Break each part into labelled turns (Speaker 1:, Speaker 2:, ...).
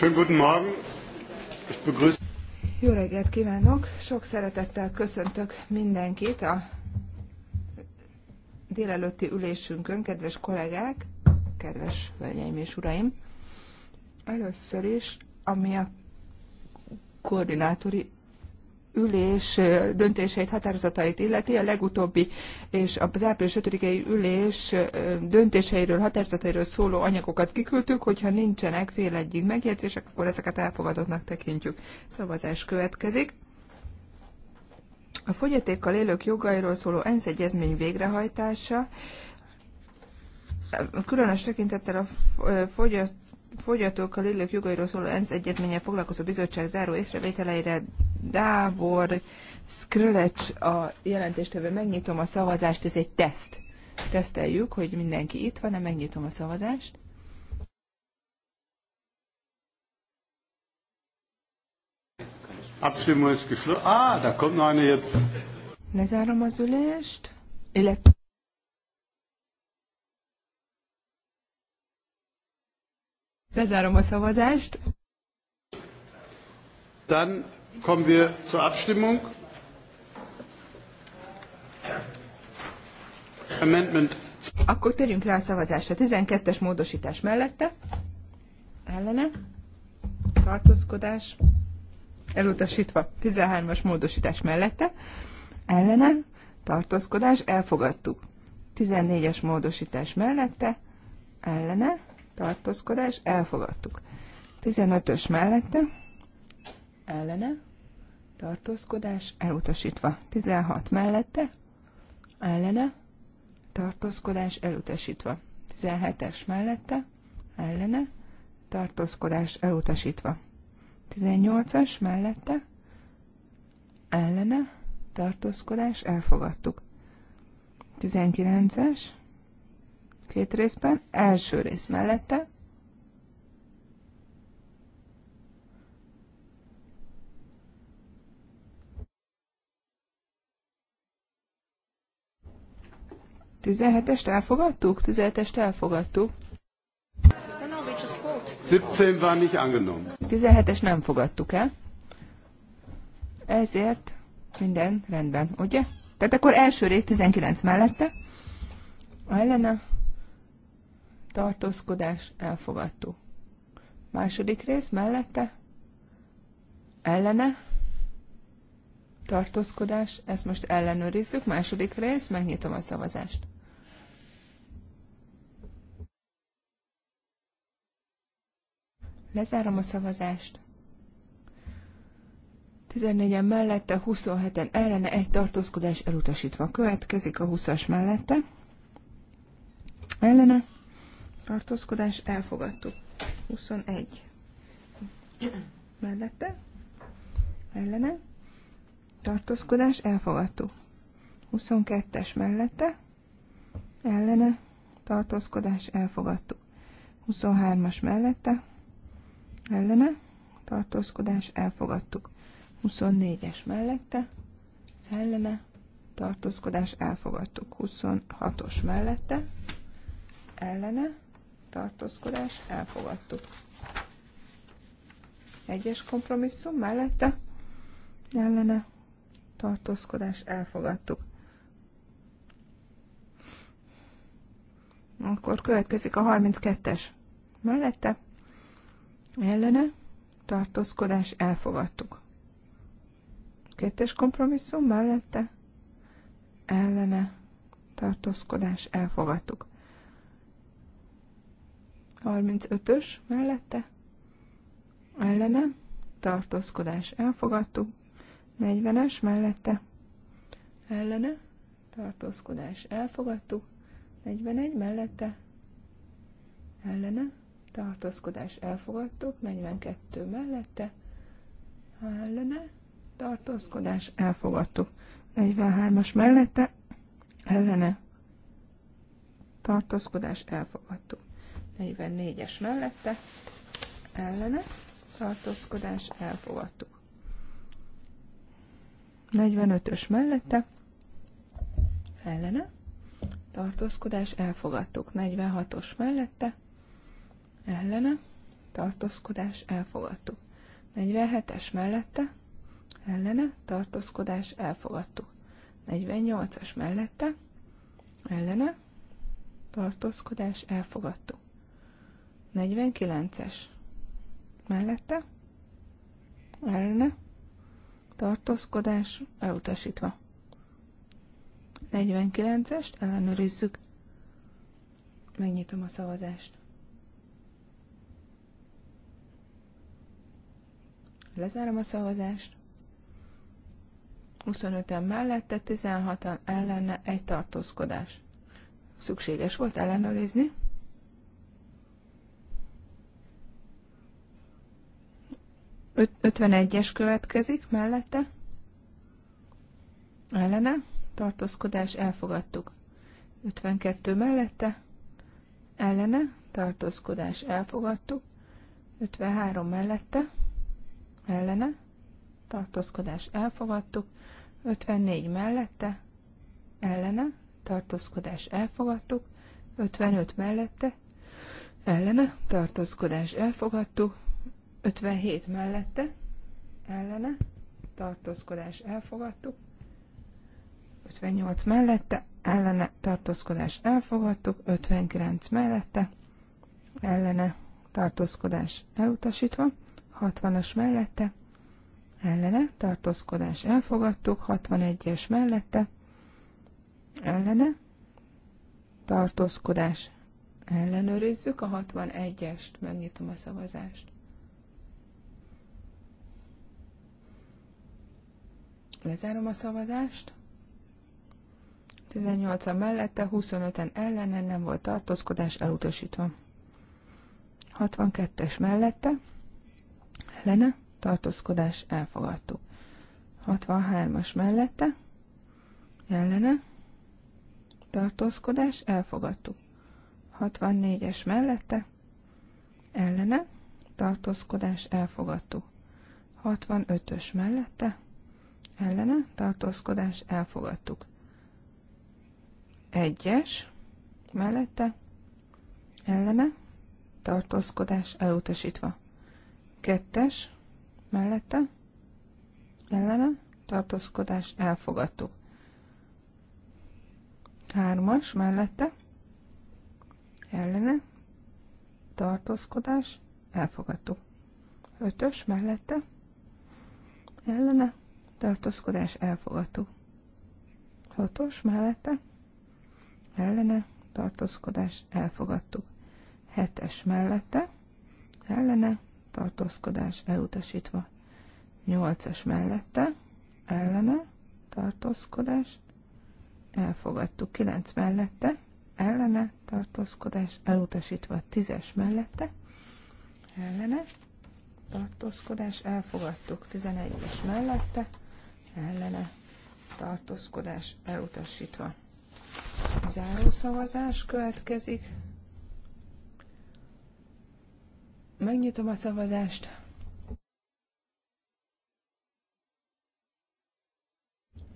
Speaker 1: Schönen guten Morgen. Ich begrüße jó reggelt kívánok! Sok szeretettel köszöntök mindenkit a délelőtti ülésünkön, kedves kollégák, kedves hölgyeim és uraim! Először is, ami a koordinátori ülés döntéseit, határozatait illeti, a legutóbbi és az április 5-i ülés döntéseiről, határozatairól szóló anyagokat kiküldtük, hogyha nincsenek fél egyik megjegyzések, akkor ezeket elfogadottnak tekintjük. Szavazás következik. A fogyatékkal élők jogairól szóló ENSZ egyezmény végrehajtása, különös tekintettel a fogyat fogyatókkal illők jogairól szóló ENSZ egyezménye foglalkozó bizottság záró észrevételeire Dábor Skrölecs a jelentéstevő. Megnyitom a szavazást, ez egy teszt. Teszteljük, hogy mindenki itt van nem megnyitom a szavazást.
Speaker 2: Abstimmung ist geschlossen. Ah, da kommt noch eine jetzt.
Speaker 1: Lezárom az ülést, illetve Bezárom a szavazást.
Speaker 2: Dann kommen wir zur Abstimmung.
Speaker 3: Amendment.
Speaker 1: Akkor térjünk rá a szavazásra. 12-es módosítás mellette. Ellene. Tartózkodás. Elutasítva. 13-as módosítás mellette. Ellene. Tartózkodás. Elfogadtuk. 14-es módosítás mellette. Ellene tartózkodás, elfogadtuk. 15-ös mellette, ellene, tartózkodás, elutasítva. 16 mellette, ellene, tartózkodás, elutasítva. 17-es mellette, ellene, tartózkodás, elutasítva. 18-as mellette, ellene, tartózkodás, elfogadtuk. 19-es két részben. Első rész mellette. Tizenhetest elfogadtuk? Tizenhetest elfogadtuk.
Speaker 4: 17 van nicht angenommen.
Speaker 1: 17 nem fogadtuk el. Ezért minden rendben, ugye? Tehát akkor első rész 19 mellette. A ellene tartózkodás, elfogadtuk. Második rész mellette, ellene, tartózkodás, ezt most ellenőrizzük. Második rész, megnyitom a szavazást. Lezárom a szavazást. 14-en mellette, 27-en ellene, egy tartózkodás elutasítva. Következik a 20-as mellette. Ellene, tartózkodás elfogadtuk. 21 mellette, ellene, tartózkodás elfogadtuk. 22-es mellette, ellene, tartózkodás elfogadtuk. 23-as mellette, ellene, tartózkodás elfogadtuk. 24-es mellette, ellene, tartózkodás elfogadtuk. 26-os mellette, ellene, tartózkodás, elfogadtuk. Egyes kompromisszum mellette ellene tartózkodás, elfogadtuk. Akkor következik a 32-es. Mellette ellene tartózkodás, elfogadtuk. Kettes kompromisszum mellette ellene tartózkodás, elfogadtuk. 35-ös mellette, ellene, tartózkodás elfogadtuk, 40-es mellette, ellene, tartózkodás elfogadtuk, 41 mellette, ellene, tartózkodás elfogadtuk, 42 mellette, ellene, tartózkodás elfogadtuk, 43-as mellette, ellene, tartózkodás elfogadtuk. 44-es mellette, ellene, tartózkodás, elfogadtuk. 45-ös mellette, ellene, tartózkodás, elfogadtuk. 46-os mellette, ellene, tartózkodás, elfogadtuk. 47-es mellette, ellene, tartózkodás, elfogadtuk. 48-as mellette, ellene, tartózkodás, elfogadtuk. 49-es. Mellette? Ellene? Tartózkodás elutasítva. 49-est ellenőrizzük. Megnyitom a szavazást. Lezárom a szavazást. 25-en mellette, 16-an ellene egy tartózkodás. Szükséges volt ellenőrizni. 51-es következik mellette. Ellene. Tartózkodás elfogadtuk. 52 mellette. Ellene. Tartózkodás elfogadtuk. 53 mellette. Ellene. Tartózkodás elfogadtuk. 54 mellette. Ellene. Tartózkodás elfogadtuk. 55 mellette. Ellene. Tartózkodás elfogadtuk. 57 mellette, ellene, tartózkodás elfogadtuk. 58 mellette, ellene, tartózkodás elfogadtuk. 59 mellette, ellene, tartózkodás elutasítva. 60-as mellette, ellene, tartózkodás elfogadtuk. 61-es mellette, ellene, tartózkodás ellenőrizzük a 61-est, megnyitom a szavazást. most lezárom a szavazást. 18 a mellette, 25-en ellene nem volt tartózkodás elutasítva. 62-es mellette, ellene, tartózkodás elfogadtuk. 63-as mellette, ellene, tartózkodás elfogadtuk. 64-es mellette, ellene, tartózkodás elfogadtuk. 65-ös mellette, ellene tartózkodás elfogadtuk. Egyes mellette ellene tartózkodás elutasítva. Kettes mellette ellene tartózkodás elfogadtuk. Hármas mellette ellene tartózkodás elfogadtuk. Ötös mellette ellene tartózkodás elfogadó. Hatos mellette ellene tartózkodás elfogadtuk. Hetes mellette ellene tartózkodás elutasítva. Nyolcas mellette ellene tartózkodás elfogadtuk. Kilenc mellette ellene tartózkodás elutasítva. Tízes mellette ellene tartózkodás elfogadtuk. Tizenegyes mellette ellene tartózkodás elutasítva. Záró szavazás következik. Megnyitom a szavazást.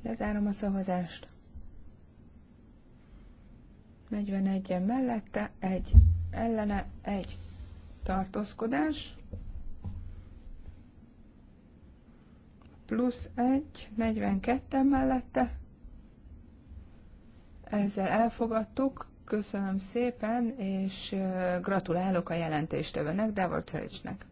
Speaker 1: Lezárom a szavazást. 41-en mellette, egy ellene, egy tartózkodás. plusz 1, 42 mellette. Ezzel elfogadtuk. Köszönöm szépen, és gratulálok a jelentéstevőnek, Davor nek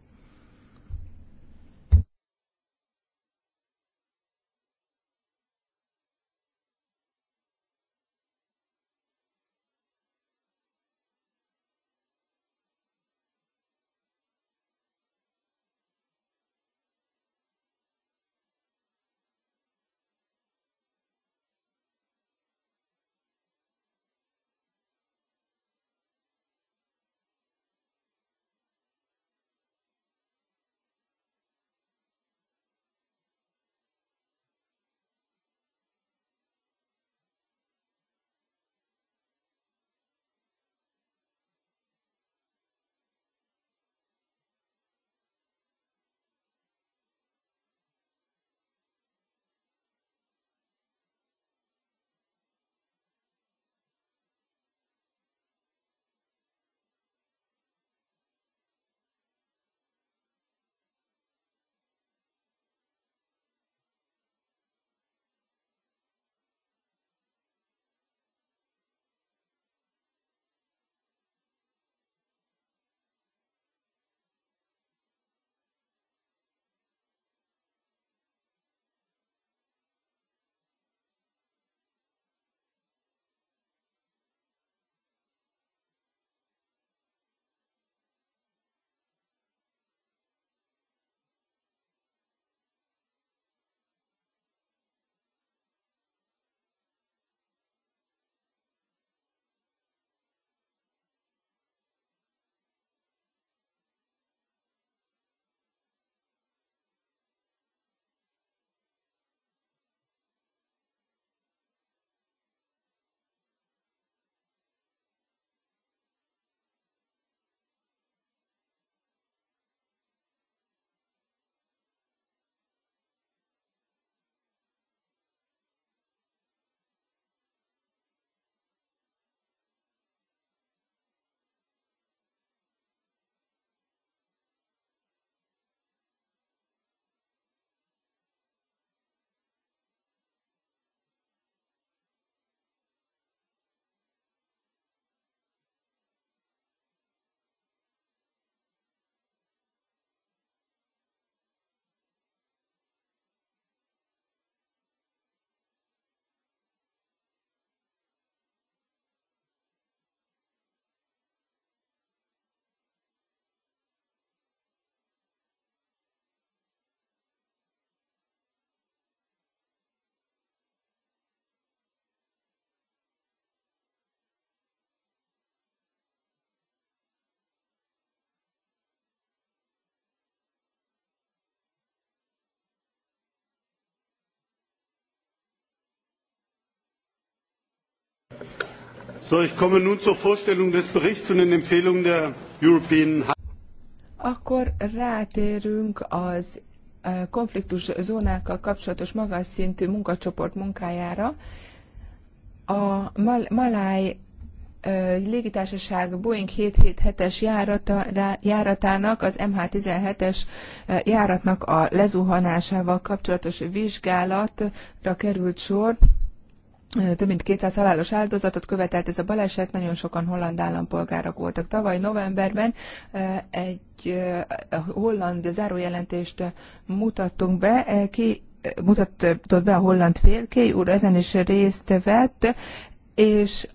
Speaker 3: So, ich komme nun zur Vorstellung des
Speaker 1: Berichts und den Empfehlungen der European Akkor rátérünk az konfliktus zónákkal kapcsolatos magas szintű munkacsoport munkájára. A Mal- Maláj légitársaság Boeing 777-es járata, járatának, az MH17-es járatnak a lezuhanásával kapcsolatos vizsgálatra került sor több mint 200 halálos áldozatot követelt ez a baleset, nagyon sokan holland állampolgárok voltak. Tavaly novemberben eh, egy eh, holland zárójelentést mutattunk be, eh, ki mutatott be a holland fél, úr ezen is részt vett, és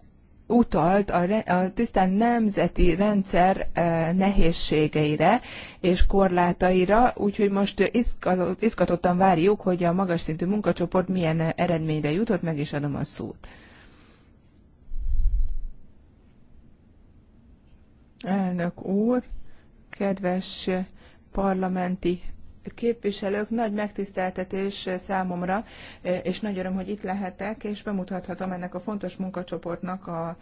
Speaker 1: utalt a, a tisztán nemzeti rendszer eh, nehézségeire és korlátaira, úgyhogy most izgatottan várjuk, hogy a magas szintű munkacsoport milyen eredményre jutott, meg is adom a szót. Elnök úr, kedves parlamenti képviselők, nagy megtiszteltetés számomra, és nagy öröm, hogy itt lehetek, és bemutathatom ennek a fontos munkacsoportnak a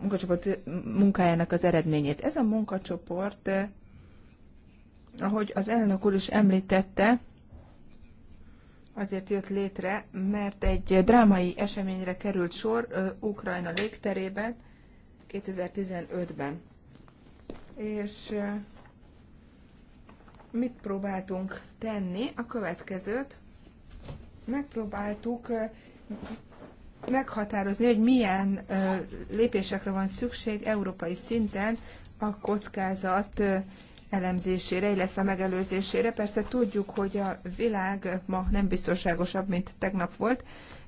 Speaker 1: munkacsoport munkájának az eredményét. Ez a munkacsoport, ahogy az elnök úr is említette, azért jött létre, mert egy drámai eseményre került sor Ukrajna légterében 2015-ben. És mit próbáltunk tenni? A következőt. Megpróbáltuk meghatározni, hogy milyen lépésekre van szükség európai szinten a kockázat elemzésére, illetve megelőzésére. Persze tudjuk, hogy a világ ma nem biztonságosabb, mint tegnap volt,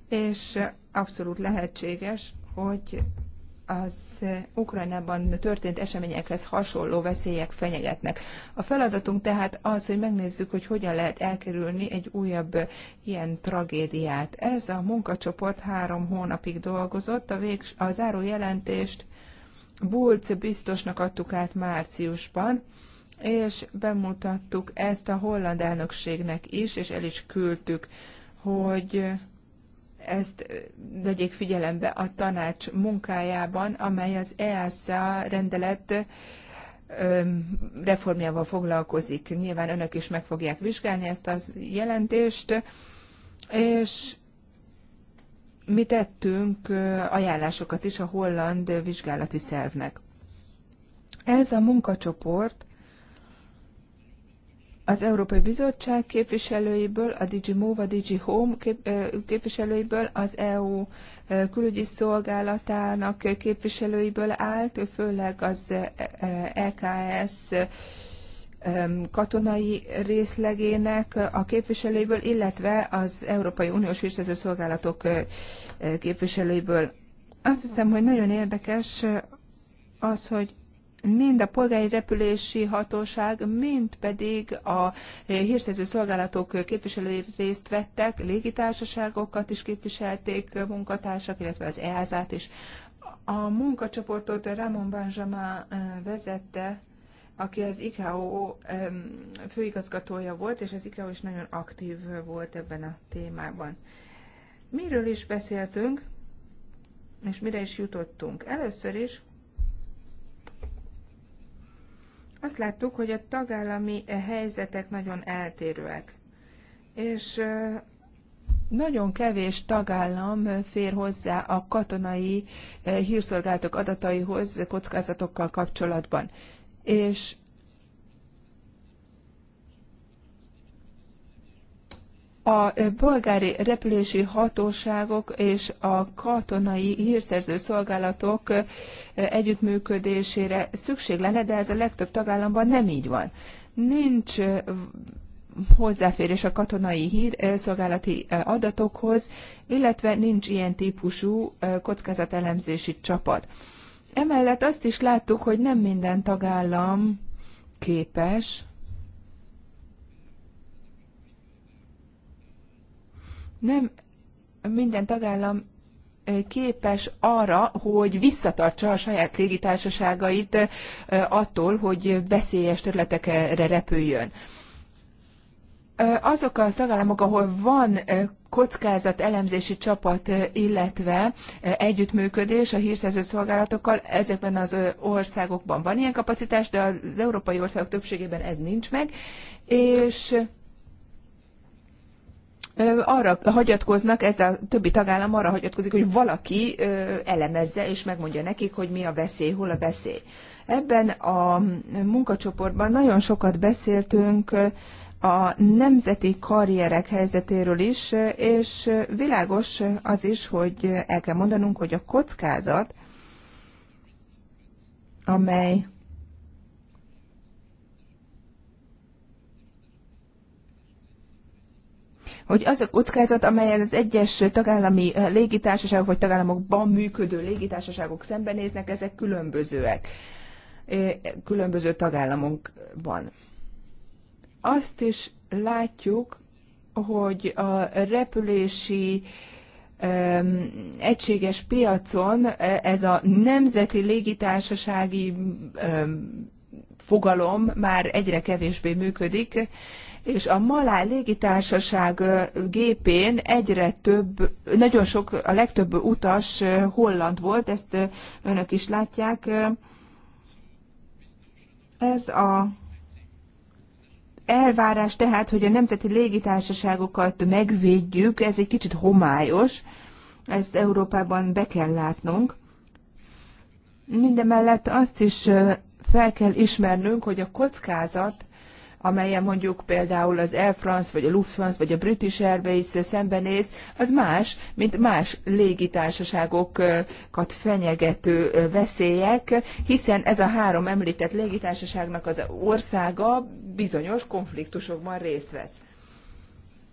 Speaker 1: és abszolút lehetséges, hogy az Ukrajnában történt eseményekhez hasonló veszélyek fenyegetnek. A feladatunk tehát az, hogy megnézzük, hogy hogyan lehet elkerülni egy újabb ilyen tragédiát. Ez a munkacsoport három hónapig dolgozott, a, végs- a záró jelentést Bulc biztosnak adtuk át márciusban, és bemutattuk ezt a holland elnökségnek is, és el is küldtük, hogy ezt vegyék figyelembe a tanács munkájában, amely az EASA rendelet reformjával foglalkozik. Nyilván önök is meg fogják vizsgálni ezt a jelentést, és mi tettünk ajánlásokat is a holland vizsgálati szervnek. Ez a munkacsoport az Európai Bizottság képviselőiből, a DG Move, a DG Home képviselőiből, az EU külügyi szolgálatának képviselőiből állt, főleg az EKS katonai részlegének a képviselőiből, illetve az Európai Uniós Vizsgázó Szolgálatok képviselőiből. Azt hiszem, hogy nagyon érdekes az, hogy mind a polgári repülési hatóság, mind pedig a eh, hírszerző szolgálatok képviselői részt vettek, légitársaságokat is képviselték eh, munkatársak, illetve az EASA-t is. A munkacsoportot Ramon Benjamin eh, vezette, aki az ICAO főigazgatója volt, és az ICAO is nagyon aktív volt ebben a témában. Miről is beszéltünk, és mire is jutottunk? Először is Azt láttuk, hogy a tagállami eh, helyzetek nagyon eltérőek, és eh, nagyon kevés tagállam eh, fér hozzá a katonai hírszolgálatok adataihoz kockázatokkal kapcsolatban. És a polgári repülési hatóságok és a katonai hírszerző szolgálatok együttműködésére szükség lenne, de ez a legtöbb tagállamban nem így van. Nincs hozzáférés a katonai hírszolgálati adatokhoz, illetve nincs ilyen típusú kockázatelemzési csapat. Emellett azt is láttuk, hogy nem minden tagállam képes nem minden tagállam képes arra, hogy visszatartsa a saját légitársaságait attól, hogy veszélyes területekre repüljön. Azok a tagállamok, ahol van kockázat elemzési csapat, illetve együttműködés a hírszerző szolgálatokkal, ezekben az országokban van ilyen kapacitás, de az európai országok többségében ez nincs meg, és arra hagyatkoznak, ez a többi tagállam arra hagyatkozik, hogy valaki elemezze és megmondja nekik, hogy mi a veszély, hol a veszély. Ebben a munkacsoportban nagyon sokat beszéltünk a nemzeti karrierek helyzetéről is, és világos az is, hogy el kell mondanunk, hogy a kockázat, amely hogy az a kockázat, amelyen az egyes tagállami eh, légitársaságok vagy tagállamokban működő légitársaságok szembenéznek, ezek különbözőek eh, különböző tagállamokban. Azt is látjuk, hogy a repülési egységes piacon eh, ez a nemzeti légitársasági fogalom már egyre kevésbé működik, és a Malály légitársaság gépén egyre több, nagyon sok, a legtöbb utas holland volt, ezt önök is látják. Ez a elvárás tehát, hogy a nemzeti légitársaságokat megvédjük, ez egy kicsit homályos, ezt Európában be kell látnunk. Mindemellett azt is fel kell ismernünk, hogy a kockázat amelyen mondjuk például az Air France, vagy a Lufthansa, vagy a British Airways szembenéz, az más, mint más légitársaságokat fenyegető veszélyek, hiszen ez a három említett légitársaságnak az országa bizonyos konfliktusokban részt vesz.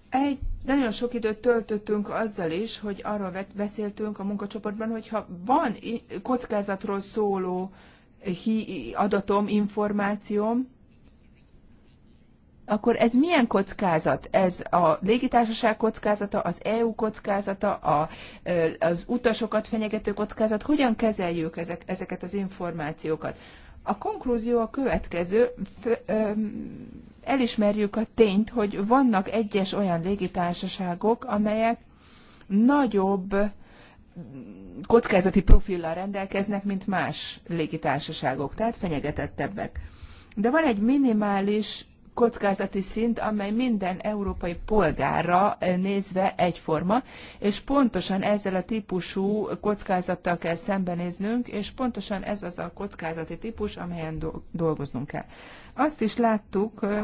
Speaker 1: Egy nagyon sok időt töltöttünk azzal is, hogy arról beszéltünk a munkacsoportban, hogyha van kockázatról szóló adatom, információm, akkor ez milyen kockázat? Ez a légitársaság kockázata, az EU kockázata, a, az utasokat fenyegető kockázat? Hogyan kezeljük ezek, ezeket az információkat? A konklúzió a következő. F, elismerjük a tényt, hogy vannak egyes olyan légitársaságok, amelyek nagyobb kockázati profillal rendelkeznek, mint más légitársaságok, tehát fenyegetettebbek. De van egy minimális kockázati szint, amely minden európai polgárra eh, nézve egyforma, és pontosan ezzel a típusú kockázattal kell szembenéznünk, és pontosan ez az a kockázati típus, amelyen dolgoznunk kell. Azt is láttuk, eh,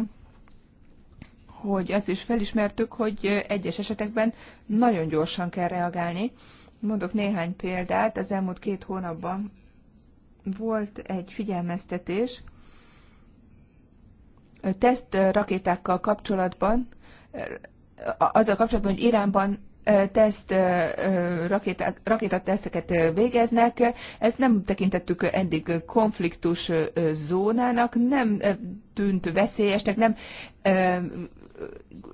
Speaker 1: hogy azt is felismertük, hogy eh, egyes esetekben nagyon gyorsan kell reagálni. Mondok néhány példát, az elmúlt két hónapban volt egy figyelmeztetés, teszt rakétákkal kapcsolatban, azzal kapcsolatban, hogy Iránban teszt, rakéták, rakétateszteket végeznek. Ezt nem tekintettük eddig konfliktus zónának, nem tűnt veszélyesnek, nem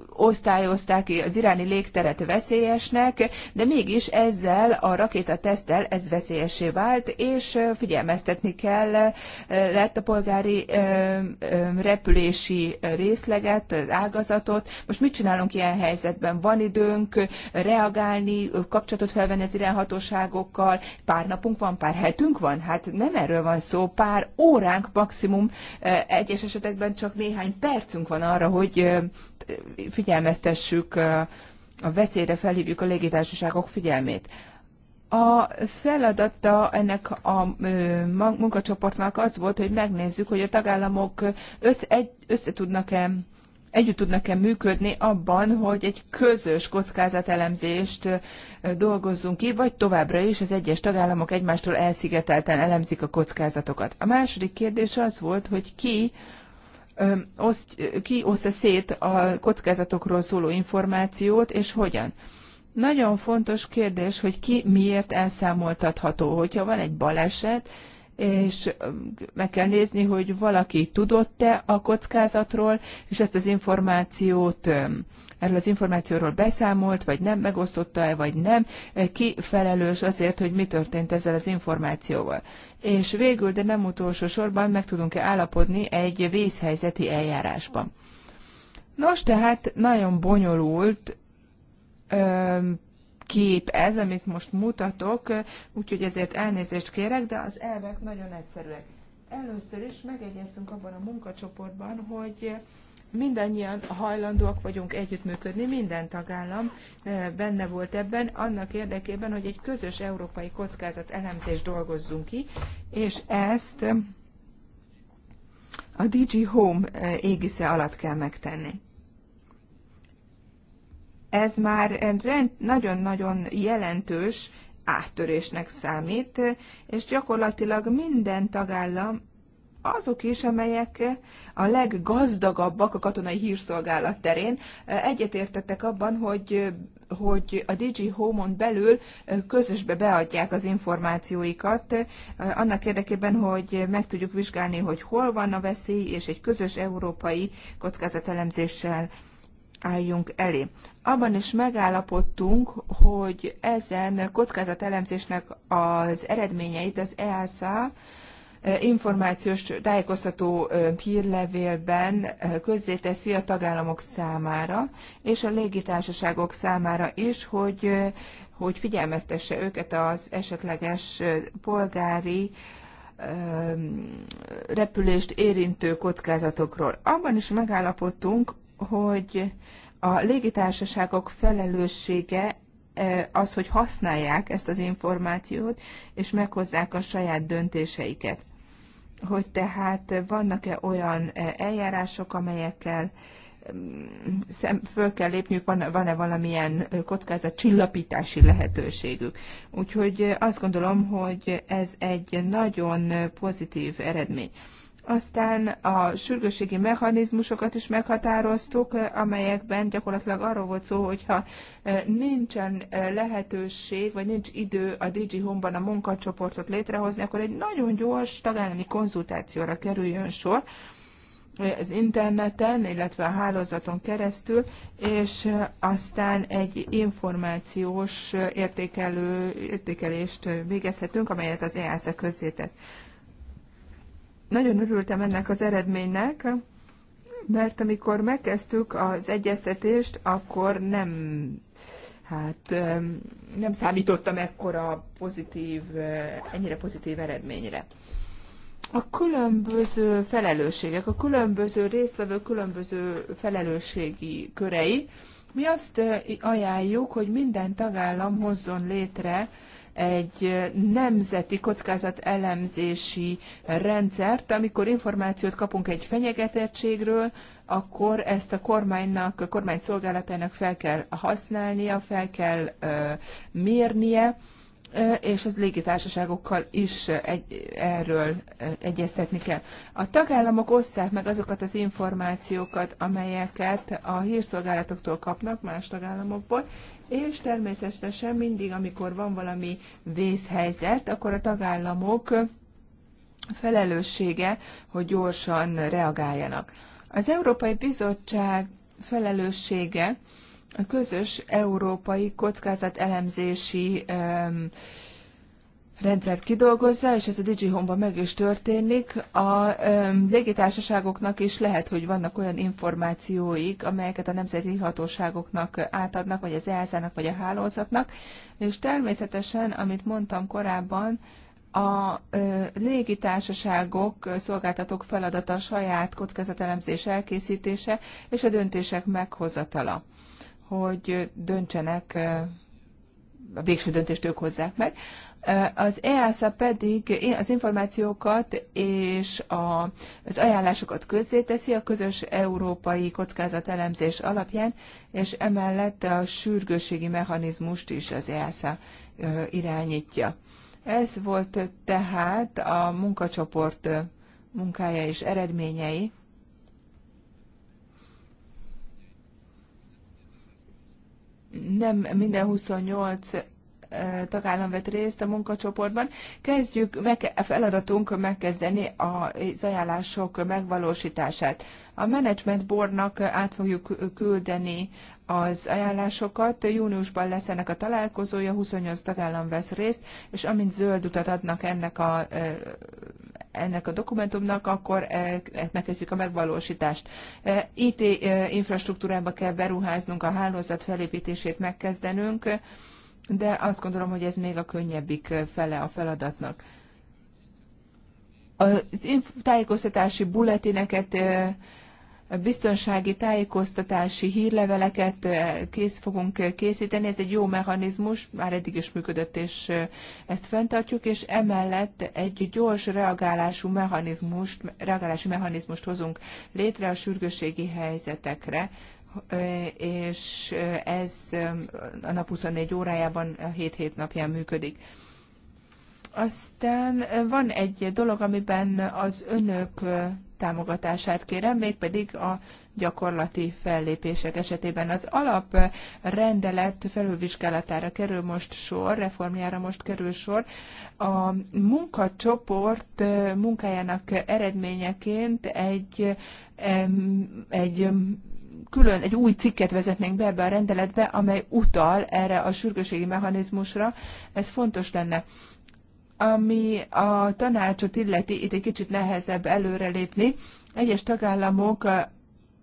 Speaker 1: osztályozták az iráni légteret veszélyesnek, de mégis ezzel a rakétateszttel ez veszélyesé vált, és figyelmeztetni kell lett a polgári repülési részleget, az ágazatot. Most mit csinálunk ilyen helyzetben? Van időnk reagálni, kapcsolatot felvenni az irán hatóságokkal? Pár napunk van, pár hetünk van? Hát nem erről van szó, pár óránk maximum, egyes esetekben csak néhány percünk van arra, hogy figyelmeztessük a veszélyre, felhívjuk a légitársaságok figyelmét. A feladata ennek a munkacsoportnak az volt, hogy megnézzük, hogy a tagállamok össze, egy, össze tudnak-e együtt tudnak-e működni abban, hogy egy közös kockázatelemzést dolgozzunk ki, vagy továbbra is az egyes tagállamok egymástól elszigetelten elemzik a kockázatokat. A második kérdés az volt, hogy ki oszt, ki osztja szét a kockázatokról szóló információt, és hogyan. Nagyon fontos kérdés, hogy ki miért elszámoltatható. Hogyha van egy baleset, és meg kell nézni, hogy valaki tudott-e a kockázatról, és ezt az információt, erről az információról beszámolt, vagy nem, megosztotta-e, vagy nem, ki felelős azért, hogy mi történt ezzel az információval. És végül, de nem utolsó sorban meg tudunk-e állapodni egy vészhelyzeti eljárásban. Nos, tehát nagyon bonyolult kép ez, amit most mutatok, úgyhogy ezért elnézést kérek, de az elvek nagyon egyszerűek. Először is megegyeztünk abban a munkacsoportban, hogy mindannyian hajlandóak vagyunk együttműködni, minden tagállam eh, benne volt ebben, annak érdekében, hogy egy közös európai kockázat elemzést dolgozzunk ki, és ezt a DG Home eh, égisze alatt kell megtenni ez már nagyon-nagyon jelentős áttörésnek számít, és gyakorlatilag minden tagállam azok is, amelyek a leggazdagabbak a katonai hírszolgálat terén egyetértettek abban, hogy hogy a DG Home-on belül közösbe beadják az információikat, annak érdekében, hogy meg tudjuk vizsgálni, hogy hol van a veszély, és egy közös európai kockázatelemzéssel álljunk elé. Abban is megállapodtunk, hogy ezen kockázatelemzésnek az eredményeit az EASA információs tájékoztató hírlevélben közzéteszi a tagállamok számára, és a légitársaságok számára is, hogy, hogy figyelmeztesse őket az esetleges polgári repülést érintő kockázatokról. Abban is megállapodtunk, hogy a légitársaságok felelőssége e, az, hogy használják ezt az információt, és meghozzák a saját döntéseiket. Hogy tehát vannak-e olyan e, eljárások, amelyekkel mm, föl kell lépniük, van-e valamilyen kockázat csillapítási lehetőségük. Úgyhogy azt gondolom, hogy ez egy nagyon pozitív eredmény. Aztán a sürgősségi mechanizmusokat is meghatároztuk, eh, amelyekben gyakorlatilag arról volt szó, hogyha eh, nincsen eh, lehetőség, vagy nincs idő a DG Home-ban a munkacsoportot létrehozni, akkor egy nagyon gyors tagállami konzultációra kerüljön sor, az interneten, illetve a hálózaton keresztül, és aztán egy információs értékelő, értékelést végezhetünk, amelyet az EASA közzétesz. Nagyon örültem ennek az eredménynek, mert amikor megkezdtük az egyeztetést, akkor nem, hát nem számítottam ekkora pozitív, ennyire pozitív eredményre. A különböző felelősségek, a különböző résztvevő különböző felelősségi körei, mi azt eh, ajánljuk, hogy minden tagállam hozzon létre egy nemzeti kockázatelemzési rendszert, amikor információt kapunk egy fenyegetettségről, akkor ezt a kormánynak, a kormány szolgálatának fel kell használnia, fel kell mérnie, és az légitársaságokkal is egy, erről egyeztetni kell. A tagállamok osszák meg azokat az információkat, amelyeket a hírszolgálatoktól kapnak más tagállamokból, és természetesen mindig, amikor van valami vészhelyzet, akkor a tagállamok felelőssége, hogy gyorsan reagáljanak. Az Európai Bizottság felelőssége a közös európai kockázatelemzési elemzési rendszert kidolgozza, és ez a DigiHome-ban meg is történik. A légitársaságoknak is lehet, hogy vannak olyan információik, amelyeket a nemzeti hatóságoknak átadnak, vagy az EASA-nak, vagy a hálózatnak, és természetesen, amit mondtam korábban, a légitársaságok, szolgáltatók feladata a saját kockázatelemzés elkészítése és a döntések meghozatala, hogy döntsenek, a végső döntést ők hozzák meg. Az EASA pedig az információkat és az ajánlásokat közzéteszi a közös európai kockázatelemzés alapján, és emellett a sürgősségi mechanizmust is az EASA irányítja. Ez volt tehát a munkacsoport munkája és eredményei. Nem minden 28 tagállam vett részt a munkacsoportban. Kezdjük, meg, feladatunk megkezdeni az ajánlások megvalósítását. A Management Boardnak át fogjuk küldeni az ajánlásokat. Júniusban lesz ennek a találkozója, 28 tagállam vesz részt, és amint zöld utat adnak ennek a ennek a dokumentumnak, akkor megkezdjük a megvalósítást. IT infrastruktúrába kell beruháznunk, a hálózat felépítését megkezdenünk, de azt gondolom, hogy ez még a könnyebbik fele a feladatnak. Az tájékoztatási bulletineket, biztonsági tájékoztatási hírleveleket kész fogunk készíteni. Ez egy jó mechanizmus, már eddig is működött, és ezt fenntartjuk, és emellett egy gyors reagálású mechanizmust, reagálási mechanizmust hozunk létre a sürgősségi helyzetekre és ez a nap 24 órájában 7-7 napján működik. Aztán van egy dolog, amiben az önök támogatását kérem, mégpedig a gyakorlati fellépések esetében. Az alaprendelet felülvizsgálatára kerül most sor, reformjára most kerül sor. A munkacsoport munkájának eredményeként egy, egy külön egy új cikket vezetnénk be ebbe a rendeletbe, amely utal erre a sürgőségi mechanizmusra. Ez fontos lenne. Ami a tanácsot illeti, itt egy kicsit nehezebb előrelépni. Egyes tagállamok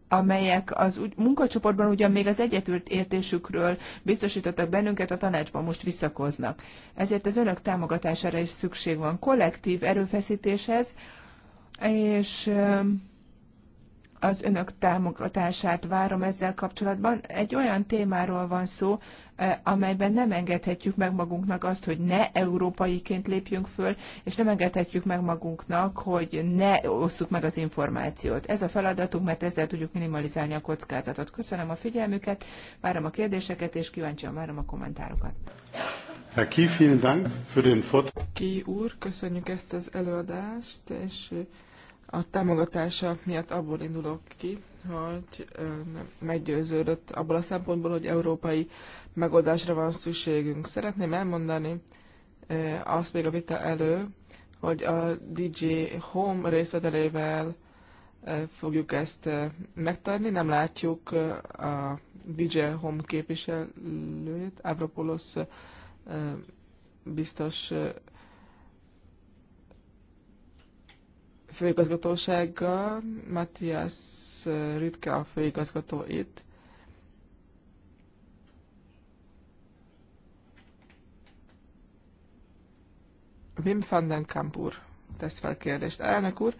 Speaker 1: amelyek az úgy, munkacsoportban ugyan még az egyetült értésükről biztosítottak bennünket, a tanácsban most visszakoznak. Ezért az önök támogatására is szükség van kollektív erőfeszítéshez, és az önök támogatását várom ezzel kapcsolatban. Egy olyan témáról van szó, amelyben nem engedhetjük meg magunknak azt, hogy ne európaiként lépjünk föl, és nem engedhetjük meg magunknak, hogy ne osszuk meg az információt. Ez a feladatunk, mert ezzel tudjuk minimalizálni a kockázatot. Köszönöm a figyelmüket, várom a kérdéseket, és kíváncsian várom a kommentárokat. Ki, vielen Dank für den
Speaker 3: Ki úr, köszönjük ezt az előadást, és a támogatása miatt abból indulok ki, hogy meggyőződött abból a szempontból, hogy európai megoldásra van szükségünk. Szeretném elmondani azt még a vita elő, hogy a DJ Home részvételével fogjuk ezt megtenni. Nem látjuk a DJ Home képviselőjét, Avropoulos biztos főigazgatósággal, Matthias eh, Rütke a főigazgató itt. Wim van den Kamp úr tesz fel kérdést. Elnök úr,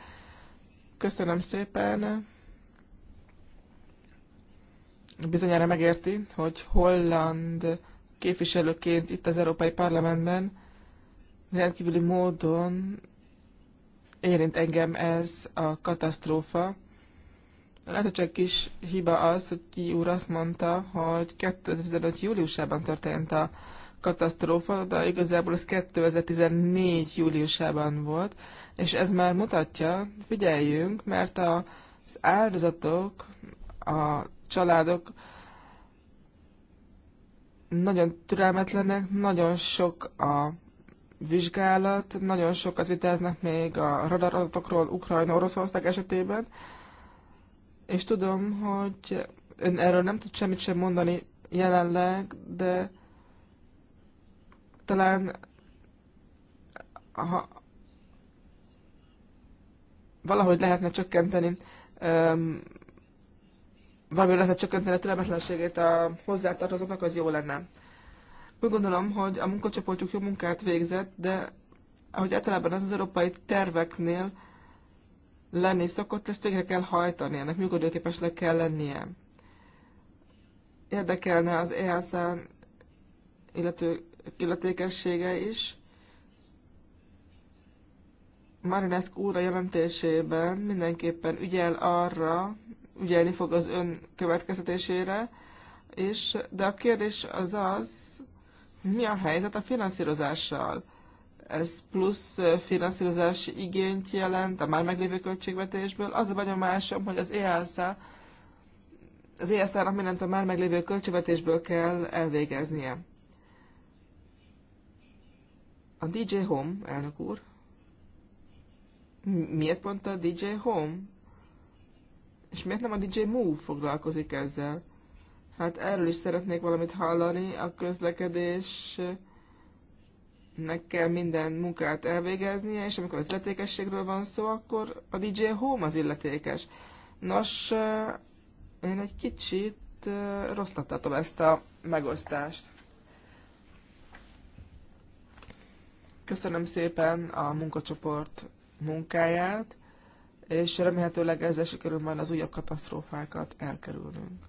Speaker 3: köszönöm szépen. Bizonyára megérti, hogy holland képviselőként itt az Európai Parlamentben rendkívüli módon érint engem ez a katasztrófa. Lehet, hogy csak kis hiba az, hogy ki úr azt mondta, hogy 2015. júliusában történt a katasztrófa, de igazából ez 2014. júliusában volt, és ez már mutatja, figyeljünk, mert a, az áldozatok, a családok nagyon türelmetlenek, nagyon sok a vizsgálat. Nagyon sokat vitáznak még a radaratokról Ukrajna, Oroszország esetében, és tudom, hogy ön erről nem tud semmit sem mondani jelenleg, de talán ha valahogy lehetne csökkenteni um, valami lehetne csökkenteni a türelmetlenségét a hozzátartozóknak, az jó lenne. Úgy gondolom, hogy a munkacsoportjuk jó munkát végzett, de ahogy általában az, az európai terveknél lenni szokott, ezt végre kell hajtani, ennek működőképesnek kell lennie. Érdekelne az EASA illető, illetékessége is. Marinesk úr a jelentésében mindenképpen ügyel arra, ügyelni fog az ön következtetésére, és, de a kérdés az az, mi a helyzet a finanszírozással? Ez plusz finanszírozási igényt jelent a már meglévő költségvetésből. Az a benyomásom, hogy az EASA az ESZ-nak mindent a már meglévő költségvetésből kell elvégeznie. A DJ Home, elnök úr. Miért pont a DJ Home? És miért nem a DJ Move foglalkozik ezzel? Hát erről is szeretnék valamit hallani. A közlekedésnek kell minden munkát elvégeznie, és amikor az illetékességről van szó, akkor a DJ Home az illetékes. Nos, én egy kicsit rosszlattatom ezt a megosztást. Köszönöm szépen a munkacsoport munkáját, és remélhetőleg ezzel sikerül majd az újabb katasztrófákat elkerülnünk.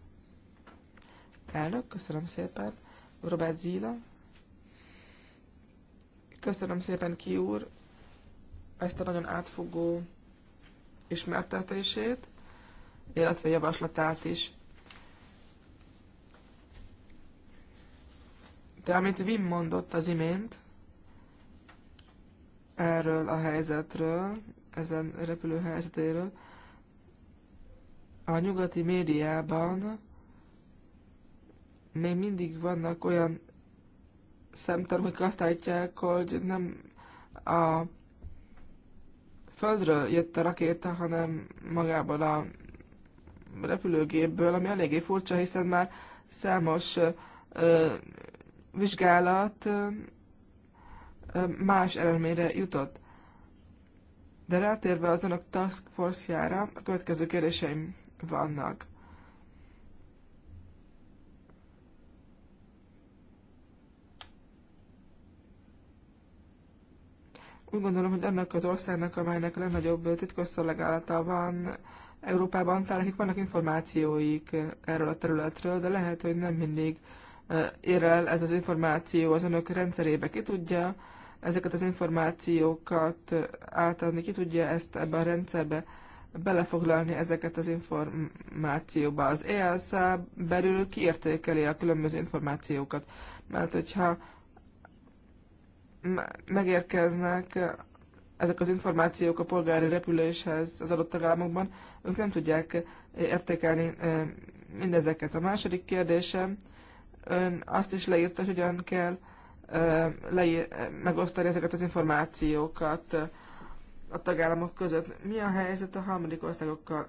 Speaker 3: Elnök, köszönöm szépen. Robert Zila. Köszönöm szépen, Ki úr, ezt a nagyon átfogó ismertetését, illetve javaslatát is. De amit Wim mondott az imént, erről a helyzetről, ezen repülő helyzetéről, a nyugati médiában még mindig vannak olyan szemtanúk, azt állítják, hogy nem a földről jött a rakéta, hanem magából a repülőgépből, ami eléggé furcsa, hiszen már számos ö, vizsgálat ö, más eredményre jutott. De rátérve az önök task force-jára, a következő kérdéseim vannak. Úgy gondolom, hogy ennek az országnak, amelynek a legnagyobb titkosszolgálata van Európában, talán nekik vannak információik erről a területről, de lehet, hogy nem mindig ér el ez az információ az önök rendszerébe. Ki tudja ezeket az információkat átadni, ki tudja ezt ebbe a rendszerbe belefoglalni ezeket az információba. Az EASA belül kiértékeli a különböző információkat. Mert hogyha megérkeznek ezek az információk a polgári repüléshez az adott tagállamokban, ők nem tudják értékelni mindezeket. A második kérdésem, ön azt is leírta, hogy hogyan kell megosztani ezeket az információkat a tagállamok között. Mi a helyzet a harmadik országokkal?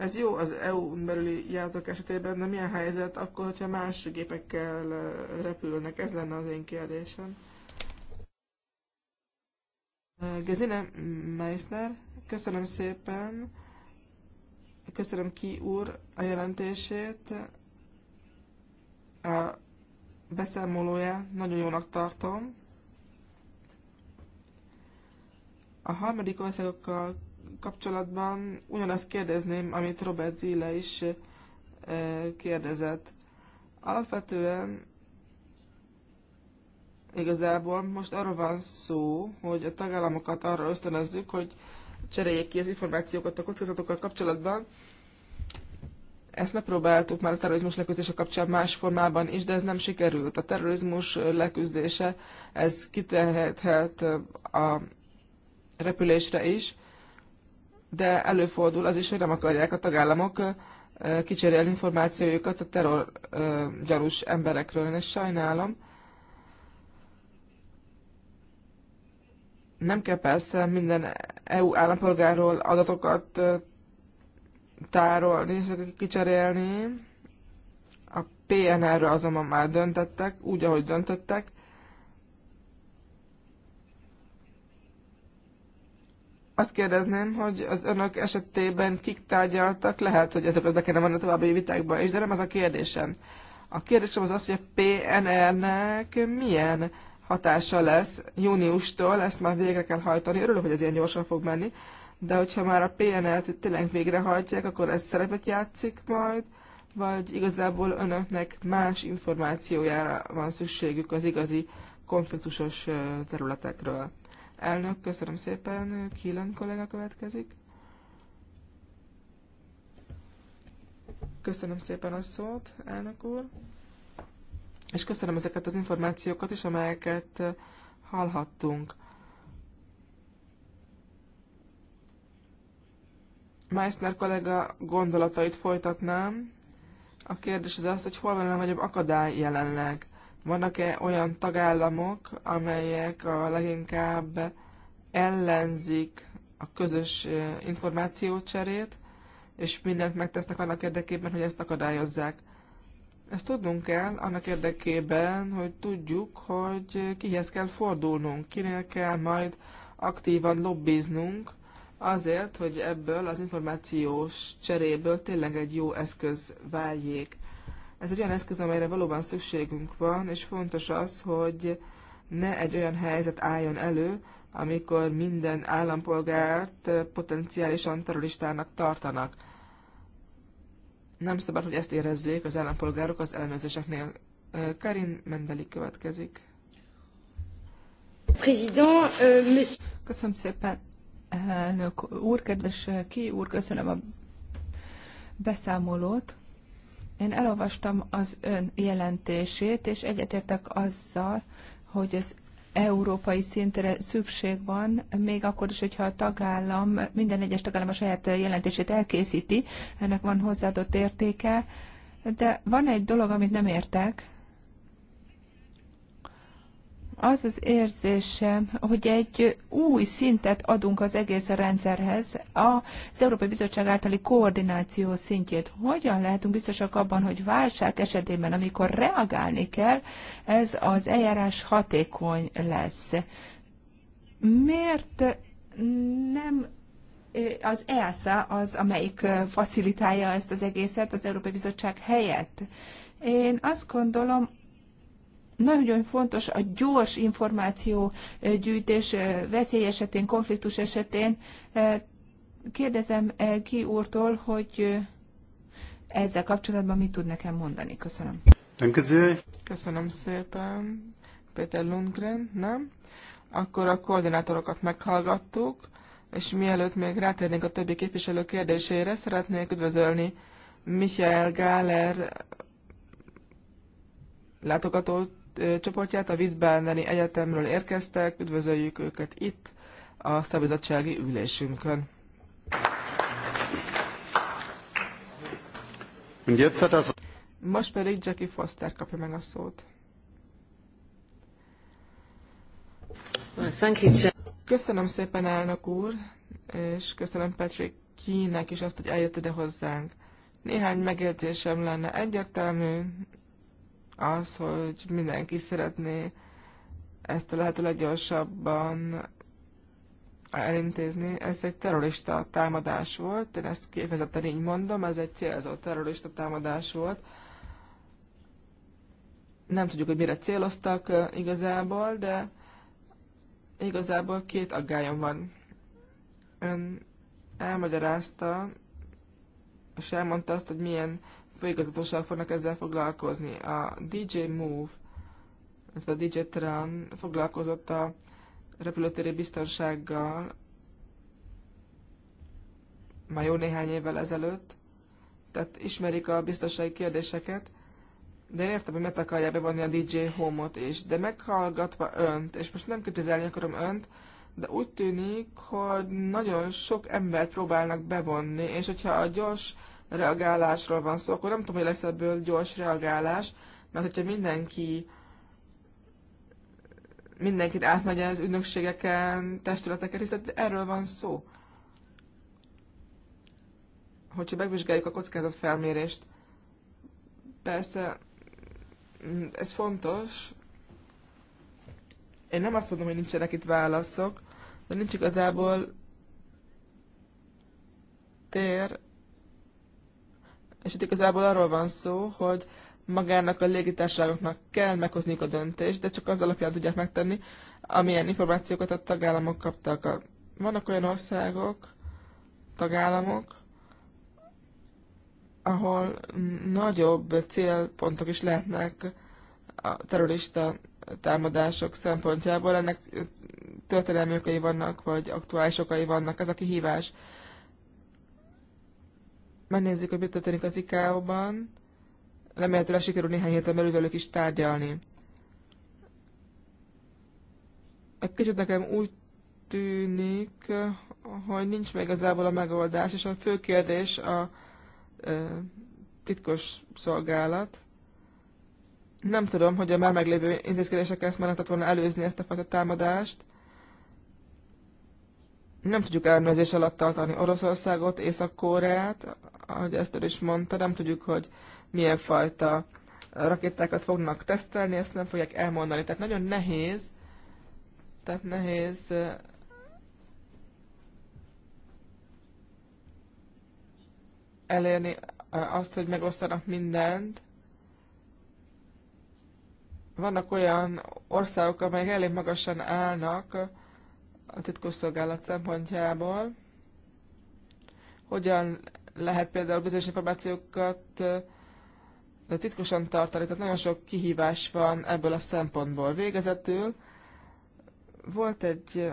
Speaker 3: Ez jó az EU-n belüli járatok esetében, de milyen helyzet akkor, hogyha más gépekkel repülnek? Ez lenne az én kérdésem. Gezine Meissner, köszönöm szépen. Köszönöm ki úr a jelentését. A beszámolóját nagyon jónak tartom. A harmadik országokkal kapcsolatban ugyanazt kérdezném, amit Robert Zile is eh, kérdezett. Alapvetően igazából most arról van szó, hogy a tagállamokat arra ösztönözzük, hogy cseréljék ki az információkat a kockázatokkal kapcsolatban. Ezt megpróbáltuk már a terrorizmus leküzdése kapcsán más formában is, de ez nem sikerült. A terrorizmus leküzdése, ez kiterhethet eh, a repülésre is, de előfordul az is, hogy nem akarják a tagállamok kicserélni információjukat a terrorgyanús emberekről. Én ezt sajnálom. Nem kell persze minden EU állampolgárról adatokat tárolni, kicserélni. A PNR-ről azonban már döntettek, úgy, ahogy döntöttek. Azt kérdezném, hogy az önök esetében kik tárgyaltak, lehet, hogy ezeket be kellene vonni a további vitákba is, de nem az a kérdésem. A kérdésem az az, hogy a PNR-nek milyen hatása lesz júniustól, ezt már végre kell hajtani. Örülök, hogy ez ilyen gyorsan fog menni, de hogyha már a PNR-t tényleg végrehajtják, akkor ez szerepet játszik majd, vagy igazából önöknek más információjára van szükségük az igazi konfliktusos területekről. Elnök, köszönöm szépen. Kílen kollega következik. Köszönöm szépen a szót, elnök úr. És köszönöm ezeket az információkat is, amelyeket hallhattunk. Meissner kollega gondolatait folytatnám. A kérdés az az, hogy hol van a nagyobb akadály jelenleg. Vannak-e olyan tagállamok, amelyek a leginkább ellenzik a közös információcserét, és mindent megtesznek annak érdekében, hogy ezt akadályozzák. Ezt tudnunk kell annak érdekében, hogy tudjuk, hogy kihez kell fordulnunk, kinél kell majd aktívan lobbiznunk, azért, hogy ebből az információs cseréből tényleg egy jó eszköz váljék. Ez egy olyan eszköz, amelyre valóban szükségünk van, és fontos az, hogy ne egy olyan helyzet álljon elő, amikor minden állampolgárt potenciálisan terroristának tartanak. Nem szabad, hogy ezt érezzék az állampolgárok az ellenőrzéseknél. Karin Mendeli következik. Euh, köszönöm szépen, elnök úr,
Speaker 1: kedves ki úr, köszönöm a beszámolót. Én elolvastam az ön jelentését, és egyetértek azzal, hogy az európai szintre szükség van, még akkor is, hogyha a tagállam, minden egyes tagállam a saját jelentését elkészíti, ennek van hozzáadott értéke, de van egy dolog, amit nem értek, az az érzésem, hogy egy új szintet adunk az egész rendszerhez, az Európai Bizottság általi koordináció szintjét. Hogyan lehetünk biztosak abban, hogy válság esetében, amikor reagálni kell, ez az eljárás hatékony lesz? Miért nem az EASA az, amelyik facilitálja ezt az egészet az Európai Bizottság helyett. Én azt gondolom, nagyon fontos a gyors információ eh, gyűjtés eh, veszély esetén, konfliktus esetén. Eh, kérdezem Ki úrtól, hogy ezzel kapcsolatban mit tud nekem
Speaker 3: mondani. Köszönöm. Köszönöm szépen. Péter Lundgren, nem? Akkor a koordinátorokat meghallgattuk, és mielőtt még rátérnénk a többi képviselő kérdésére, szeretnék üdvözölni Michael Gáler látogatót csoportját, a Vízbándani Egyetemről érkeztek, üdvözöljük őket itt a szabizottsági ülésünkön. Most pedig Jackie Foster kapja meg a szót. Köszönöm szépen, elnök úr, és köszönöm Patrick Kínek is azt, hogy eljött ide hozzánk. Néhány megjegyzésem lenne egyértelmű, az, hogy mindenki szeretné ezt a lehető leggyorsabban elintézni. Ez egy terrorista támadás volt, én ezt kifejezetten így mondom, ez egy célzott terrorista támadás volt. Nem tudjuk, hogy mire céloztak igazából, de igazából két aggályom van. Ön elmagyarázta, és elmondta azt, hogy milyen főigazgatóság fognak ezzel foglalkozni. A DJ Move, ez a DJ Tran foglalkozott a repülőtéri biztonsággal már jó néhány évvel ezelőtt, tehát ismerik a biztonsági kérdéseket, de én értem, hogy miért akarja bevonni a DJ Home-ot is, de meghallgatva önt, és most nem kritizálni akarom önt, de úgy tűnik, hogy nagyon sok embert próbálnak bevonni, és hogyha a gyors reagálásról van szó, akkor nem tudom, hogy lesz ebből gyors reagálás, mert hogyha mindenki mindenkit átmegy az ügynökségeken, testületeken, hiszen erről van szó. Hogyha megvizsgáljuk a felmérést, persze mm, ez fontos. Én nem azt mondom, hogy nincsenek itt válaszok, de nincs igazából tér és itt igazából arról van szó, hogy magának a légitársaságoknak kell meghozniuk a döntést, de csak az alapján tudják megtenni, amilyen információkat a tagállamok kaptak. A... Vannak olyan országok, tagállamok, ahol nagyobb célpontok is lehetnek a terrorista támadások szempontjából. Ennek történelmi okai vannak, vagy aktuális okai vannak, ez a kihívás megnézzük, hogy mit történik az ikea ban Remélhetőleg sikerül néhány héten belül velük is tárgyalni. Egy kicsit nekem úgy tűnik, hogy nincs meg igazából a megoldás, és a fő kérdés a e, titkos szolgálat. Nem tudom, hogy a már meglévő intézkedések ezt már lehetett volna előzni ezt a fajta támadást nem tudjuk elnőzés alatt tartani Oroszországot, Észak-Koreát, ahogy ezt is mondta, nem tudjuk, hogy milyen fajta rakétákat fognak tesztelni, ezt nem fogják elmondani. Tehát nagyon nehéz, tehát nehéz elérni azt, hogy megosztanak mindent. Vannak olyan országok, amelyek elég magasan állnak, a titkosszolgálat szempontjából. Hogyan lehet például bizonyos információkat titkosan tartani, tehát nagyon sok kihívás van ebből a szempontból. Végezetül volt egy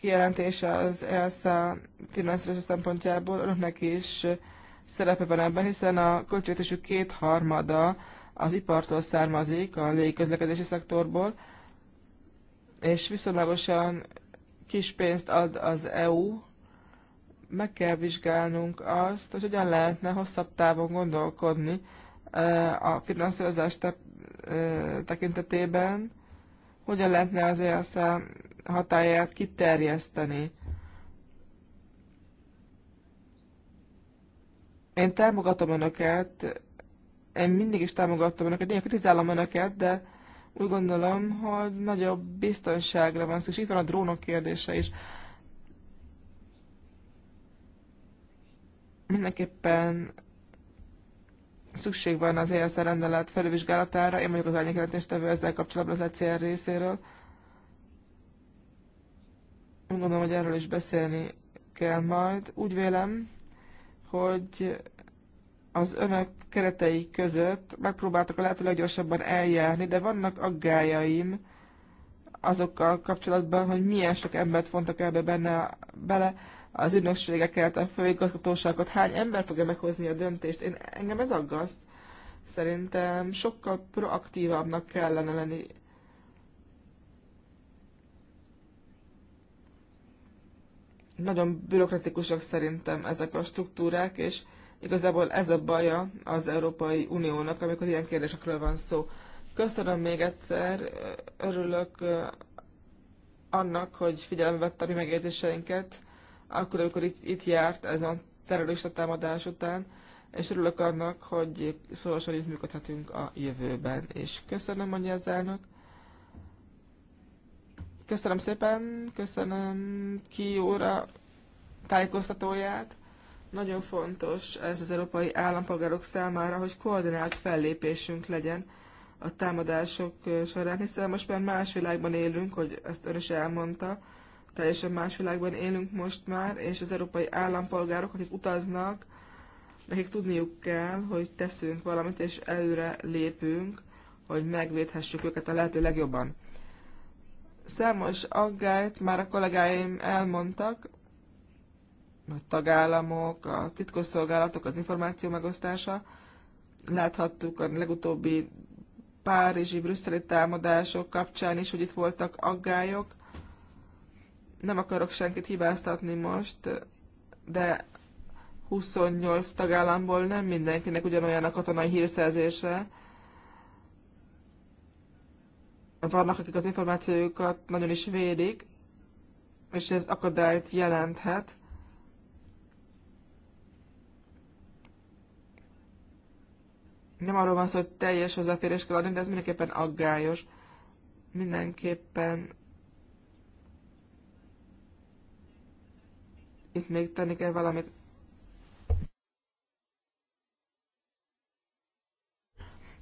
Speaker 3: kijelentés az ELSA finanszírozása szempontjából, önöknek is szerepe van ebben, hiszen a költségvetésük kétharmada az ipartól származik, a közlekedési szektorból, és viszonylagosan kis pénzt ad az EU, meg kell vizsgálnunk azt, hogy hogyan lehetne hosszabb távon gondolkodni a finanszírozás te tekintetében, hogyan lehetne az ESZ hatáját kiterjeszteni. Én támogatom önöket, én mindig is támogatom önöket, én kritizálom önöket, de úgy gondolom, hogy nagyobb biztonságra van szükség. Itt van a drónok kérdése is. Mindenképpen szükség van az ESZ rendelet felülvizsgálatára. Én vagyok az tevő ezzel kapcsolatban az ECR részéről. Úgy gondolom, hogy erről is beszélni kell majd. Úgy vélem, hogy az önök keretei között megpróbáltak a lehető leggyorsabban eljárni, de vannak aggájaim azokkal kapcsolatban, hogy milyen sok embert fontak ebbe benne, bele az ügynökségeket, a főigazgatóságot, hány ember fogja meghozni a döntést. Én, engem ez aggaszt. Szerintem sokkal proaktívabbnak kellene lenni. Nagyon bürokratikusak szerintem ezek a struktúrák, és Igazából ez a baja az Európai Uniónak, amikor ilyen kérdésekről van szó. Köszönöm még egyszer, örülök annak, hogy figyelembe vette a mi megjegyzéseinket, akkor, amikor itt, itt járt ez a terrorista támadás után, és örülök annak, hogy szorosan itt működhetünk a jövőben. És köszönöm, mondja az elnök. Köszönöm szépen, köszönöm ki óra tájékoztatóját. Nagyon fontos ez az európai állampolgárok számára, hogy koordinált fellépésünk legyen a támadások során, hiszen most már más világban élünk, hogy ezt ön is elmondta, teljesen más világban élünk most már, és az európai állampolgárok, akik utaznak, nekik tudniuk kell, hogy teszünk valamit, és előre lépünk, hogy megvédhessük őket a lehető legjobban. Számos aggályt már a kollégáim elmondtak, a tagállamok, a titkosszolgálatok, az információ megosztása. Láthattuk a legutóbbi párizsi, brüsszeli támadások kapcsán is, hogy itt voltak aggályok. Nem akarok senkit hibáztatni most, de 28 tagállamból nem mindenkinek ugyanolyan a katonai hírszerzése. Vannak, akik az információjukat nagyon is védik, és ez akadályt jelenthet nem arról van szó, hogy teljes hozzáférés kell adni, de ez mindenképpen aggályos. Mindenképpen itt még tenni kell valamit.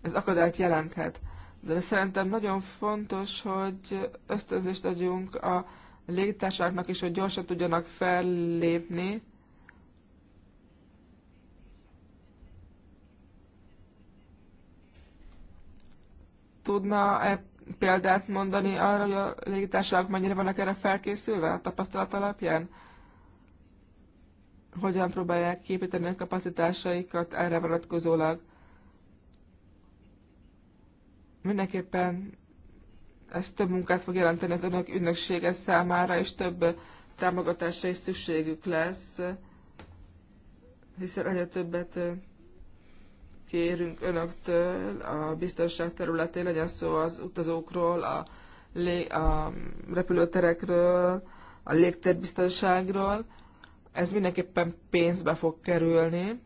Speaker 3: Ez akadályt jelenthet. De szerintem nagyon fontos, hogy ösztönzést adjunk a légitársaknak is, hogy gyorsan tudjanak fellépni, tudna -e példát mondani arra, hogy a légitársaságok mennyire vannak erre felkészülve a tapasztalat alapján? Hogyan próbálják képíteni a kapacitásaikat erre vonatkozólag? Mindenképpen ez több munkát fog jelenteni az önök ünnöksége számára, és több támogatásra is szükségük lesz, hiszen egyre többet kérünk önöktől a biztonság területén, legyen szó az utazókról, a, lé, a repülőterekről, a légtérbiztonságról. Ez mindenképpen pénzbe fog kerülni.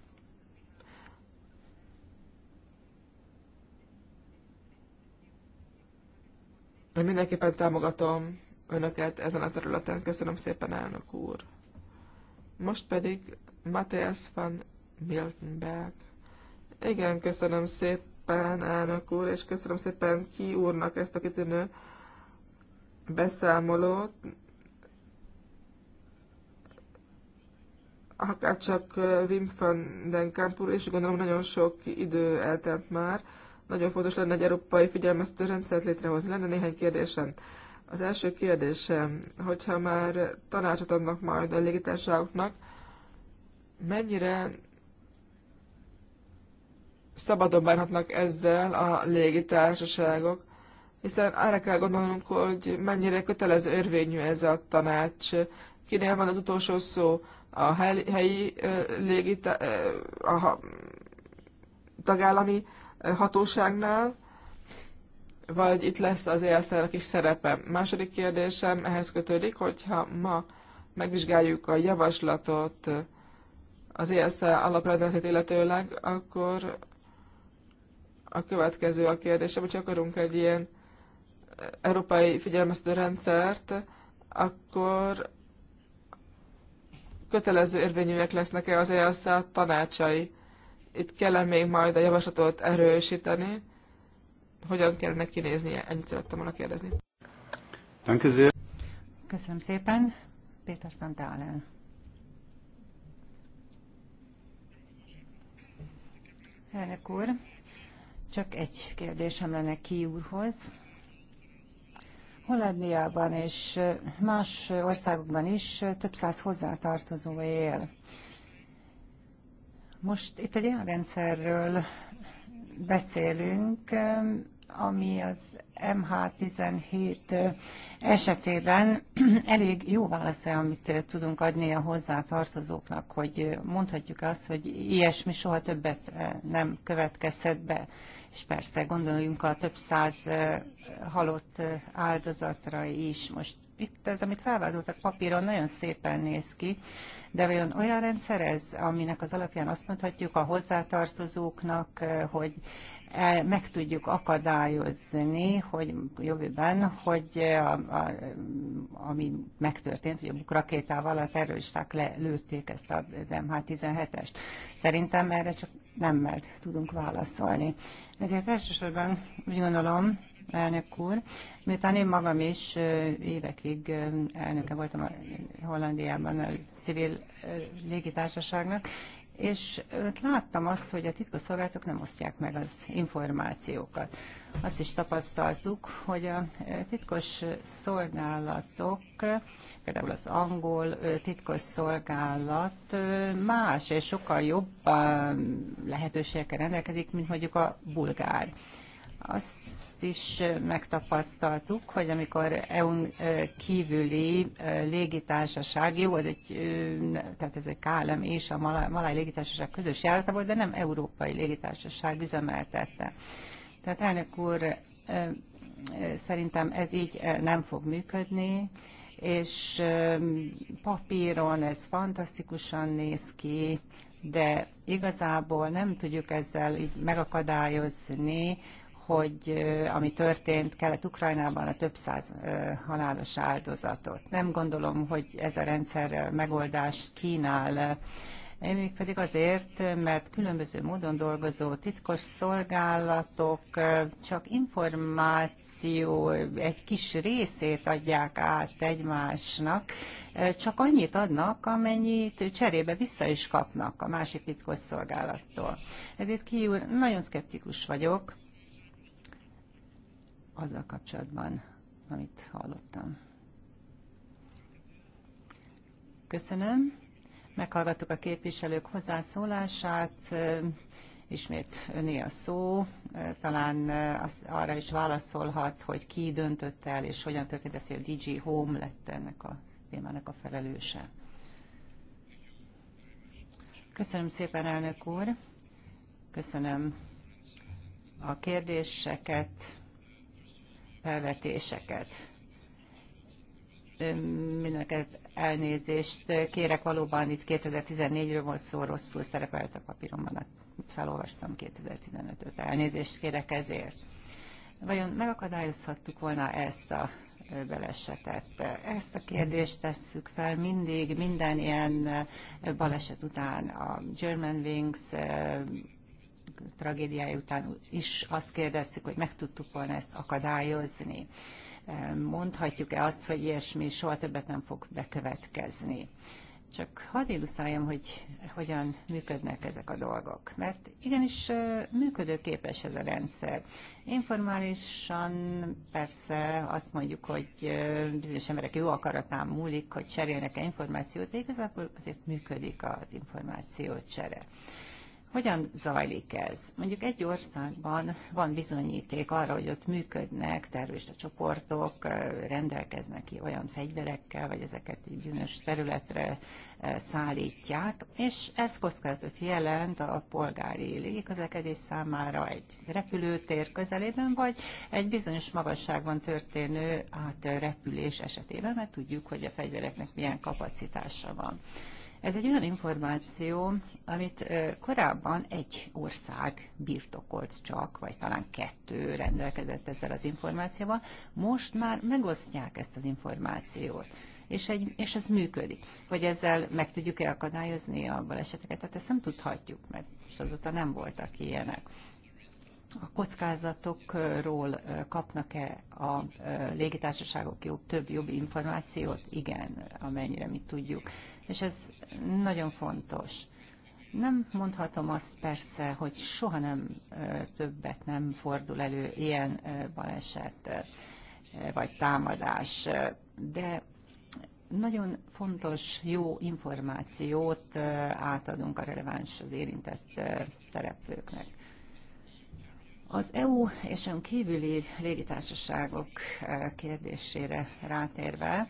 Speaker 3: Én mindenképpen támogatom önöket ezen a területen. Köszönöm szépen, elnök úr. Most pedig Matthias van Miltenberg. Igen, köszönöm szépen, elnök úr, és köszönöm szépen ki úrnak ezt a kitűnő beszámolót. akár csak Wim van den Kampur, és gondolom nagyon sok idő eltelt már. Nagyon fontos lenne egy európai figyelmeztető rendszert létrehozni. Lenne néhány kérdésem. Az első kérdésem, hogyha már tanácsot adnak majd a légitársaságoknak, mennyire szabadon bánhatnak ezzel a légitársaságok, hiszen arra kell gondolnunk, hogy mennyire kötelező örvényű ez a tanács, kinél van az utolsó szó, a helyi légita, a tagállami hatóságnál, vagy itt lesz az ESZ-nek is szerepe. Második kérdésem ehhez kötődik, hogyha ma megvizsgáljuk a javaslatot az ESZ alaprendeletét illetőleg, akkor a következő a kérdésem, hogyha akarunk egy ilyen eh, európai figyelmeztető rendszert, akkor kötelező érvényűek lesznek-e az EASZ tanácsai? Itt kell még majd a javaslatot erősíteni? Hogyan kellene kinéznie? Ennyit szerettem volna kérdezni.
Speaker 2: Köszönöm szépen. Péter van Dálen. Elnök úr, csak egy kérdésem lenne ki úrhoz. Hollandiában és más országokban is több száz hozzátartozó él. Most itt egy olyan rendszerről beszélünk, ami az MH17 esetében elég jó válasz, amit tudunk adni a hozzátartozóknak, hogy mondhatjuk azt, hogy ilyesmi soha többet nem következhet be és persze gondoljunk a több száz halott áldozatra is. Most itt ez, amit felvázoltak papíron, nagyon szépen néz ki, de vajon olyan rendszer ez, aminek az alapján azt mondhatjuk a hozzátartozóknak, hogy meg tudjuk akadályozni, hogy jövőben, hogy a, a, ami megtörtént, hogy a rakétával a terroristák lelőtték ezt az MH17-est. Szerintem erre csak mert tudunk válaszolni. Ezért elsősorban úgy gondolom, elnök úr. Miután én magam is évekig elnöke voltam a Hollandiában a civil légitársaságnak, és láttam azt, hogy a titkosszolgálatok nem osztják meg az információkat. Azt is tapasztaltuk, hogy a e, titkos szolgálatok, például az angol e, titkos szolgálat e, más és sokkal jobb lehetőségekkel rendelkezik, mint mondjuk a bulgár. Azt azt is megtapasztaltuk, hogy amikor EU-n kívüli légitársaság, jó, ez egy, tehát ez egy KLM és a Maláj légitársaság közös járata volt, de nem európai légitársaság üzemeltette. Tehát elnök úr, szerintem ez így nem fog működni, és papíron ez fantasztikusan néz ki, de igazából nem tudjuk ezzel így megakadályozni hogy ami történt Kelet-Ukrajnában a több száz halálos áldozatot. Nem gondolom, hogy ez a rendszer megoldást kínál. Én pedig azért, mert különböző módon dolgozó titkos szolgálatok csak információ egy kis részét adják át egymásnak, csak annyit adnak, amennyit cserébe vissza is kapnak a másik titkos szolgálattól. Ezért kiúr, nagyon szkeptikus vagyok, azzal kapcsolatban, amit hallottam. Köszönöm. Meghallgattuk a képviselők hozzászólását. Ismét öné a szó. Talán eh, az, arra is válaszolhat, hogy ki döntött el, és hogyan történt ez, hogy a DG Home lett ennek a témának a felelőse. Köszönöm szépen, elnök úr. Köszönöm a kérdéseket, felvetéseket. Mindenket elnézést kérek, valóban itt 2014-ről volt szó, rosszul szerepelt a papíromban, itt felolvastam 2015-öt, elnézést kérek ezért. Vajon megakadályozhattuk volna ezt a balesetet. Ezt a kérdést tesszük fel mindig, minden ilyen baleset után a German Wings tragédiája után is azt kérdeztük, hogy meg tudtuk volna ezt akadályozni. Mondhatjuk-e azt, hogy ilyesmi soha többet nem fog bekövetkezni? Csak hadd illusztráljam, hogy hogyan működnek ezek a dolgok. Mert igenis működőképes ez a rendszer. Informálisan persze azt mondjuk, hogy bizonyos emberek jó akaratán múlik, hogy cserélnek-e információt, de igazából azért működik az információcsere. csere. Hogyan zajlik ez? Mondjuk egy országban van bizonyíték arra, hogy ott működnek terrorista csoportok, rendelkeznek ki olyan fegyverekkel, vagy ezeket egy bizonyos területre szállítják, és ez kockázatot jelent a polgári légiközlekedés számára egy repülőtér közelében, vagy egy bizonyos magasságban történő átrepülés esetében, mert tudjuk, hogy a fegyvereknek milyen kapacitása van. Ez egy olyan információ, amit korábban egy ország birtokolt csak, vagy talán kettő rendelkezett ezzel az információval, most már megosztják ezt az információt. És, egy, és ez működik. Hogy ezzel meg tudjuk-e akadályozni a baleseteket? Tehát ezt nem tudhatjuk, mert azóta nem voltak ilyenek a kockázatokról kapnak-e a légitársaságok jobb, több jobb információt? Igen, amennyire mi tudjuk. És ez nagyon fontos. Nem mondhatom azt persze, hogy soha nem többet nem fordul elő ilyen baleset vagy támadás, de nagyon fontos, jó információt átadunk a releváns az érintett szereplőknek. Az EU és ön kívüli légitársaságok eh, kérdésére rátérve,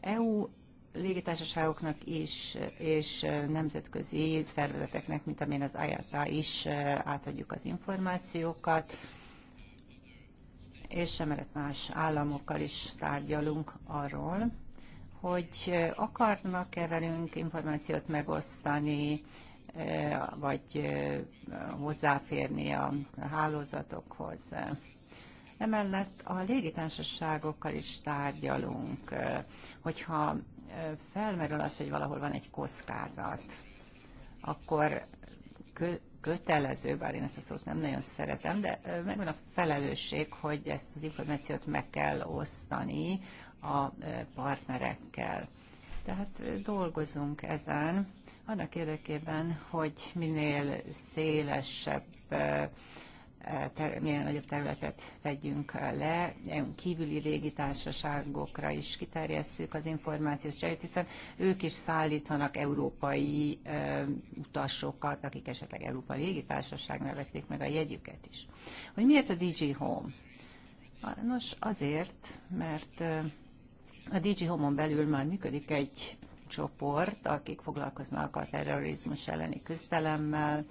Speaker 2: EU légitársaságoknak is, és eh, nemzetközi szervezeteknek, mint amilyen az IATA is eh, átadjuk az információkat, és emellett más államokkal is tárgyalunk arról, hogy akarnak-e velünk információt megosztani, Eh, vagy eh, hozzáférni a hálózatokhoz. Emellett a légitársaságokkal is tárgyalunk, eh, hogyha felmerül az, hogy valahol van egy kockázat, akkor kötelező, bár én ezt a szót nem nagyon szeretem, de megvan a felelősség, hogy ezt az információt meg kell osztani a partnerekkel. Tehát dolgozunk ezen, annak érdekében, hogy minél szélesebb minél nagyobb területet vegyünk le, kívüli kívüli légitársaságokra is kiterjesszük az információs cserét, hiszen ők is szállítanak európai utasokat, akik esetleg Európai Légitársaságnál vették meg a jegyüket is. Hogy miért a DG Home? Nos, azért, mert a DG Home-on belül már működik egy csoport, akik foglalkoznak a terrorizmus elleni küzdelemmel.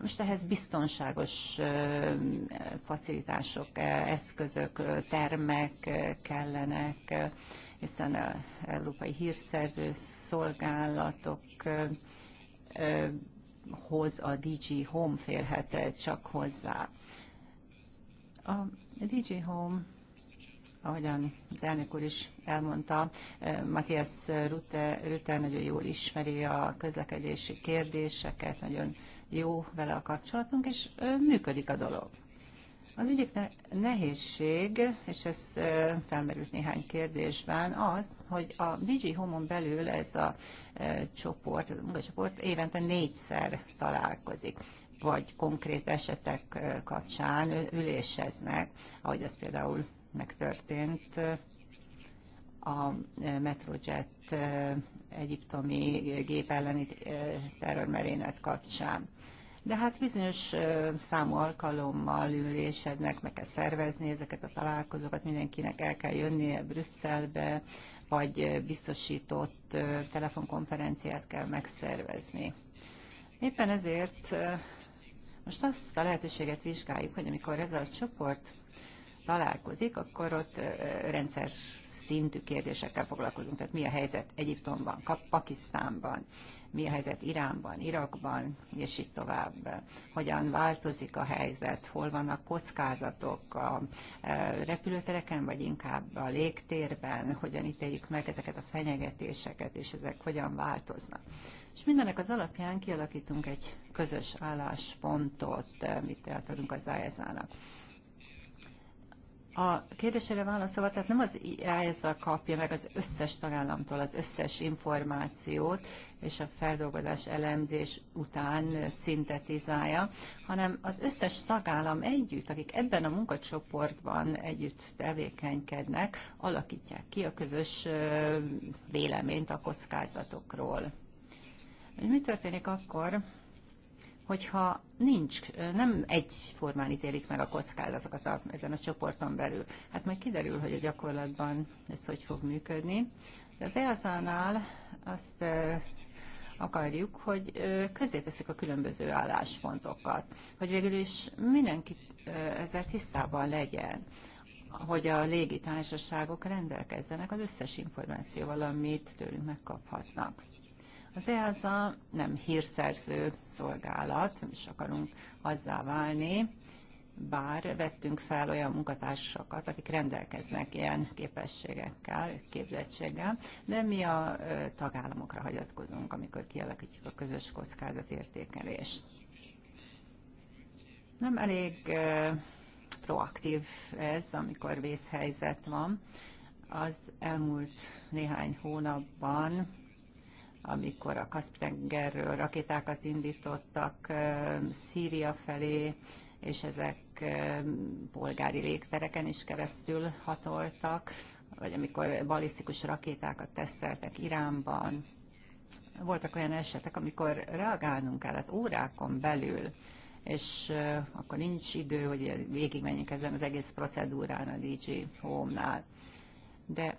Speaker 2: Most ehhez biztonságos facilitások, eszközök, termek kellenek, hiszen a európai hírszerző szolgálatok hoz a DG Home férhet csak hozzá. A DG Home ahogyan elnök úr is elmondta, eh, Matthias Rutte, Rutte nagyon jól ismeri a közlekedési kérdéseket, nagyon jó vele a kapcsolatunk, és működik a dolog. Az egyik nehézség, és ez felmerült néhány kérdésben, az, hogy a DG Homon belül ez a csoport, ez a munkacsoport évente négyszer találkozik vagy konkrét esetek kapcsán üléseznek, ahogy ezt például megtörtént a Metrojet eh, egyiptomi gép elleni eh, terrormerénet kapcsán. De hát bizonyos eh, számú alkalommal üléseznek, meg kell szervezni ezeket a találkozókat, mindenkinek el kell jönnie Brüsszelbe, vagy biztosított telefonkonferenciát kell megszervezni. Éppen ezért most azt a lehetőséget vizsgáljuk, hogy amikor ez a csoport találkozik, akkor ott rendszer szintű kérdésekkel foglalkozunk. Tehát mi a helyzet Egyiptomban, Pakisztánban, mi a helyzet Iránban, Irakban, és így tovább. Hogyan változik a helyzet, hol vannak kockázatok a repülőtereken, vagy inkább a légtérben, hogyan ítéljük meg ezeket a fenyegetéseket, és ezek hogyan változnak. És mindenek az alapján kialakítunk egy közös álláspontot, mit el tudunk az ISZ-nak. A kérdésére válaszolva, tehát nem az IASZ e kapja meg az összes tagállamtól az összes információt, és a feldolgozás elemzés után szintetizálja, hanem az összes tagállam együtt, akik ebben a munkacsoportban együtt tevékenykednek, alakítják ki a közös véleményt a kockázatokról. Mi történik akkor, hogyha nincs, nem egyformán ítélik meg a kockázatokat a, ezen a csoporton belül. Hát majd kiderül, hogy a gyakorlatban ez hogy fog működni. De az EASA-nál azt akarjuk, hogy teszik a különböző álláspontokat, hogy végül is mindenki ezzel tisztában legyen hogy a légitársaságok rendelkezzenek az összes információval, amit tőlünk megkaphatnak. Az EASA nem hírszerző szolgálat, nem is akarunk azzá válni, bár vettünk fel olyan munkatársakat, akik rendelkeznek ilyen képességekkel, képzettséggel, de mi a tagállamokra hagyatkozunk, amikor kialakítjuk a közös kockázatértékelést. Nem elég proaktív ez, amikor vészhelyzet van. Az elmúlt néhány hónapban amikor a Kaszptengerről rakétákat indítottak Szíria felé, és ezek polgári légtereken is keresztül hatoltak, vagy amikor balisztikus rakétákat teszteltek Iránban. Voltak olyan esetek, amikor reagálnunk kellett órákon belül, és akkor nincs idő, hogy végigmenjünk ezen az egész procedúrán a DJ Home-nál. De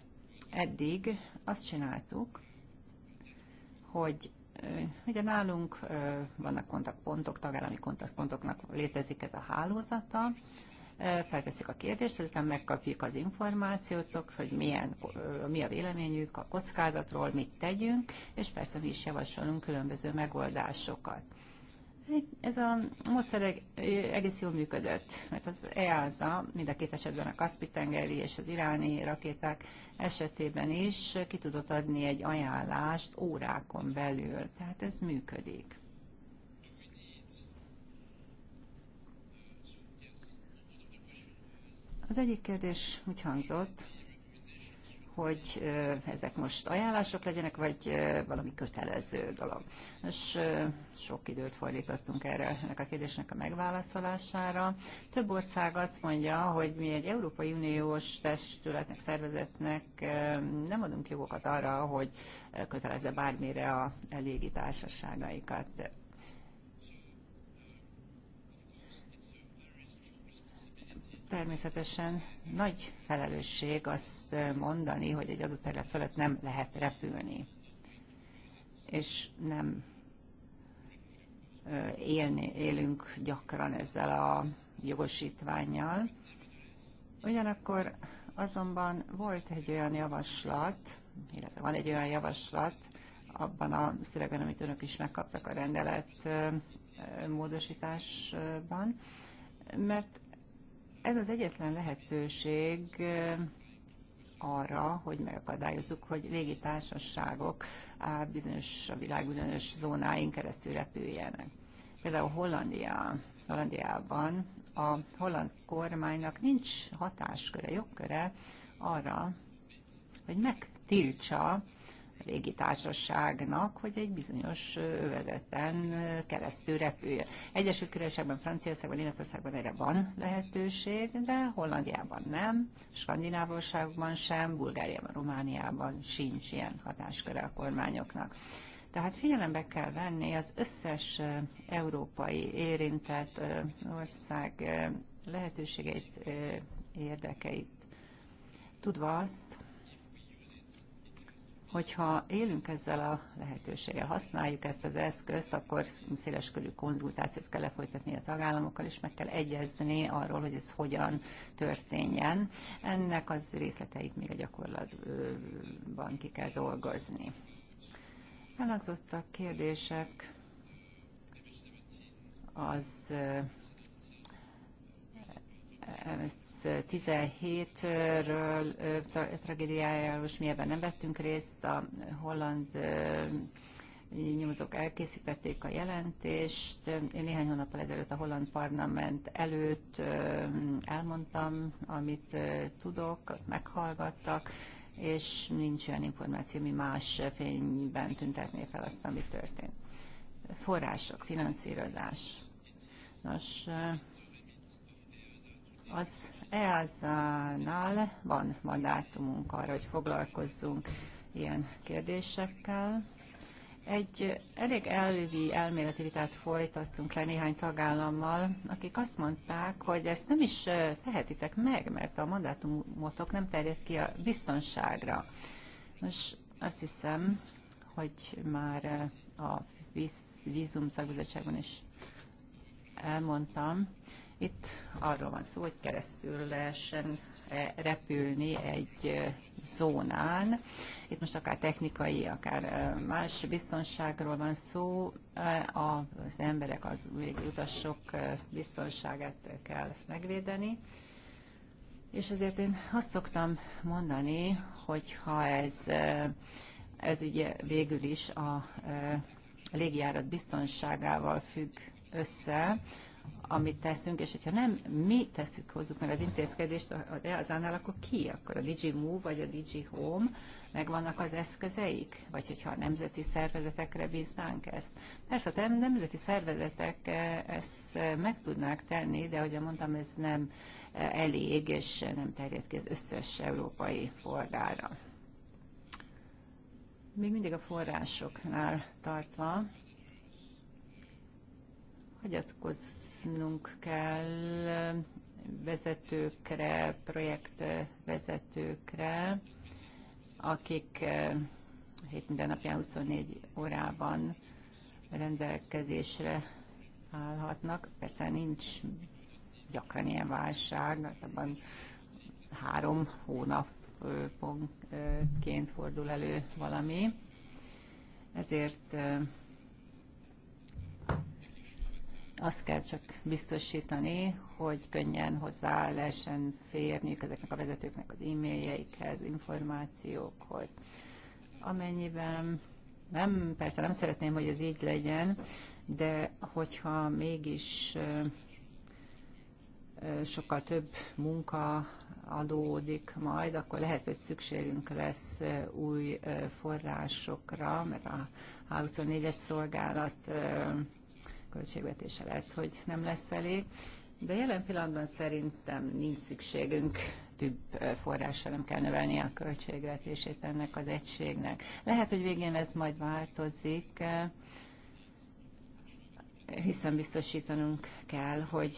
Speaker 2: eddig azt csináltuk, hogy Ugye nálunk vannak kontaktpontok, tagállami kontaktpontoknak létezik ez a hálózata, felteszik a kérdést, azután megkapjuk az információtok, hogy milyen, mi a véleményük a kockázatról, mit tegyünk, és persze mi is javasolunk különböző megoldásokat. Ez a módszer egész jól működött, mert az EASA mind a két esetben a Kaspi-tengeri és az iráni rakéták esetében is ki tudott adni egy ajánlást órákon belül. Tehát ez működik. Az egyik kérdés úgy hangzott, hogy ezek most ajánlások legyenek, vagy valami kötelező dolog. És sok időt fordítottunk erre ennek a kérdésnek a megválaszolására. Több ország azt mondja, hogy mi egy Európai Uniós testületnek, szervezetnek nem adunk jogokat arra, hogy kötelezze bármire a légitársaságaikat. természetesen nagy felelősség azt mondani, hogy egy adott terület fölött nem lehet repülni, és nem élni, élünk gyakran ezzel a jogosítványjal. Ugyanakkor azonban volt egy olyan javaslat, illetve van egy olyan javaslat abban a szövegben, amit önök is megkaptak a rendelet módosításban, mert ez az egyetlen lehetőség eh, arra, hogy megakadályozzuk, hogy társaságok a bizonyos, a világ bizonyos zónáin keresztül repüljenek. Például Hollandia, Hollandiában a holland kormánynak nincs hatásköre, jogköre arra, hogy megtiltsa légitársaságnak, hogy egy bizonyos övezeten keresztül repüljön. Egyesült Királyságban, Franciaországban, Németországban erre van lehetőség, de Hollandiában nem, Skandinávországban sem, Bulgáriában, Romániában sincs ilyen hatásköre a kormányoknak. Tehát figyelembe kell venni az összes európai érintett ország lehetőségeit, érdekeit, tudva azt, Hogyha élünk ezzel a lehetőséggel, használjuk ezt az eszközt, akkor széleskörű konzultációt kell lefolytatni a tagállamokkal, és meg kell egyezni arról, hogy ez hogyan történjen. Ennek az részleteit még a gyakorlatban ki kell dolgozni. Elhangzottak kérdések az eh, eh, 2017-ről tragédiájáról most mi ebben nem vettünk részt, a holland nyomozók elkészítették a jelentést. Én néhány hónappal ezelőtt a holland parlament előtt elmondtam, amit tudok, meghallgattak, és nincs olyan információ, mi más fényben tüntetné fel azt, ami történt. Források, finanszírozás. Nos, az EASA-nál van mandátumunk arra, hogy foglalkozzunk ilyen kérdésekkel. Egy elég elvi elméleti vitát folytattunk le néhány tagállammal, akik azt mondták, hogy ezt nem is tehetitek meg, mert a mandátumotok nem terjed ki a biztonságra. Most azt hiszem, hogy már a víz, vízum szakbizottságban is elmondtam, itt arról van szó, hogy keresztül lehessen eh, repülni egy eh, zónán. Itt most akár technikai, akár eh, más biztonságról van szó. Az emberek, az utasok biztonságát kell megvédeni. És ezért én azt szoktam mondani, hogy ha ez, ez ugye végül is a légjárat biztonságával függ össze, amit teszünk, és hogyha nem mi tesszük, hozzuk meg az intézkedést de az annál, akkor ki? Akkor a DigiMove vagy a DigiHome, meg vannak az eszközeik? Vagy hogyha a nemzeti szervezetekre bíznánk ezt? Persze a nemzeti szervezetek e, ezt e, meg tudnák tenni, de ahogy mondtam, ez nem e, elég, és nem terjed ki az összes európai polgára. Még mindig a forrásoknál tartva, hagyatkoznunk kell vezetőkre, projektvezetőkre, akik eh, hét minden napján 24 órában rendelkezésre állhatnak. Persze nincs gyakran ilyen válság, abban három hónaponként eh, eh, fordul elő valami. Ezért azt kell csak biztosítani, hogy könnyen hozzá lehessen férni ezeknek a vezetőknek az e-mailjeikhez, információkhoz. Amennyiben nem, persze nem szeretném, hogy ez így legyen, de hogyha mégis sokkal több munka adódik majd, akkor lehet, hogy szükségünk lesz új forrásokra, mert a 24-es szolgálat költségvetése lehet, hogy nem lesz elég, de jelen pillanatban szerintem nincs szükségünk több forrásra nem kell növelni a költségvetését ennek az egységnek. Lehet, hogy végén ez majd változik, hiszen biztosítanunk kell, hogy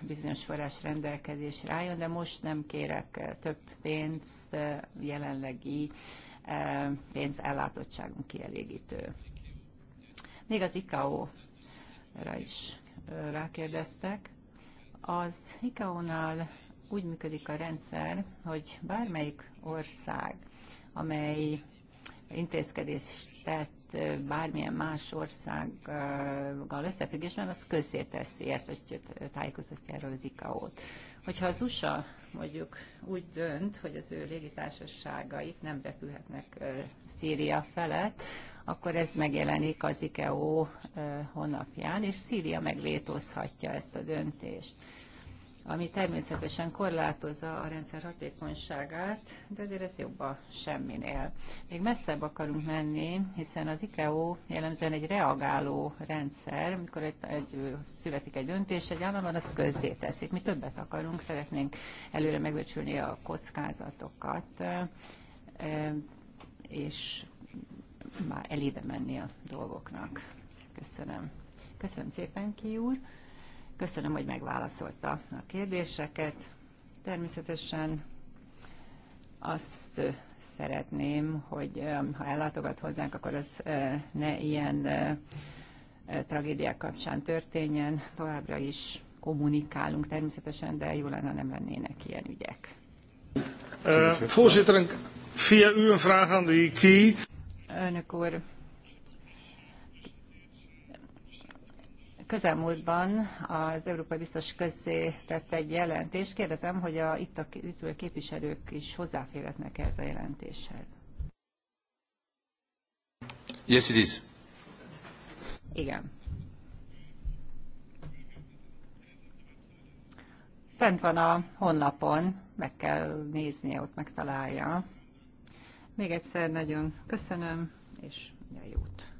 Speaker 2: bizonyos forrás rendelkezésre álljon, de most nem kérek több pénzt, jelenlegi pénzellátottságunk kielégítő. Még az ICAO ra is rákérdeztek. Az ICAO-nál úgy működik a rendszer, hogy bármelyik ország, amely intézkedést tett bármilyen más országgal összefüggésben, az közé teszi ezt, hogy tájékoztatja erről az ICAO-t. Hogyha az USA mondjuk úgy dönt, hogy az ő légitársaságaik nem repülhetnek Szíria felett, akkor ez megjelenik az IKEO honlapján, és Szíria megvétózhatja ezt a döntést ami természetesen korlátozza a rendszer hatékonyságát, de azért ez jobb a semminél. Még messzebb akarunk menni, hiszen az ICAO jellemzően egy reagáló rendszer, amikor egy, egy, születik egy döntés egy államban, közzé teszik. Mi többet akarunk, szeretnénk előre megbecsülni a kockázatokat, és már elébe menni a dolgoknak. Köszönöm. Köszönöm szépen, Ki úr. Köszönöm, hogy megválaszolta a kérdéseket. Természetesen azt szeretném, hogy um, ha ellátogat hozzánk, akkor az uh, ne ilyen uh, uh, tragédiák kapcsán történjen. Továbbra is kommunikálunk természetesen, de jó lenne, nem lennének ilyen ügyek.
Speaker 3: Uh, voorzitter, via u een vraag aan de IKI.
Speaker 2: Elnök úr, közelmúltban az Európai Biztos közé tett egy jelentést. Kérdezem, hogy a, itt a képviselők is hozzáférhetnek -e ez a jelentéshez. Yes, it is. Igen. Fent van a honlapon, meg kell néznie, ott megtalálja. Még egyszer nagyon köszönöm, és minden jót!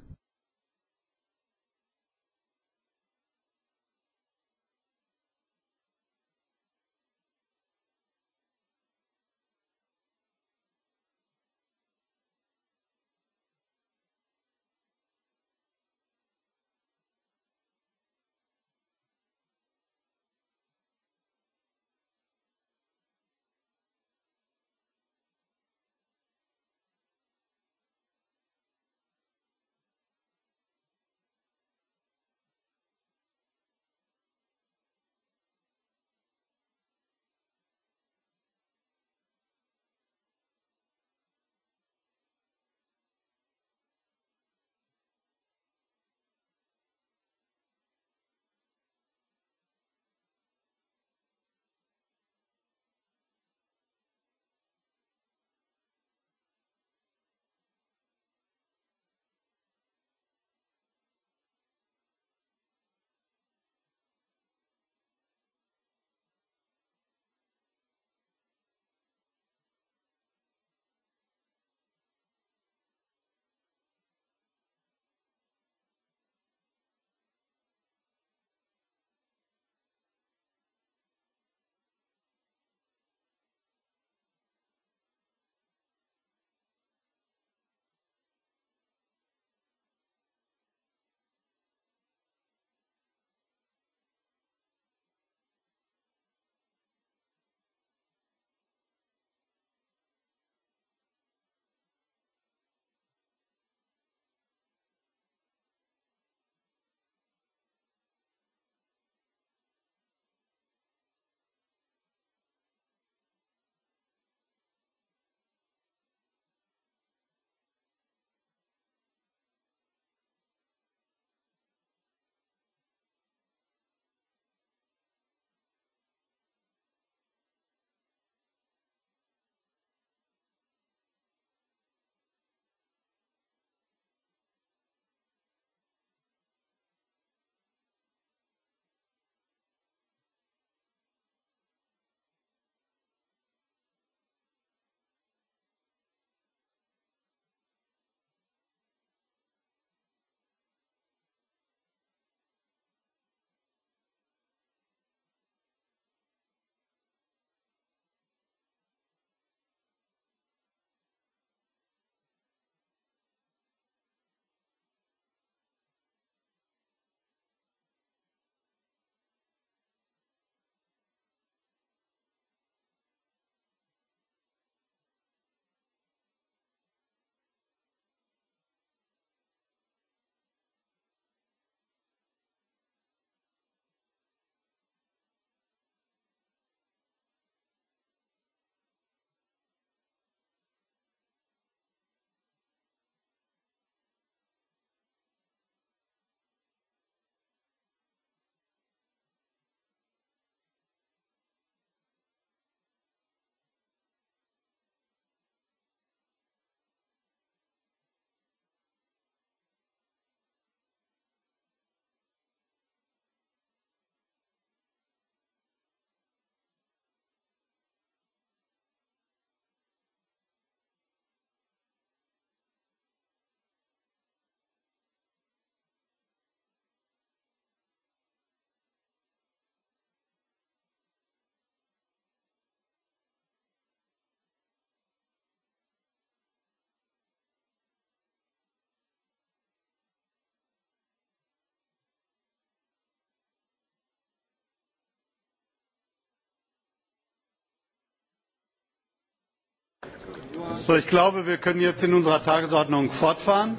Speaker 2: So, ich glaube, wir können jetzt in unserer Tagesordnung fortfahren.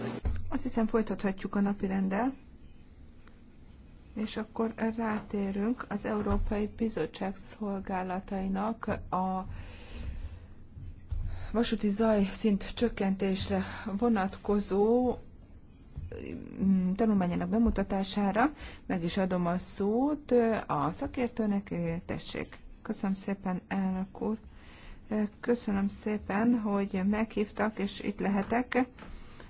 Speaker 1: Azt hiszem, folytathatjuk a napi rendel. És akkor rátérünk az Európai Bizottság szolgálatainak a vasúti zajszint csökkentésre vonatkozó mm, tanulmányának bemutatására. Meg is adom a szót a szakértőnek, tessék. Köszönöm szépen, elnök úr. Köszönöm szépen, hogy meghívtak, és itt lehetek.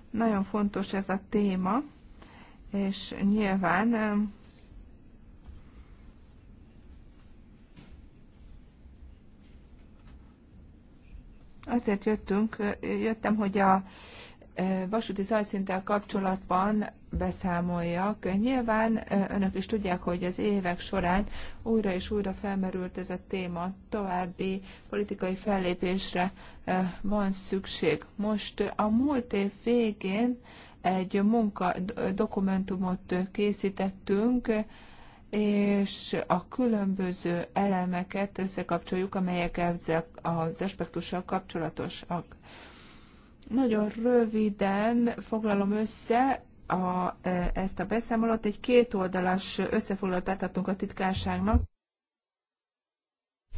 Speaker 1: Nagyon fontos ez a téma, és nyilván azért jöttünk, jöttem, hogy a vasúti zajszinttel kapcsolatban beszámoljak. Nyilván önök is tudják, hogy az évek során újra és újra felmerült ez a téma, további politikai fellépésre van szükség. Most a múlt év végén egy munka dokumentumot készítettünk, és a különböző elemeket összekapcsoljuk, amelyek ezzel az aspektussal kapcsolatosak. Nagyon röviden foglalom össze a, e, ezt a beszámolót. Egy kétoldalas összefoglalót átadtunk a titkárságnak,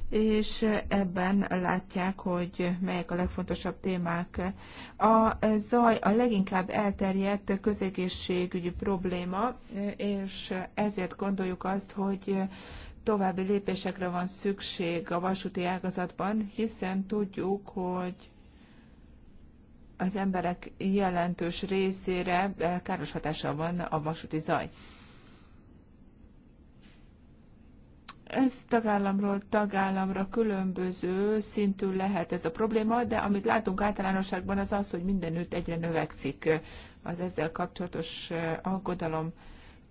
Speaker 1: és ebben látják, hogy melyek a legfontosabb témák. A zaj a leginkább elterjedt közegészségügyi probléma, és ezért gondoljuk azt, hogy további lépésekre van szükség a vasúti ágazatban, hiszen tudjuk, hogy az emberek jelentős részére eh, káros hatása van a vasúti zaj. Ez tagállamról tagállamra különböző szintű lehet ez a probléma, de amit látunk általánosságban az az, hogy mindenütt egyre növekszik eh, az ezzel kapcsolatos eh, aggodalom.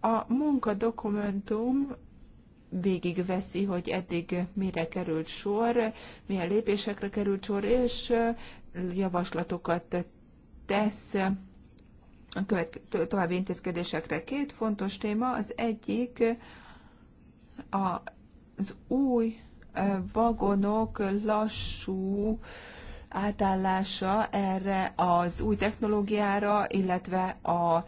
Speaker 1: A munkadokumentum végigveszi, hogy eddig mire került sor, milyen lépésekre került sor, és javaslatokat tesz a követ, további intézkedésekre. Két fontos téma, az egyik a, az új vagonok lassú átállása erre az új technológiára, illetve a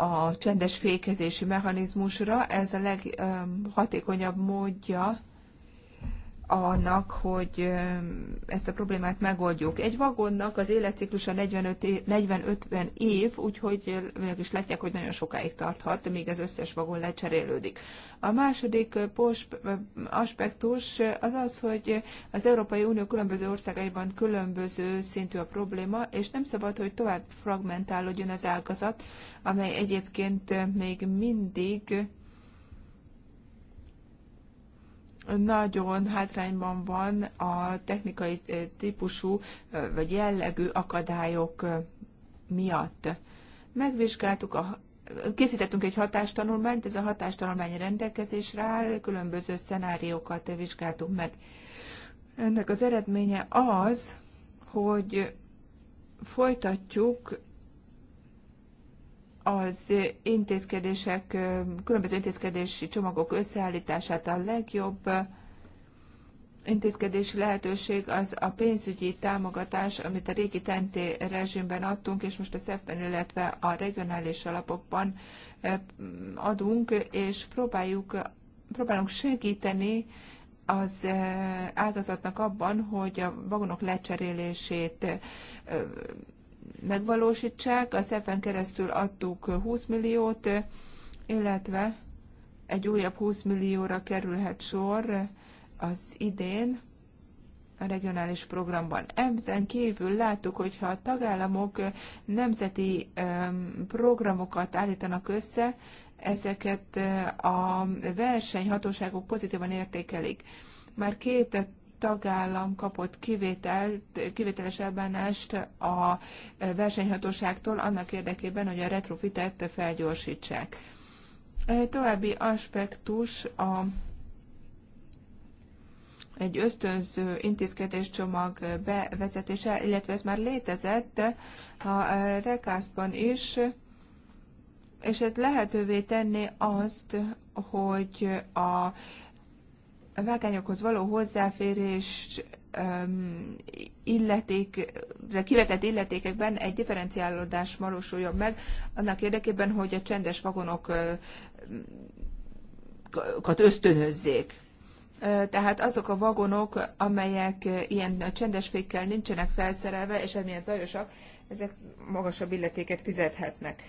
Speaker 1: a csendes fékezési mechanizmusra. Ez a leghatékonyabb módja annak, hogy ezt a problémát megoldjuk. Egy vagonnak az életciklusa 40-50 év, úgyhogy önök is látják, hogy nagyon sokáig tarthat, míg az összes vagon lecserélődik. A második aspektus az az, hogy az Európai Unió különböző országaiban különböző szintű a probléma, és nem szabad, hogy tovább fragmentálódjon az ágazat, amely egyébként még mindig nagyon hátrányban van a technikai eh, típusú eh, vagy jellegű akadályok eh, miatt. Megvizsgáltuk a Készítettünk egy hatástanulmányt, ez a hatástanulmány rendelkezésre áll, különböző szenáriókat vizsgáltunk meg. Ennek az eredménye az, hogy folytatjuk az intézkedések, különböző intézkedési csomagok összeállítását a legjobb intézkedési lehetőség az a pénzügyi támogatás, amit a régi tenté rezsimben adtunk, és most a SZEF-ben, illetve a regionális alapokban adunk, és próbáljuk, próbálunk segíteni az ágazatnak abban, hogy a vagonok lecserélését megvalósítsák. A SZEF-en keresztül adtuk 20 milliót, illetve egy újabb 20 millióra kerülhet sor az idén a regionális programban. Ezen kívül láttuk, hogyha a tagállamok nemzeti programokat állítanak össze, ezeket eh, a versenyhatóságok pozitívan értékelik. Már két tagállam kapott kivételt, kivételes elbánást a versenyhatóságtól annak érdekében, hogy a retrofitet felgyorsítsák. További aspektus a egy ösztönző intézkedéscsomag bevezetése, illetve ez már létezett a Recastban is, és ez lehetővé tenni azt, hogy a a vágányokhoz való hozzáférés illetékre kivetett illetékekben egy differenciálódás valósuljon meg, annak érdekében, hogy a csendes vagonokat ösztönözzék. Tehát azok a vagonok, amelyek ilyen csendes fékkel nincsenek felszerelve, és emiatt zajosak, ezek magasabb illetéket fizethetnek.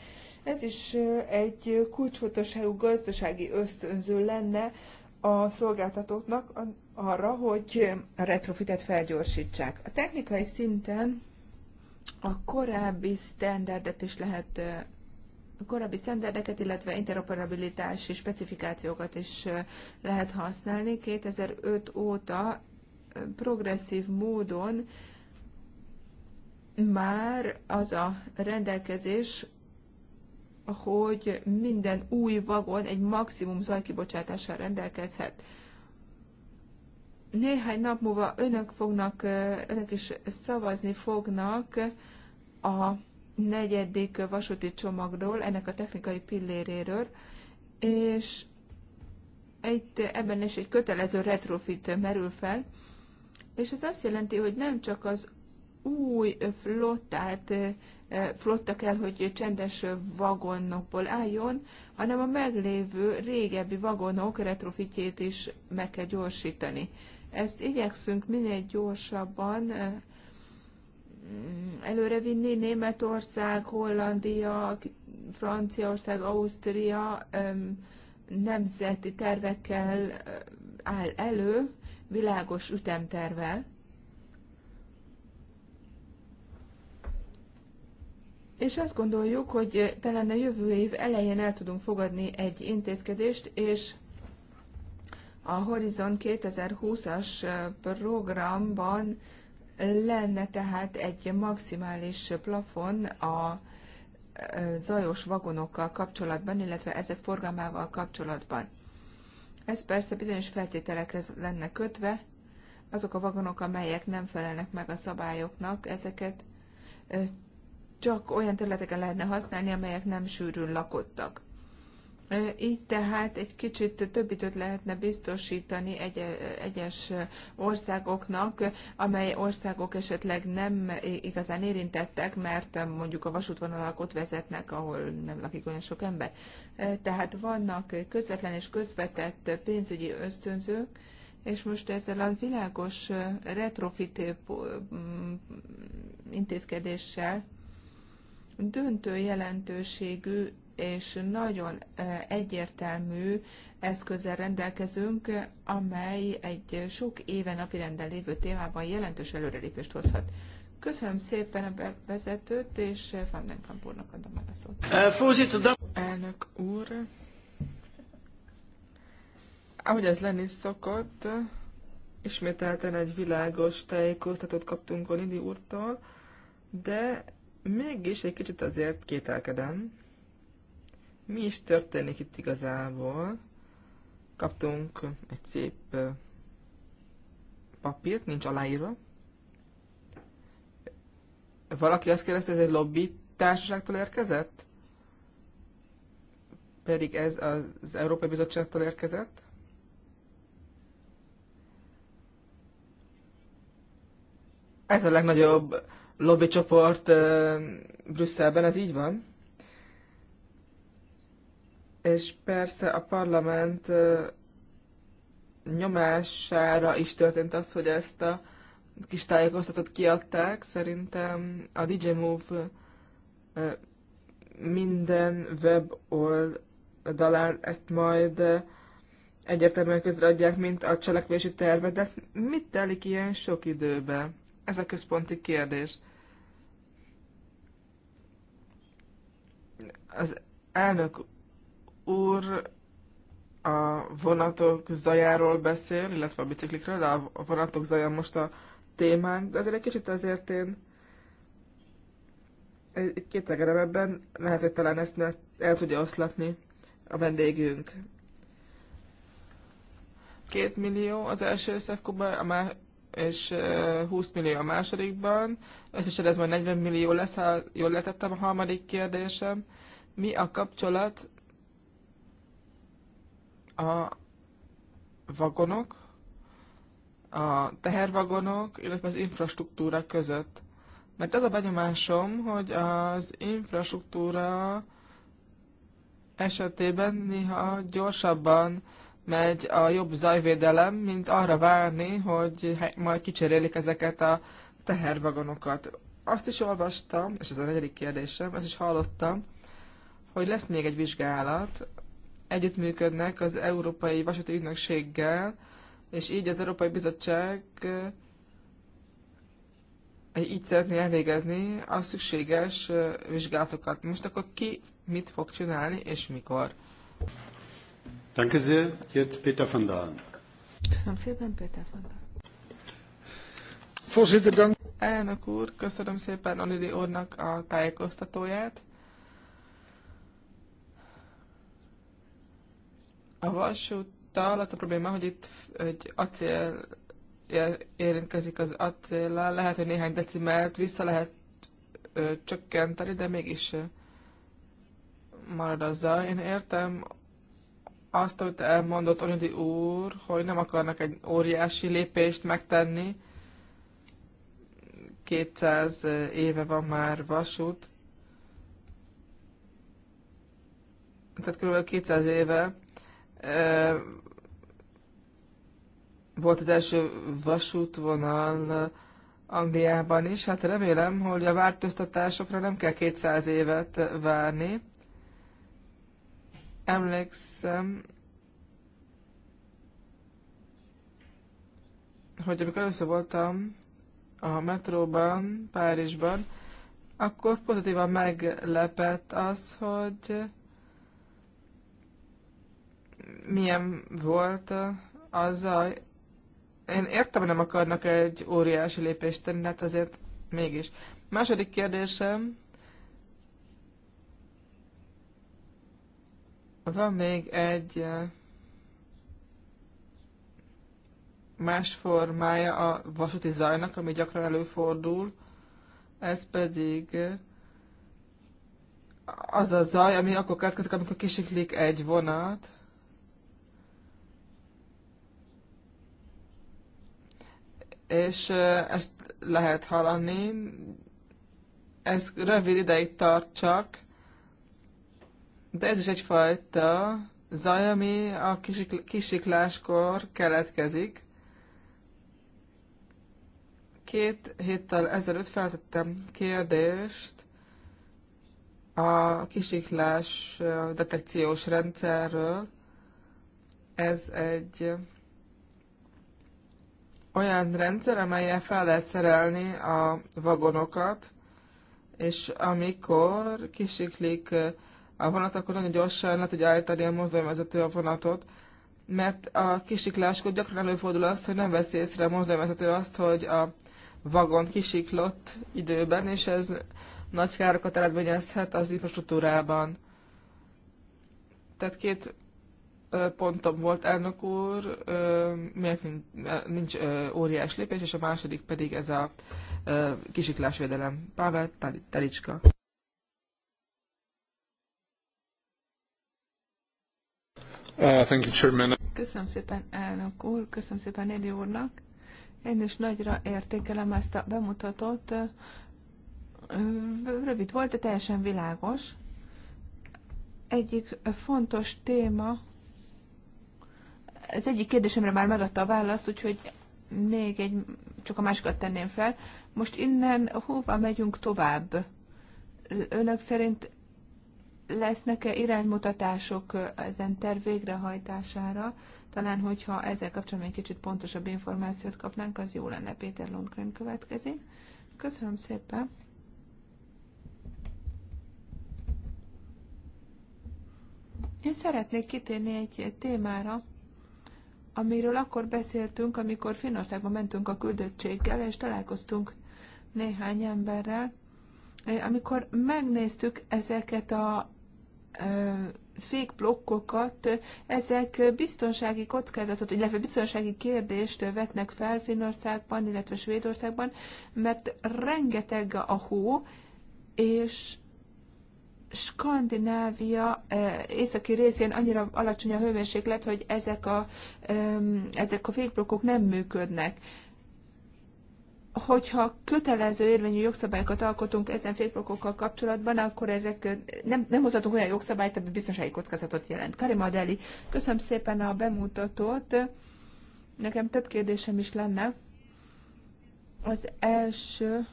Speaker 1: Ez is egy kulcsfontosságú gazdasági ösztönző lenne a szolgáltatóknak arra, hogy a retrofitet felgyorsítsák. A technikai szinten a korábbi standardet is lehet a korábbi standardeket, illetve interoperabilitási specifikációkat is lehet használni. 2005 óta progresszív módon már az a rendelkezés hogy minden új vagon egy maximum zajkibocsátással rendelkezhet. Néhány nap múlva önök fognak, önök is szavazni fognak a negyedik vasúti csomagról, ennek a technikai pilléréről, és itt ebben is egy kötelező retrofit merül fel, és ez azt jelenti, hogy nem csak az új flottát, flotta kell, hogy csendes vagonokból álljon, hanem a meglévő régebbi vagonok retrofitjét is meg kell gyorsítani. Ezt igyekszünk minél gyorsabban mm, előrevinni Németország, Hollandia, Franciaország, Ausztria nemzeti tervekkel áll elő, világos ütemtervel, és azt gondoljuk, hogy talán a jövő év elején el tudunk fogadni egy intézkedést, és a Horizon 2020-as programban lenne tehát egy maximális plafon a zajos vagonokkal kapcsolatban, illetve ezek forgalmával kapcsolatban. Ez persze bizonyos feltételekhez lenne kötve, azok a vagonok, amelyek nem felelnek meg a szabályoknak, ezeket csak olyan területeken lehetne használni, amelyek nem sűrűn lakottak. Így tehát egy kicsit több időt lehetne biztosítani egy, egyes országoknak, amely országok esetleg nem igazán érintettek, mert mondjuk a vasútvonalak ott vezetnek, ahol nem lakik olyan sok ember. Tehát vannak közvetlen és közvetett pénzügyi ösztönzők, és most ezzel a világos retrofit intézkedéssel döntő jelentőségű és nagyon e, egyértelmű eszközzel rendelkezünk, amely egy sok éve napirenden lévő témában jelentős előrelépést hozhat. Köszönöm szépen a bevezetőt, és Van úrnak adom el a szót.
Speaker 3: E, Elnök úr, ahogy ez lenni szokott, ismételten egy világos tájékoztatót kaptunk Onidi úrtól, de mégis egy kicsit azért kételkedem. Mi is történik itt igazából? Kaptunk egy szép papírt, nincs aláírva. Valaki azt kérdezte, hogy ez egy lobby társaságtól érkezett? Pedig ez az Európai Bizottságtól érkezett? Ez a legnagyobb lobbycsoport Brüsszelben, ez így van. És persze a parlament nyomására is történt az, hogy ezt a kis tájékoztatót kiadták. Szerintem a DJ Move minden web oldalán ezt majd egyértelműen közreadják, mint a cselekvési tervet, de mit telik ilyen sok időbe? Ez a központi kérdés. Az elnök úr a vonatok zajáról beszél, illetve a biciklikről, de a vonatok zaja most a témánk, de azért egy kicsit azért én egy kételkedem ebben, lehet, hogy talán ezt el tudja oszlatni a vendégünk. Két millió az első szefkuban, a már és 20 millió a másodikban. Összesen ez majd 40 millió lesz, ha jól letettem a harmadik kérdésem mi a kapcsolat a vagonok, a tehervagonok, illetve az infrastruktúra között. Mert az a benyomásom, hogy az infrastruktúra esetében néha gyorsabban megy a jobb zajvédelem, mint arra várni, hogy majd kicserélik ezeket a tehervagonokat. Azt is olvastam, és ez a negyedik kérdésem, ezt is hallottam, hogy lesz még egy vizsgálat, együttműködnek az Európai Vasúti Ügynökséggel, és így az Európai Bizottság eh, így szeretné elvégezni a szükséges eh, vizsgálatokat. Most akkor ki mit fog csinálni és mikor?
Speaker 1: Danke sehr. Jetzt Peter van Dalen.
Speaker 3: Köszönöm szépen, Peter van Dalen. Elnök úr, köszönöm szépen Onidi úrnak a tájékoztatóját. A vasúttal az a probléma, hogy itt egy acél érintkezik az acéllal, lehet, hogy néhány decimelt vissza lehet ö, csökkenteni, de mégis marad azzal. Én értem azt, amit elmondott Onidi úr, hogy nem akarnak egy óriási lépést megtenni. 200 éve van már vasút. Tehát kb. 200 éve volt az első vasútvonal Angliában is. Hát remélem, hogy a változtatásokra nem kell 200 évet várni. Emlékszem, hogy amikor először voltam a metróban, Párizsban, akkor pozitívan meglepett az, hogy milyen volt a... én értem, hogy nem akarnak egy óriási lépést tenni, hát azért mégis. Második kérdésem, van még egy eh, más formája a vasúti zajnak, ami gyakran előfordul, ez pedig eh, az a zaj, ami akkor következik, amikor kisiklik egy vonat, és ezt lehet hallani. Ez rövid ideig tart csak, de ez is egyfajta zaj, ami a kisikláskor keletkezik. Két héttel ezelőtt feltettem kérdést a kisiklás detekciós rendszerről. Ez egy olyan rendszer, amelyen fel lehet szerelni a vagonokat, és amikor kisiklik a vonat, akkor nagyon gyorsan le tudja állítani a mozdonyvezető a vonatot, mert a kisikláskor gyakran előfordul az, hogy nem veszi észre a mozdonyvezető azt, hogy a vagon kisiklott időben, és ez nagy károkat eredményezhet az infrastruktúrában. Tehát két pontom volt, elnök úr, miért nincs óriás lépés, és a második pedig ez a kisiklásvédelem. Pável Telicska. Uh, köszönöm szépen, elnök
Speaker 1: úr, köszönöm szépen Edi úrnak. Én is nagyra értékelem ezt a bemutatót. Rövid volt, de teljesen világos. Egyik fontos téma az egyik kérdésemre már megadta a választ, úgyhogy még egy, csak a másikat tenném fel. Most innen hova megyünk tovább? Önök szerint lesznek-e iránymutatások ezen terv végrehajtására? Talán, hogyha ezzel kapcsolatban egy kicsit pontosabb információt kapnánk, az jó lenne. Péter Lundgren következik. Köszönöm szépen! Én szeretnék kitérni egy témára, amiről akkor beszéltünk, amikor Finországba mentünk a küldöttséggel, és találkoztunk néhány emberrel, eh, amikor megnéztük ezeket a eh, fékblokkokat, ezek biztonsági kockázatot, illetve biztonsági kérdést vetnek fel Finországban, illetve Svédországban, mert rengeteg a hó, és Skandinávia eh, északi részén annyira alacsony a hőmérséklet, hogy ezek a, ezek a fékblokkok nem működnek. Hogyha kötelező érvényű jogszabályokat alkotunk ezen fékblokkokkal kapcsolatban, akkor ezek eh, nem, nem hozhatunk olyan jogszabályt, ami biztonsági kockázatot jelent. Karim Adeli, köszönöm szépen a bemutatót. Nekem több kérdésem is lenne. Az első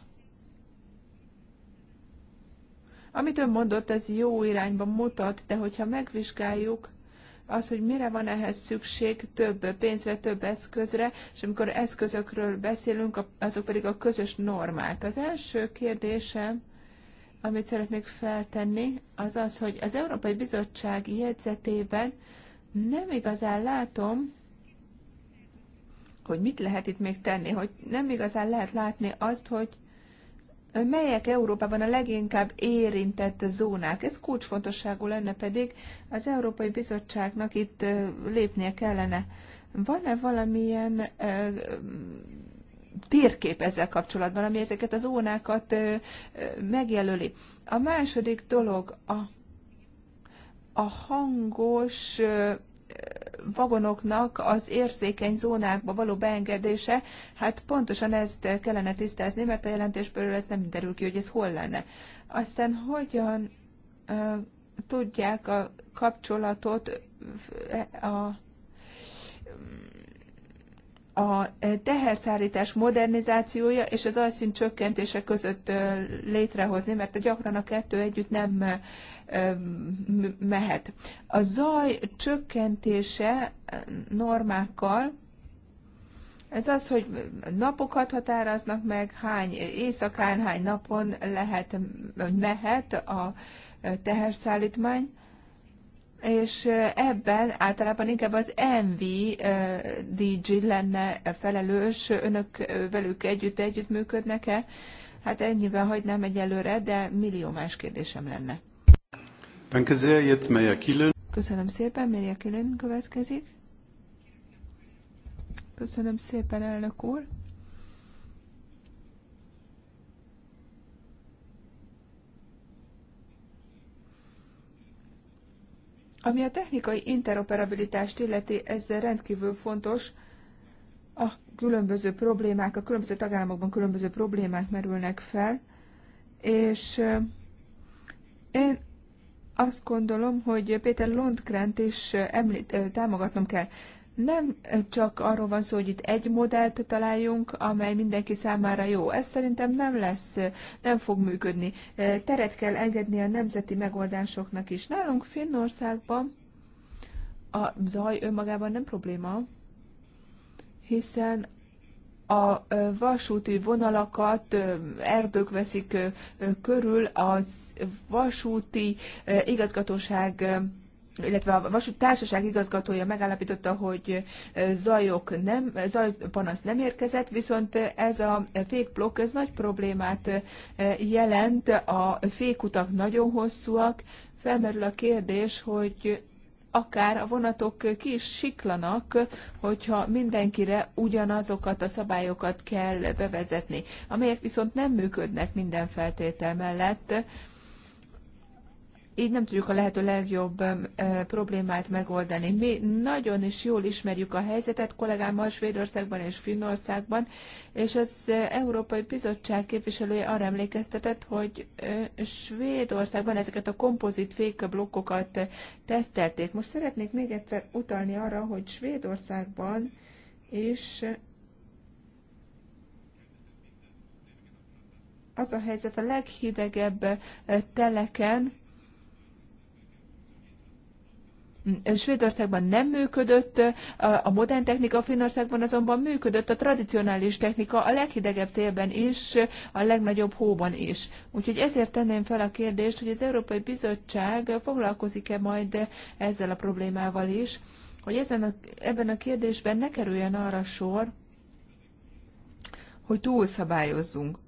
Speaker 1: Amit ön mondott, ez jó irányba mutat, de hogyha megvizsgáljuk az, hogy mire van ehhez szükség több pénzre, több eszközre, és amikor eszközökről beszélünk, azok pedig a közös normák. Az első kérdésem, amit szeretnék feltenni, az az, hogy az Európai Bizottság jegyzetében nem igazán látom, hogy mit lehet itt még tenni, hogy nem igazán lehet látni azt, hogy melyek Európában a leginkább érintett zónák. Ez kulcsfontosságú lenne pedig, az Európai Bizottságnak itt lépnie kellene. Van-e valamilyen térkép ezzel kapcsolatban, ami ezeket a zónákat megjelöli? A második dolog a, a hangos vagonoknak az érzékeny zónákba való beengedése, hát pontosan ezt kellene tisztázni, mert a jelentésből ez nem derül ki, hogy ez hol lenne. Aztán hogyan tudják a kapcsolatot a a teherszállítás modernizációja és az alszint csökkentése között létrehozni, mert gyakran a kettő együtt nem mehet. A zaj csökkentése normákkal, ez az, hogy napokat határoznak meg, hány éjszakán, hány napon lehet, mehet a teherszállítmány, és ebben általában inkább az MV DJ lenne felelős, önök velük együtt együttműködnek-e? Hát ennyiben hagynám előre, de millió más kérdésem lenne.
Speaker 2: Danke sehr, jetzt Kielen.
Speaker 1: Köszönöm szépen, Meyer Kielen következik. Köszönöm szépen, elnök úr. Ami a technikai interoperabilitást illeti, ez rendkívül fontos. A különböző problémák, a különböző tagállamokban különböző problémák merülnek fel, és eh, én azt gondolom, hogy Péter Lundgrent is említ, támogatnom kell. Nem csak arról van szó, hogy itt egy modellt találjunk, amely mindenki számára jó. Ez szerintem nem lesz, nem fog működni. Teret kell engedni a nemzeti megoldásoknak is. Nálunk Finnországban a zaj önmagában nem probléma, hiszen a vasúti vonalakat erdők veszik körül, a vasúti igazgatóság illetve a vasút társaság igazgatója megállapította, hogy zajok nem, panasz nem érkezett, viszont ez a fékblokk, ez nagy problémát jelent, a fékutak nagyon hosszúak, felmerül a kérdés, hogy akár a vonatok ki is siklanak, hogyha mindenkire ugyanazokat a szabályokat kell bevezetni, amelyek viszont nem működnek minden feltétel mellett, így nem tudjuk a lehető legjobb e, problémát megoldani. Mi nagyon is jól ismerjük a helyzetet kollégámmal Svédországban és Finnországban, és az Európai Bizottság képviselője arra emlékeztetett, hogy Svédországban ezeket a kompozit fékeblokkokat tesztelték. Most szeretnék még egyszer utalni arra, hogy Svédországban is az a helyzet a leghidegebb teleken, Svédországban nem működött, a modern technika Finnországban azonban működött, a tradicionális technika a leghidegebb térben is, a legnagyobb hóban is. Úgyhogy ezért tenném fel a kérdést, hogy az Európai Bizottság foglalkozik-e majd ezzel a problémával is, hogy ezen a, ebben a kérdésben ne kerüljen arra sor, hogy túlszabályozzunk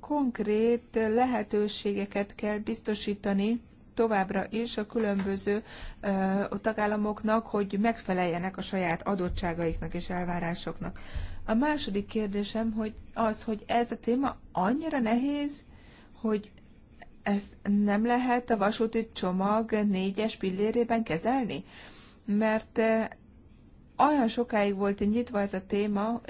Speaker 1: konkrét lehetőségeket kell biztosítani továbbra is a különböző ö, tagállamoknak, hogy megfeleljenek a saját adottságaiknak és elvárásoknak. A második kérdésem hogy az, hogy ez a téma annyira nehéz, hogy ez nem lehet a vasúti csomag négyes pillérében kezelni? Mert olyan sokáig volt nyitva ez a téma,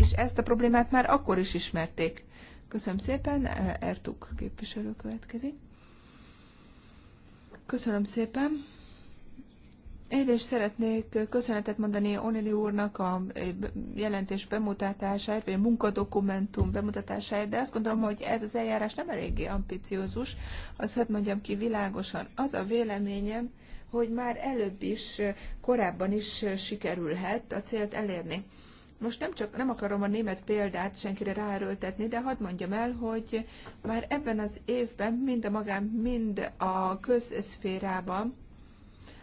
Speaker 1: és ezt a problémát már akkor is ismerték. Köszönöm szépen, Ertuk képviselő következik. Köszönöm szépen. Én is szeretnék köszönetet mondani Onili úrnak a jelentés bemutatásáért, vagy a munkadokumentum bemutatásáért, de azt gondolom, hogy ez az eljárás nem eléggé ambiciózus. Azt hadd mondjam ki világosan, az a véleményem, hogy már előbb is, korábban is sikerülhet a célt elérni. Most nem, csak, nem akarom a német példát senkire ráerőltetni, de hadd mondjam el, hogy már ebben az évben mind a magán, mind a közszférában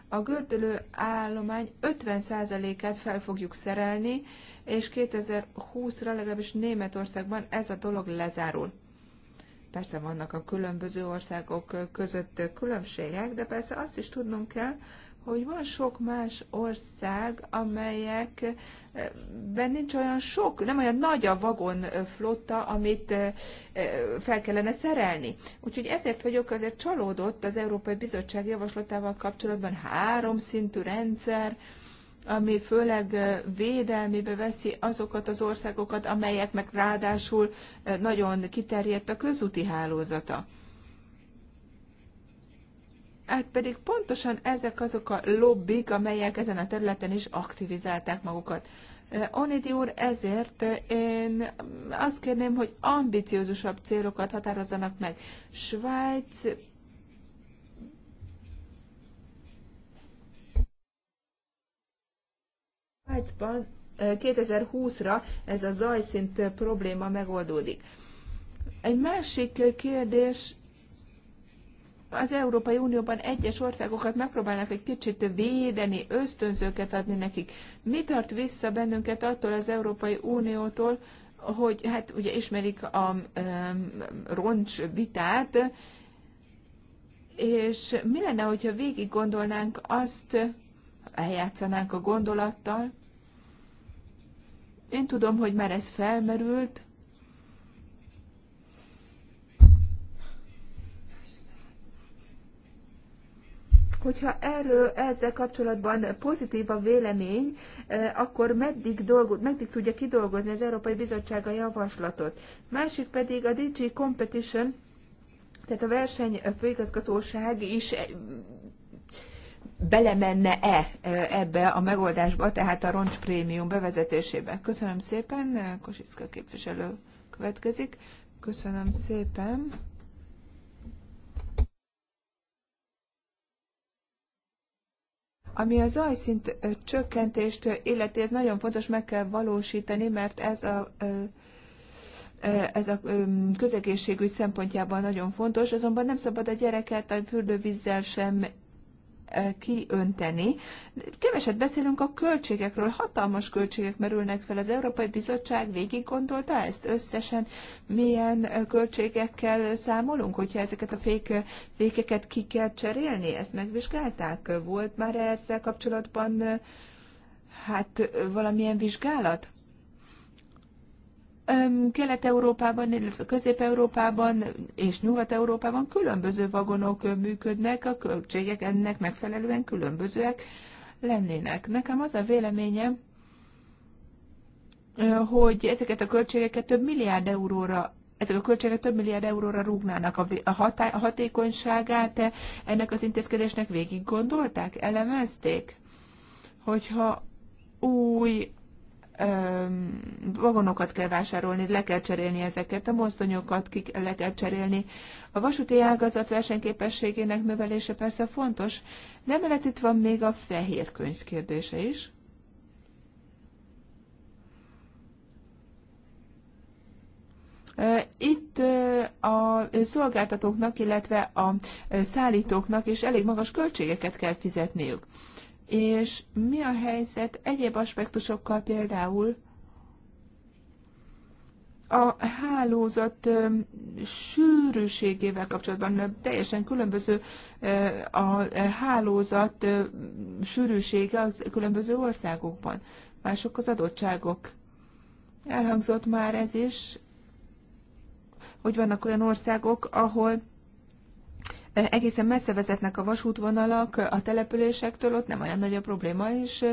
Speaker 1: a gördülő állomány 50%-át fel fogjuk szerelni, és 2020-ra legalábbis Németországban ez a dolog lezárul. Persze vannak a különböző országok között különbségek, de persze azt is tudnunk kell, hogy van sok más ország, amelyekben eh, nincs olyan sok, nem olyan nagy a vagon eh, flotta, amit eh, fel kellene szerelni. Úgyhogy ezért vagyok azért csalódott az Európai Bizottság javaslatával kapcsolatban háromszintű rendszer, ami főleg védelmébe veszi azokat az országokat, amelyeknek ráadásul nagyon kiterjedt a közúti hálózata. Hát pedig pontosan ezek azok a lobbik, amelyek ezen a területen is aktivizálták magukat. Onidi úr, ezért én azt kérném, hogy ambiciózusabb célokat határozzanak meg. Svájc Svájcban 2020-ra ez a zajszint probléma megoldódik. Egy másik kérdés az Európai Unióban egyes országokat megpróbálnak egy kicsit védeni, ösztönzőket adni nekik. Mi tart vissza bennünket attól az Európai Uniótól, hogy hát ugye ismerik a um, roncs vitát, és mi lenne, hogyha végig gondolnánk azt, eljátszanánk a gondolattal, én tudom, hogy már ez felmerült, Hogyha erről ezzel kapcsolatban pozitív a vélemény, eh, akkor meddig, dolgo, meddig tudja kidolgozni az Európai Bizottság a javaslatot. Másik pedig a DG Competition, tehát a verseny főigazgatóság is eh, belemenne-e eh, ebbe a megoldásba, tehát a prémium bevezetésébe. Köszönöm szépen, Kosicka képviselő következik. Köszönöm szépen. Ami a zajszint csökkentést illeti, ez nagyon fontos, meg kell valósítani, mert ez a ez a közegészségügy szempontjában nagyon fontos, azonban nem szabad a gyereket a fürdővízzel sem kiönteni. Keveset beszélünk a költségekről, hatalmas költségek merülnek fel. Az Európai Bizottság végig gondolta ezt összesen, milyen költségekkel számolunk, hogyha ezeket a fék, fékeket ki kell cserélni, ezt megvizsgálták? Volt már ezzel kapcsolatban hát valamilyen vizsgálat? Kelet-Európában, illetve Közép-Európában és Nyugat-Európában különböző vagonok működnek, a költségek ennek megfelelően különbözőek lennének. Nekem az a véleményem, hogy ezeket a költségeket több milliárd euróra ezek a költségek több milliárd euróra rúgnának a, hatá- a hatékonyságát, e, ennek az intézkedésnek végig gondolták, elemezték, hogyha új vagonokat kell vásárolni, le kell cserélni ezeket, a mozdonyokat ki, le kell cserélni. A vasúti ágazat versenyképességének növelése persze fontos, de mellett itt van még a fehér könyv kérdése is. Itt a szolgáltatóknak, illetve a szállítóknak is elég magas költségeket kell fizetniük és mi a helyzet egyéb aspektusokkal például a hálózat sűrűségével kapcsolatban teljesen különböző a hálózat sűrűsége az különböző országokban. Mások az adottságok. Elhangzott már ez is, hogy vannak olyan országok, ahol egészen messze vezetnek a vasútvonalak a településektől, ott nem olyan nagy a probléma, és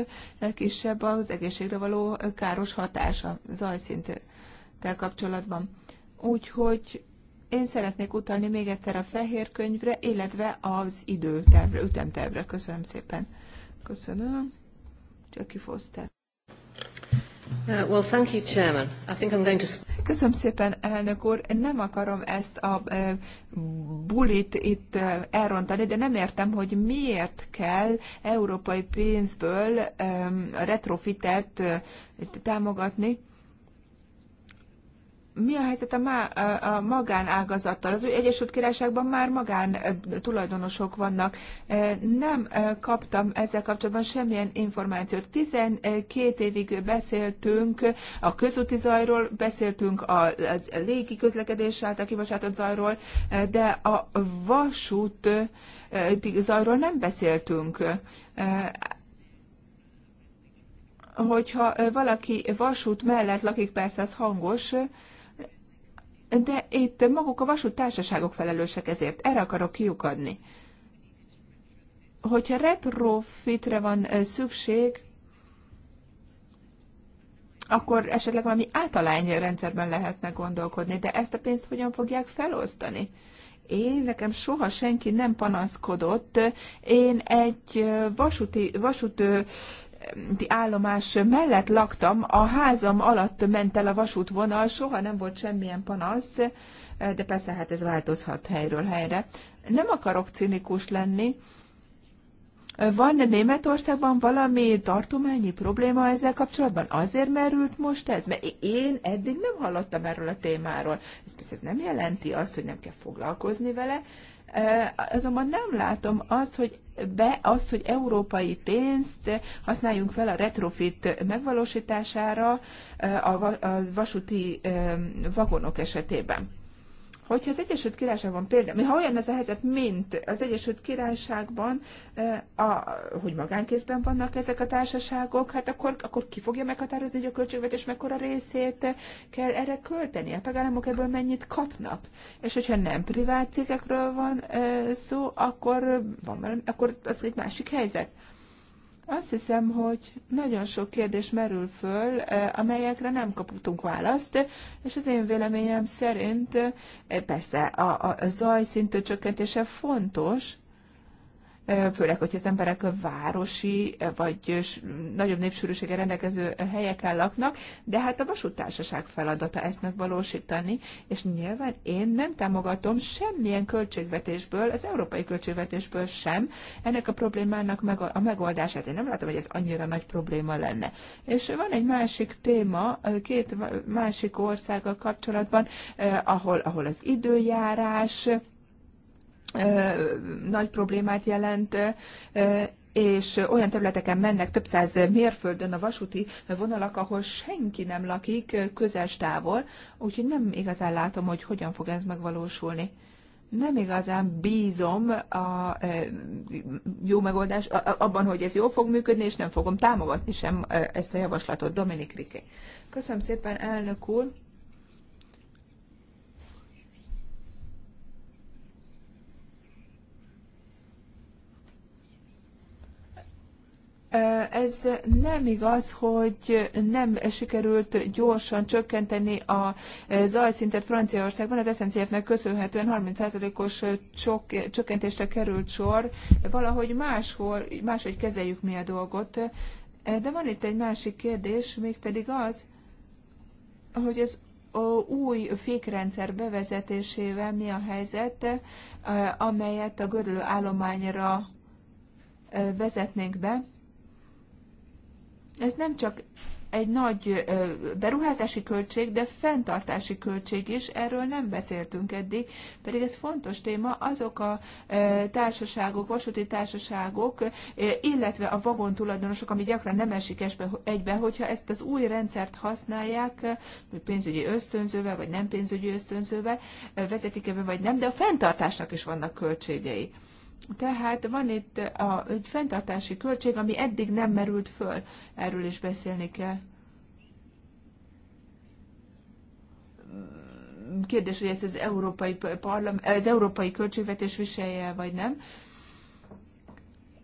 Speaker 1: kisebb az egészségre való káros hatása zajszinttel kapcsolatban. Úgyhogy én szeretnék utalni még egyszer a fehér könyvre, illetve az időtervre, ütemtervre. Köszönöm szépen. Köszönöm. Csak Foster. Uh, well, thank you, Chairman. I think I'm going to... Köszönöm szépen, elnök úr. Nem akarom ezt a uh, bulit itt uh, elrontani, de nem értem, hogy miért kell európai pénzből um, retrofitet támogatni mi a helyzet a, má, a magánágazattal? Az Egyesült Királyságban már magán tulajdonosok vannak. Nem kaptam ezzel kapcsolatban semmilyen információt. 12 évig beszéltünk a közúti zajról, beszéltünk a, a légi közlekedés által kibocsátott zajról, de a vasút zajról nem beszéltünk hogyha valaki vasút mellett lakik, persze az hangos, de itt maguk a vasútársaságok felelősek ezért. Erre akarok kiukadni. Hogyha retrofitre van szükség, akkor esetleg valami általány rendszerben lehetne gondolkodni, de ezt a pénzt hogyan fogják felosztani? Én, nekem soha senki nem panaszkodott. Én egy vasúti, vasút állomás mellett laktam, a házam alatt ment el a vasútvonal, soha nem volt semmilyen panasz, de persze hát ez változhat helyről helyre. Nem akarok cinikus lenni. Van Németországban valami tartományi probléma ezzel kapcsolatban? Azért merült most ez? Mert én eddig nem hallottam erről a témáról. Ez persze nem jelenti azt, hogy nem kell foglalkozni vele, azonban nem látom azt, hogy be azt, hogy európai pénzt használjunk fel a retrofit megvalósítására a vasúti vagonok esetében. Hogyha az Egyesült Királyságban például, ha olyan ez a helyzet, mint az Egyesült Királyságban, eh, a, hogy magánkézben vannak ezek a társaságok, hát akkor, akkor ki fogja meghatározni, hogy a költségvetés mekkora részét kell erre költeni? A tagállamok ebből mennyit kapnak? És hogyha nem privát cégekről van eh, szó, akkor, van, akkor az egy másik helyzet. Azt hiszem, hogy nagyon sok kérdés merül föl, eh, amelyekre nem kaputunk választ, és az én véleményem szerint eh, persze a, a zaj szintű csökkentése fontos, főleg, hogy az emberek városi vagy nagyobb népsűrűsége rendelkező helyeken laknak, de hát a vasútársaság feladata ezt megvalósítani, és nyilván én nem támogatom semmilyen költségvetésből, az európai költségvetésből sem ennek a problémának a megoldását. Én nem látom, hogy ez annyira nagy probléma lenne. És van egy másik téma, két másik országgal kapcsolatban, ahol, ahol az időjárás, nagy problémát jelent, és olyan területeken mennek több száz mérföldön a vasúti vonalak, ahol senki nem lakik közel távol, úgyhogy nem igazán látom, hogy hogyan fog ez megvalósulni. Nem igazán bízom a jó megoldás abban, hogy ez jól fog működni, és nem fogom támogatni sem ezt a javaslatot. Dominik Riké. Köszönöm szépen, elnök úr! Ez nem igaz, hogy nem sikerült gyorsan csökkenteni a zajszintet Franciaországban. Az SNCF-nek köszönhetően 30%-os csökkentésre került sor. Valahogy máshol, máshogy kezeljük mi a dolgot. De van itt egy másik kérdés, mégpedig az, hogy az új fékrendszer bevezetésével mi a helyzet, amelyet a görülő állományra vezetnénk be. Ez nem csak egy nagy beruházási költség, de fenntartási költség is, erről nem beszéltünk eddig, pedig ez fontos téma, azok a társaságok, vasúti társaságok, illetve a vagon tulajdonosok, ami gyakran nem esik egybe, hogyha ezt az új rendszert használják, pénzügyi ösztönzővel, vagy nem pénzügyi ösztönzővel, vezetik ebbe, vagy nem, de a fenntartásnak is vannak költségei. Tehát van itt a, egy fenntartási költség, ami eddig nem merült föl. Erről is beszélni kell. Kérdés, hogy ezt az európai, parlam, az európai költségvetés viselje, vagy nem.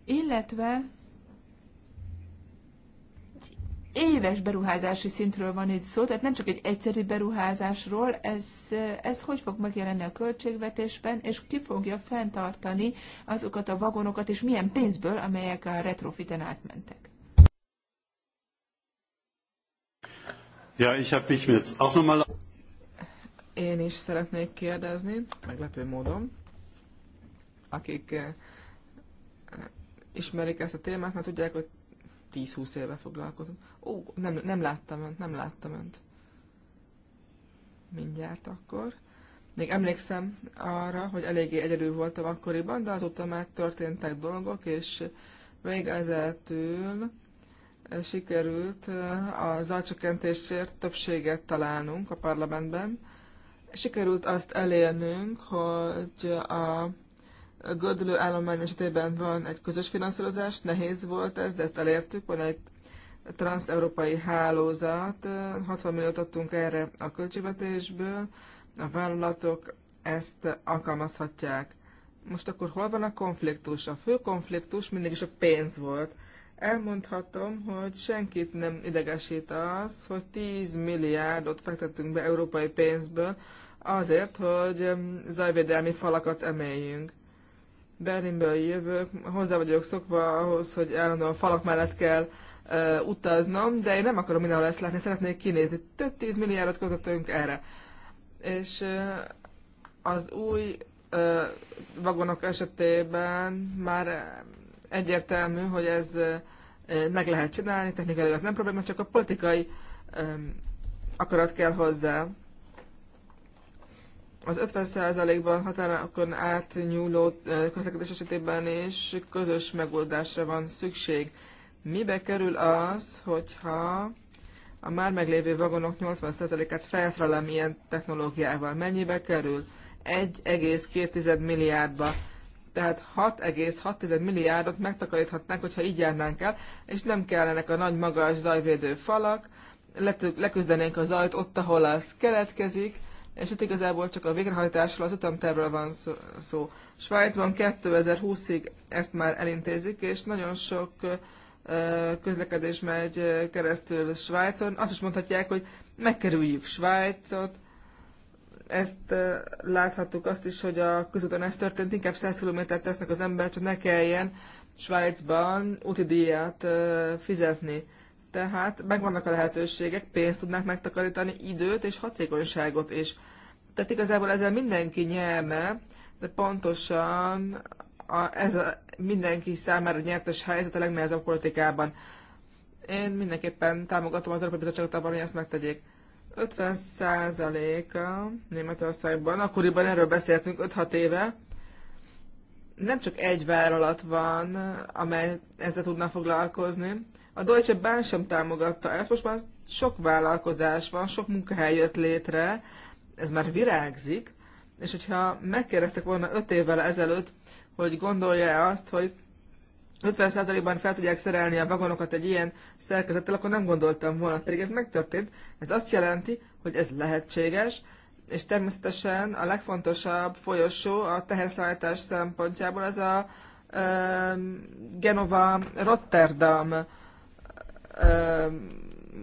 Speaker 1: Illetve éves beruházási szintről van itt szó, tehát nem csak egy egyszerű beruházásról, ez, ez hogy fog megjelenni a költségvetésben, és ki fogja fenntartani azokat a vagonokat, és milyen pénzből, amelyek a retrofiten átmentek. Ja, ich habe mich jetzt auch nochmal...
Speaker 3: Én is szeretnék kérdezni, meglepő módon, akik eh, ismerik ezt a témát, mert tudják, hogy 10-20 éve foglalkozom. Ó, nem, nem láttam önt, nem láttam önt. Mindjárt akkor. Még emlékszem arra, hogy eléggé egyedül voltam akkoriban, de azóta már történtek dolgok, és végezetül eh, sikerült eh, a zajcsökkentésért többséget találnunk a parlamentben. Sikerült azt elérnünk, hogy a gödlő állomány esetében van egy közös finanszírozás, nehéz volt ez, de ezt elértük, van egy transeurópai hálózat, 60 milliót adtunk erre a költségvetésből, a vállalatok ezt alkalmazhatják. Most akkor hol van a konfliktus? A fő konfliktus mindig is a pénz volt. Elmondhatom, hogy senkit nem idegesít az, hogy 10 milliárdot fektettünk be európai pénzből azért, hogy zajvédelmi falakat emeljünk. Berlinből jövök, hozzá vagyok szokva ahhoz, hogy állandóan falak mellett kell utaznom, de én nem akarom mindenhol ezt látni, szeretnék kinézni. Több tíz milliárdot költöttünk erre. És az új vagonok esetében már egyértelmű, hogy ez meg lehet csinálni, technikai az nem probléma, csak a politikai akarat kell hozzá. Az 50%-ban határokon átnyúló közlekedés esetében is közös megoldásra van szükség. Mibe kerül az, hogyha a már meglévő vagonok 80%-át felszerelem ilyen technológiával? Mennyibe kerül? 1,2 milliárdba. Tehát 6,6 milliárdot megtakaríthatnánk, hogyha így járnánk el, és nem kellenek a nagy magas zajvédő falak, letük, leküzdenénk a zajt ott, ahol az keletkezik, és itt igazából csak a végrehajtásról, az ütemtervről van szó. Svájcban 2020-ig ezt már elintézik, és nagyon sok közlekedés megy keresztül Svájcon, azt is mondhatják, hogy megkerüljük Svájcot. Ezt láthattuk azt is, hogy a közúton ez történt, inkább 100 kilométert tesznek az ember, csak ne kelljen Svájcban úti díjat fizetni. Tehát megvannak a lehetőségek, pénzt tudnák megtakarítani, időt és hatékonyságot is. Tehát igazából ezzel mindenki nyerne, de pontosan a, ez a, mindenki számára nyertes helyzet a legnehezebb politikában. Én mindenképpen támogatom az Európai Bizottságot abban, hogy ezt megtegyék. 50%-a Németországban, akkoriban erről beszéltünk 5-6 éve, nem csak egy vállalat van, amely ezzel tudna foglalkozni. A Deutsche Bahn sem támogatta ezt, most már sok vállalkozás van, sok munkahely jött létre, ez már virágzik, és hogyha megkérdeztek volna 5 évvel ezelőtt hogy gondolja azt, hogy 50%-ban fel tudják szerelni a vagonokat egy ilyen szerkezettel, akkor nem gondoltam volna, pedig ez megtörtént. Ez azt jelenti, hogy ez lehetséges, és természetesen a legfontosabb folyosó a teherszállítás szempontjából az a e, Genova-Rotterdam e,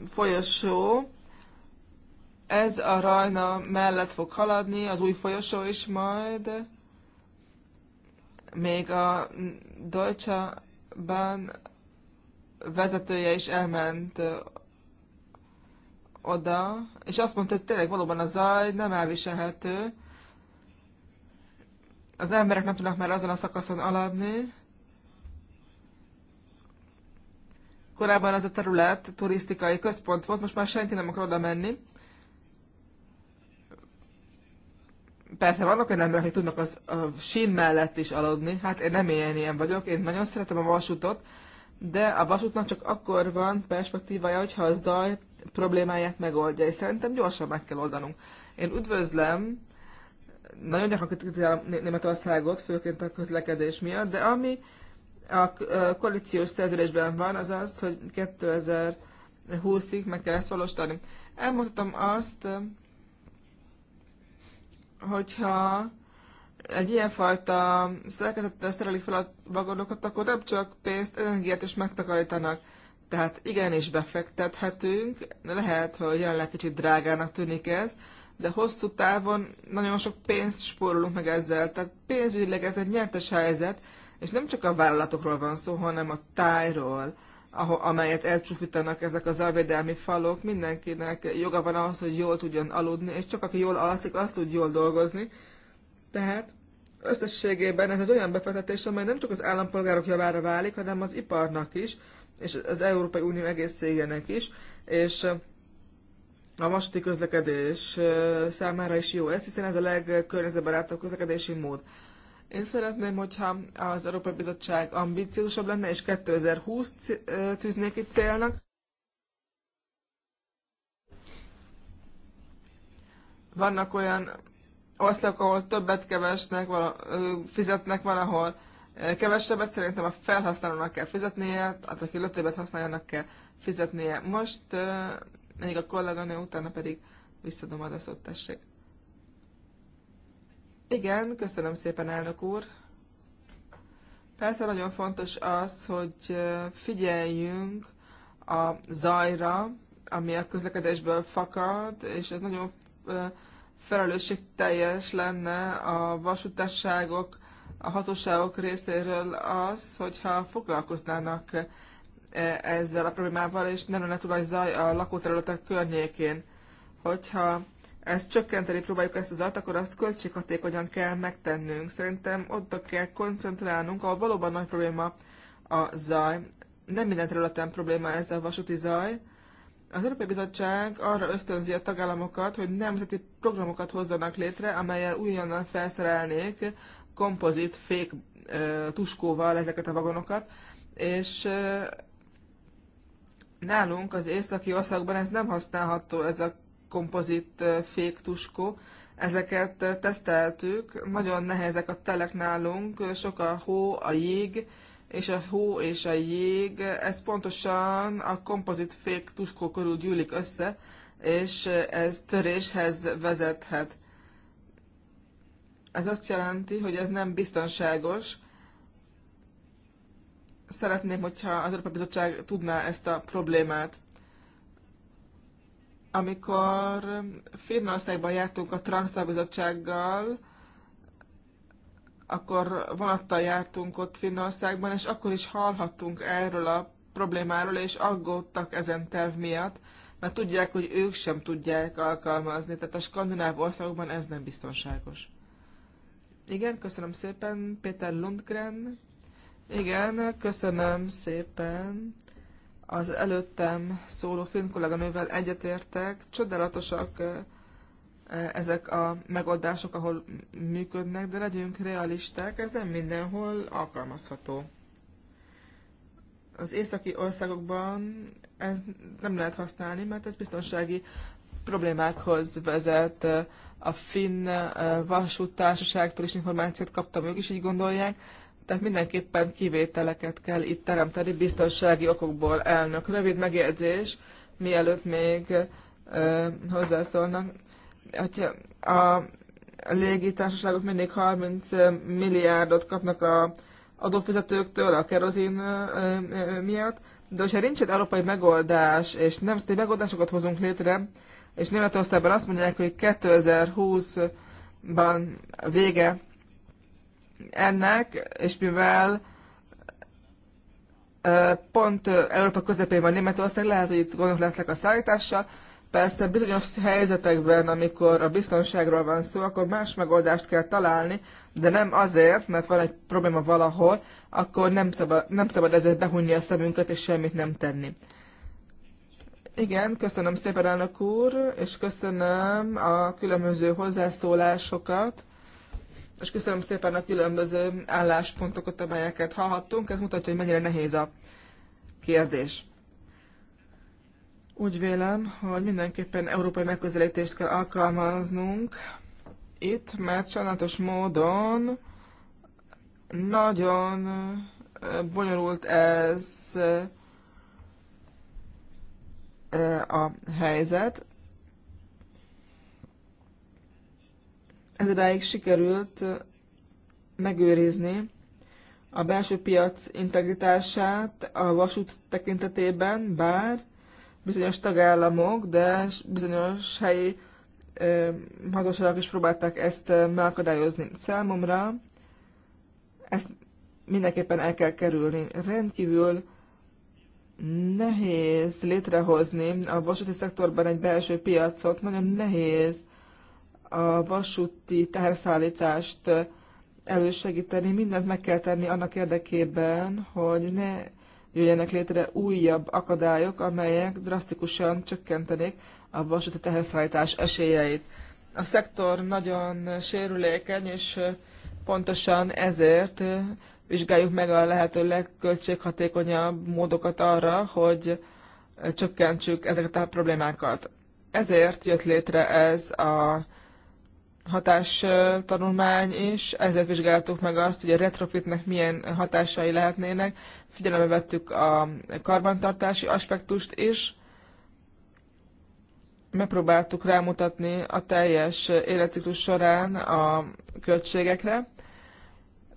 Speaker 3: folyosó. Ez a rajna mellett fog haladni, az új folyosó is majd még a Deutsche Bahn vezetője is elment oda, és azt mondta, hogy tényleg valóban a zaj nem elviselhető. Az emberek nem tudnak már azon a szakaszon aladni. Korábban az a terület turisztikai központ volt, most már senki nem akar oda menni. Persze vannak olyan emberek, akik tudnak az, a sín mellett is aludni, hát én nem ilyen, ilyen vagyok, én nagyon szeretem a vasútot, de a vasútnak csak akkor van perspektívája, hogyha a zaj problémáját megoldja, és szerintem gyorsan meg kell oldanunk. Én üdvözlöm, nagyon gyakran kritizálom Németországot, főként a közlekedés miatt, de ami a koalíciós szerződésben van, az az, hogy 2020-ig meg kell ezt valósítani. Elmondhatom azt, hogyha egy ilyenfajta szerkezettel szerelik fel a vagonokat, akkor nem csak pénzt, energiát is megtakarítanak. Tehát igenis befektethetünk, lehet, hogy jelenleg kicsit drágának tűnik ez, de hosszú távon nagyon sok pénzt spórolunk meg ezzel. Tehát pénzügyileg ez egy nyertes helyzet, és nem csak a vállalatokról van szó, hanem a tájról, amelyet elcsúfítanak ezek az alvédelmi falok, mindenkinek joga van ahhoz, hogy jól tudjon aludni, és csak aki jól alszik, azt tud jól dolgozni. Tehát összességében ez egy olyan befektetés, amely nem csak az állampolgárok javára válik, hanem az iparnak is, és az Európai Unió egészségének is, és a vasúti közlekedés számára is jó ez, hiszen ez a legkörnyezetbarátabb közlekedési mód. Én szeretném, hogyha az Európai Bizottság ambiciózusabb lenne, és 2020 tűznék ki célnak. Vannak olyan országok, ahol többet kevesnek, vala, fizetnek valahol kevesebbet, szerintem a felhasználónak kell fizetnie, tehát aki többet használjanak kell fizetnie. Most még a kolléganő utána pedig visszadom a szót, tessék. Igen, köszönöm szépen, elnök úr. Persze nagyon fontos az, hogy figyeljünk a zajra, ami a közlekedésből fakad, és ez nagyon felelősségteljes lenne a vasutasságok, a hatóságok részéről az, hogyha foglalkoznának ezzel a problémával, és nem lenne tulaj a lakóterületek környékén. Hogyha ezt csökkenteni próbáljuk ezt az alt, akkor azt költséghatékonyan kell megtennünk. Szerintem ott kell koncentrálnunk, ahol valóban nagy probléma a zaj. Nem minden területen probléma ez a vasúti zaj. Az Európai Bizottság arra ösztönzi a tagállamokat, hogy nemzeti programokat hozzanak létre, amelyel újonnan felszerelnék kompozit fék tuskóval ezeket a vagonokat, és nálunk az északi országban ez nem használható ez a kompozit féktuskó. Ezeket teszteltük, nagyon nehezek a telek nálunk, sok a hó, a jég, és a hó és a jég, ez pontosan a kompozit fék tuskó körül gyűlik össze, és ez töréshez vezethet. Ez azt jelenti, hogy ez nem biztonságos. Szeretném, hogyha az Európai Bizottság tudná ezt a problémát. Amikor Finnországban jártunk a Transzalbizottsággal, akkor vonattal jártunk ott Finnországban, és akkor is hallhattunk erről a problémáról, és aggódtak ezen terv miatt, mert tudják, hogy ők sem tudják alkalmazni, tehát a skandináv országokban ez nem biztonságos. Igen, köszönöm szépen, Péter Lundgren. Igen, köszönöm szépen az előttem szóló filmkolléganővel egyetértek. Csodálatosak ezek a megoldások, ahol működnek, de legyünk realisták, ez nem mindenhol alkalmazható. Az északi országokban ez nem lehet használni, mert ez biztonsági problémákhoz vezet. A finn vasúttársaságtól is információt kaptam, ők is így gondolják tehát mindenképpen kivételeket kell itt teremteni biztonsági okokból, elnök. Rövid megjegyzés, mielőtt még ö, hozzászólnak. Hogyha hát, a légitársaságok mindig 30 milliárdot kapnak a adófizetőktől a kerozin ö, ö, miatt, de hogyha nincs egy európai megoldás, és nemzeti megoldásokat hozunk létre, és Németországban azt mondják, hogy 2020-ban vége ennek, és mivel pont Európa közepén van Németország, lehet, hogy itt gondok lesznek a szállítással. Persze bizonyos helyzetekben, amikor a biztonságról van szó, akkor más megoldást kell találni, de nem azért, mert van egy probléma valahol, akkor nem szabad, nem szabad ezért behunni a szemünket és semmit nem tenni. Igen, köszönöm szépen, elnök úr, és köszönöm a különböző hozzászólásokat és köszönöm szépen a különböző álláspontokat, amelyeket hallhattunk. Ez mutatja, hogy mennyire nehéz a kérdés. Úgy vélem, hogy mindenképpen európai megközelítést kell alkalmaznunk itt, mert sajnálatos módon nagyon bonyolult ez a helyzet. Ez idáig sikerült megőrizni a belső piac integritását a vasút tekintetében, bár bizonyos tagállamok, de bizonyos helyi hatóságok is próbálták ezt megakadályozni. Számomra ezt mindenképpen el kell kerülni. Rendkívül nehéz létrehozni a vasúti szektorban egy belső piacot, nagyon nehéz a vasúti teherszállítást elősegíteni, mindent meg kell tenni annak érdekében, hogy ne jöjjenek létre újabb akadályok, amelyek drasztikusan csökkentenék a vasúti teherszállítás esélyeit. A szektor nagyon sérülékeny, és pontosan ezért vizsgáljuk meg a lehető legköltséghatékonyabb módokat arra, hogy csökkentsük ezeket a problémákat. Ezért jött létre ez a hatástanulmány is, ezért vizsgáltuk meg azt, hogy a retrofitnek milyen hatásai lehetnének. Figyelembe vettük a karbantartási aspektust is, megpróbáltuk rámutatni a teljes életciklus során a költségekre,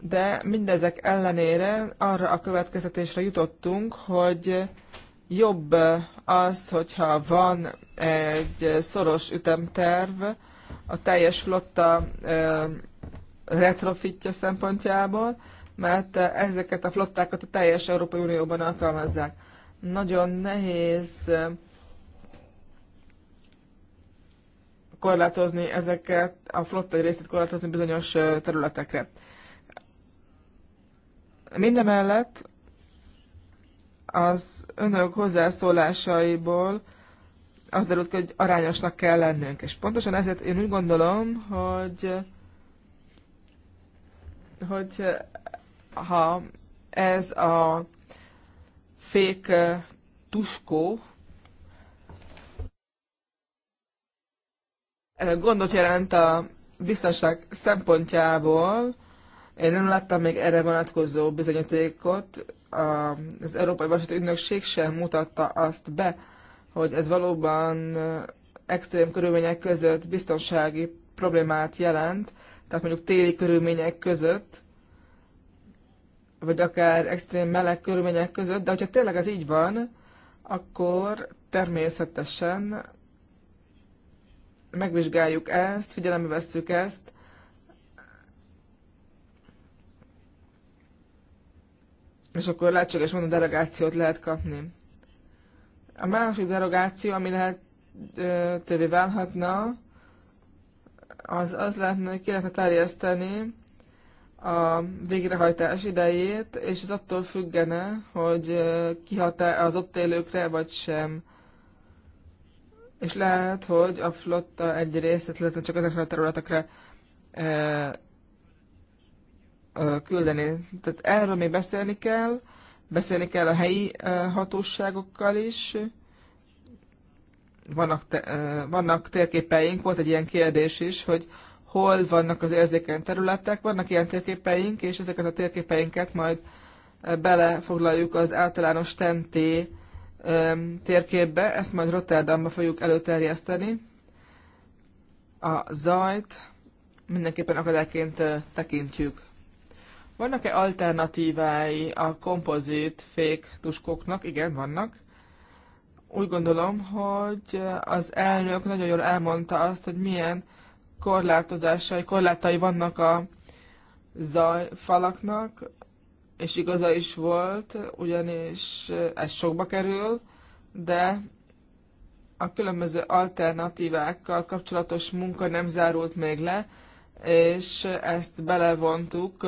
Speaker 3: de mindezek ellenére arra a következtetésre jutottunk, hogy jobb az, hogyha van egy szoros ütemterv, a teljes flotta retrofitja szempontjából, mert ezeket a flottákat a teljes Európai Unióban alkalmazzák. Nagyon nehéz korlátozni ezeket, a flotta részét korlátozni bizonyos területekre. Mindemellett az önök hozzászólásaiból az derült ki, hogy arányosnak kell lennünk. És pontosan ezért én úgy gondolom, hogy, hogy ha ez a fék tuskó gondot jelent a biztonság szempontjából, én nem láttam még erre vonatkozó bizonyítékot, az Európai Vasúti Ügynökség sem mutatta azt be, hogy ez valóban extrém körülmények között biztonsági problémát jelent, tehát mondjuk téli körülmények között, vagy akár extrém meleg körülmények között, de hogyha tényleg ez így van, akkor természetesen megvizsgáljuk ezt, figyelembe vesszük ezt, és akkor lehetséges módon delegációt lehet kapni. A másik derogáció, ami lehet tövé válhatna, az az lehetne, hogy ki lehetne terjeszteni a végrehajtás idejét, és ez attól függene, hogy kihat az ott élőkre, vagy sem. És lehet, hogy a flotta egy részét lehetne csak ezekre a területekre küldeni. Tehát erről még beszélni kell, Beszélni kell a helyi hatóságokkal is. Vannak, te, vannak térképeink, volt egy ilyen kérdés is, hogy hol vannak az érzékeny területek, vannak ilyen térképeink, és ezeket a térképeinket majd belefoglaljuk az általános tenté térképbe, ezt majd Rotterdamba fogjuk előterjeszteni. A zajt mindenképpen akadályként tekintjük. Vannak-e alternatívái a kompozit fék tuskóknak? Igen, vannak. Úgy gondolom, hogy az elnök nagyon jól elmondta azt, hogy milyen korlátozásai, korlátai vannak a zajfalaknak, és igaza is volt, ugyanis ez sokba kerül, de a különböző alternatívákkal kapcsolatos munka nem zárult még le, és ezt belevontuk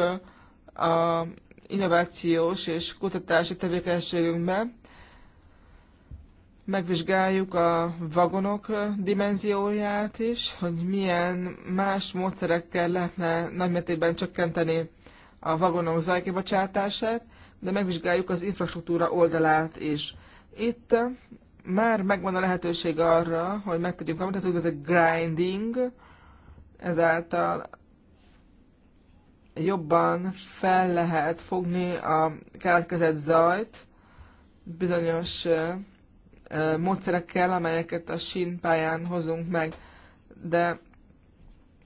Speaker 3: a innovációs és kutatási tevékenységünkbe. Megvizsgáljuk a vagonok dimenzióját is, hogy milyen más módszerekkel lehetne nagymértékben csökkenteni a vagonok zajkibocsátását, de megvizsgáljuk az infrastruktúra oldalát is. Itt már megvan a lehetőség arra, hogy megtegyünk amit, ez úgynevezett grinding, ezáltal jobban fel lehet fogni a keletkezett zajt bizonyos módszerekkel, amelyeket a sínpályán hozunk meg. De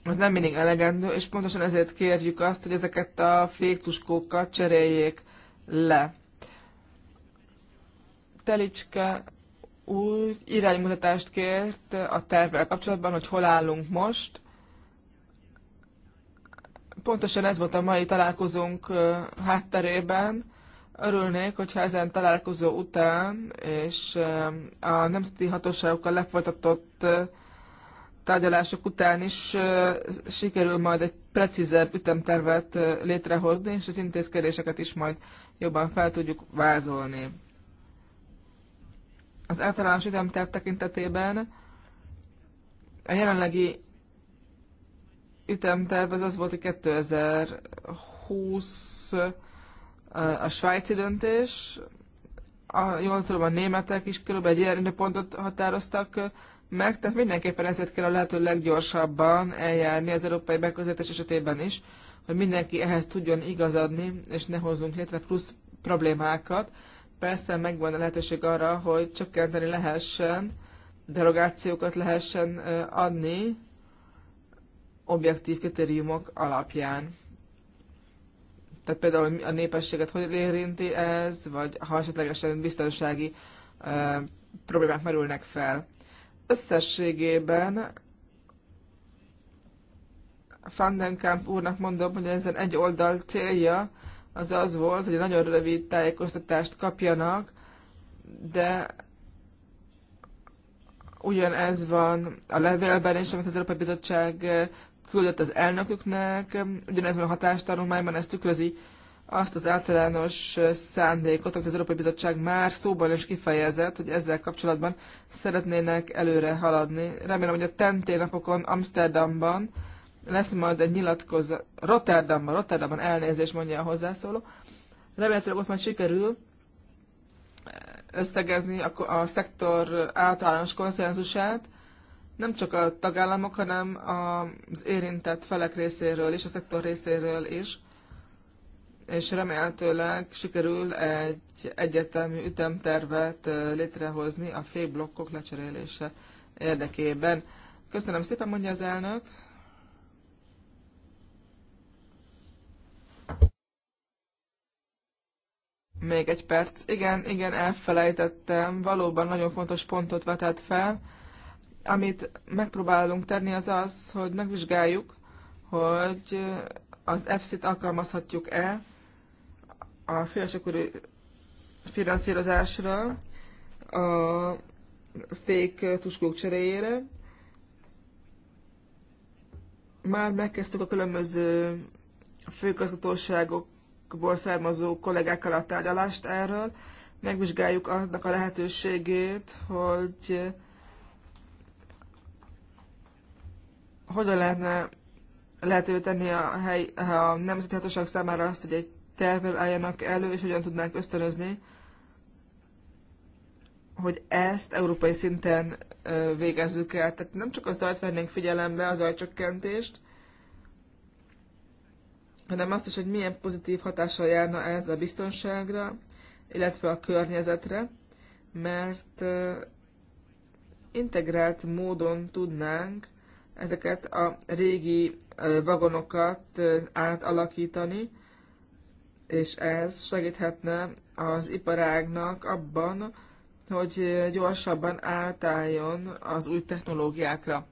Speaker 3: az nem mindig elegendő, és pontosan ezért kérjük azt, hogy ezeket a féktuskókat cseréljék le. Telicske új iránymutatást kért a tervvel kapcsolatban, hogy hol állunk most, Pontosan ez volt a mai találkozónk hátterében. Örülnék, hogyha ezen találkozó után és a nemzeti hatóságokkal lefolytatott tárgyalások után is sikerül majd egy precízebb ütemtervet létrehozni, és az intézkedéseket is majd jobban fel tudjuk vázolni. Az általános ütemterv tekintetében a jelenlegi ütemterv az az volt, hogy 2020 a svájci döntés, a, jól tudom, a németek is körülbelül egy ilyen pontot határoztak meg, tehát mindenképpen ezért kell a lehető leggyorsabban eljárni az európai megközelítés esetében is, hogy mindenki ehhez tudjon igazadni, és ne hozzunk létre plusz problémákat. Persze megvan a lehetőség arra, hogy csökkenteni lehessen, derogációkat lehessen adni, objektív kritériumok alapján. Tehát például a népességet hogy érinti ez, vagy ha esetlegesen biztonsági e, problémák merülnek fel. Összességében Fandenkamp úrnak mondom, hogy ezen egy oldal célja az az volt, hogy nagyon rövid tájékoztatást kapjanak, de ugyanez van a levélben is, amit az Európai Bizottság küldött az elnöküknek, ugyanezben a hatástanulmányban ez tükrözi azt az általános szándékot, amit az Európai Bizottság már szóban is kifejezett, hogy ezzel kapcsolatban szeretnének előre haladni. Remélem, hogy a tenté napokon Amsterdamban lesz majd egy nyilatkozat, Rotterdamban, Rotterdamban elnézést mondja a hozzászóló. Remélhetőleg ott majd sikerül összegezni a, a szektor általános konszenzusát, nem csak a tagállamok, hanem az érintett felek részéről és a szektor részéről is, és remélhetőleg sikerül egy egyetemű ütemtervet létrehozni a fékblokkok lecserélése érdekében. Köszönöm szépen, mondja az elnök. Még egy perc. Igen, igen, elfelejtettem. Valóban nagyon fontos pontot vetett fel amit megpróbálunk tenni, az az, hogy megvizsgáljuk, hogy az EFSZ-t alkalmazhatjuk-e a szélesökörű finanszírozásra, a fék tuskók cseréjére. Már megkezdtük a különböző főközgatóságokból származó kollégákkal a tárgyalást erről. Megvizsgáljuk annak a lehetőségét, hogy hogyan lehetne lehetővé tenni a, hely, a nemzeti hatóság számára azt, hogy egy tervvel álljanak elő, és hogyan tudnánk ösztönözni, hogy ezt európai szinten végezzük el. Tehát nem csak az zajt vennénk figyelembe, az zajcsökkentést, hanem azt is, hogy milyen pozitív hatással járna ez a biztonságra, illetve a környezetre, mert integrált módon tudnánk ezeket a régi vagonokat átalakítani, és ez segíthetne az iparágnak abban, hogy gyorsabban átálljon az új technológiákra.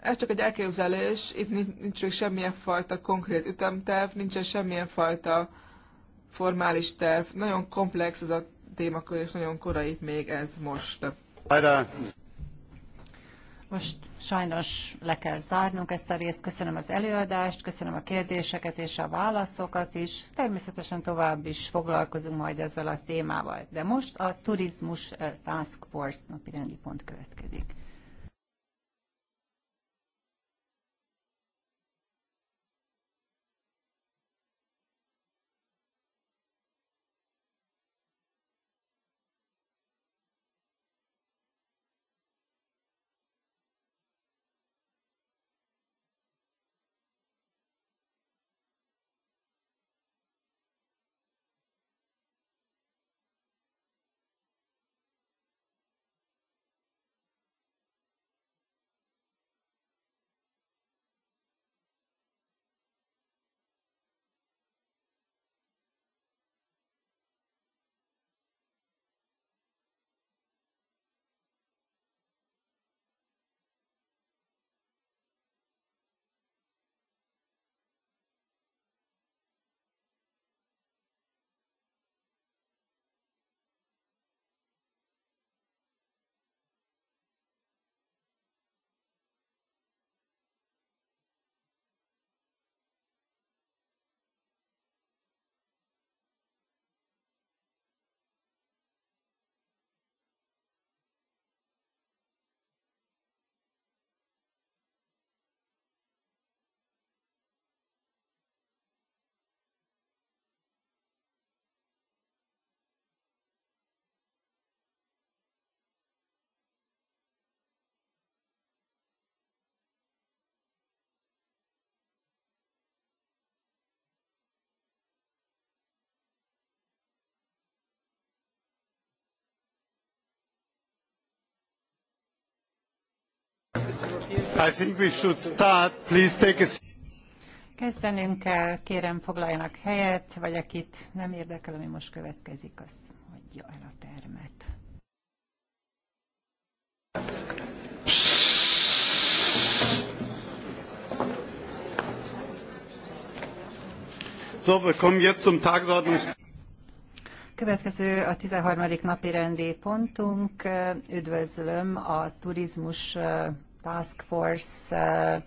Speaker 3: Ez csak egy elképzelés, itt nincs semmilyen fajta konkrét ütemterv, nincsen semmilyen fajta formális terv. Nagyon komplex ez a témakör, és nagyon korai még ez most.
Speaker 2: Most sajnos le kell zárnunk ezt a részt. Köszönöm az előadást, köszönöm a kérdéseket és a válaszokat is. Természetesen tovább is foglalkozunk majd ezzel a témával. De most a Turizmus eh, Task Force napirendi
Speaker 4: pont következik. I think we should start. Please take a...
Speaker 2: Kezdenünk kell, kérem foglaljanak helyet, vagy akit nem érdekel, ami most következik, az adja el a termet. So, wir kommen jetzt zum Tagesordnungspunkt. Következő a 13. napi rendi pontunk. Üdvözlöm a Turizmus eh, Task Force eh,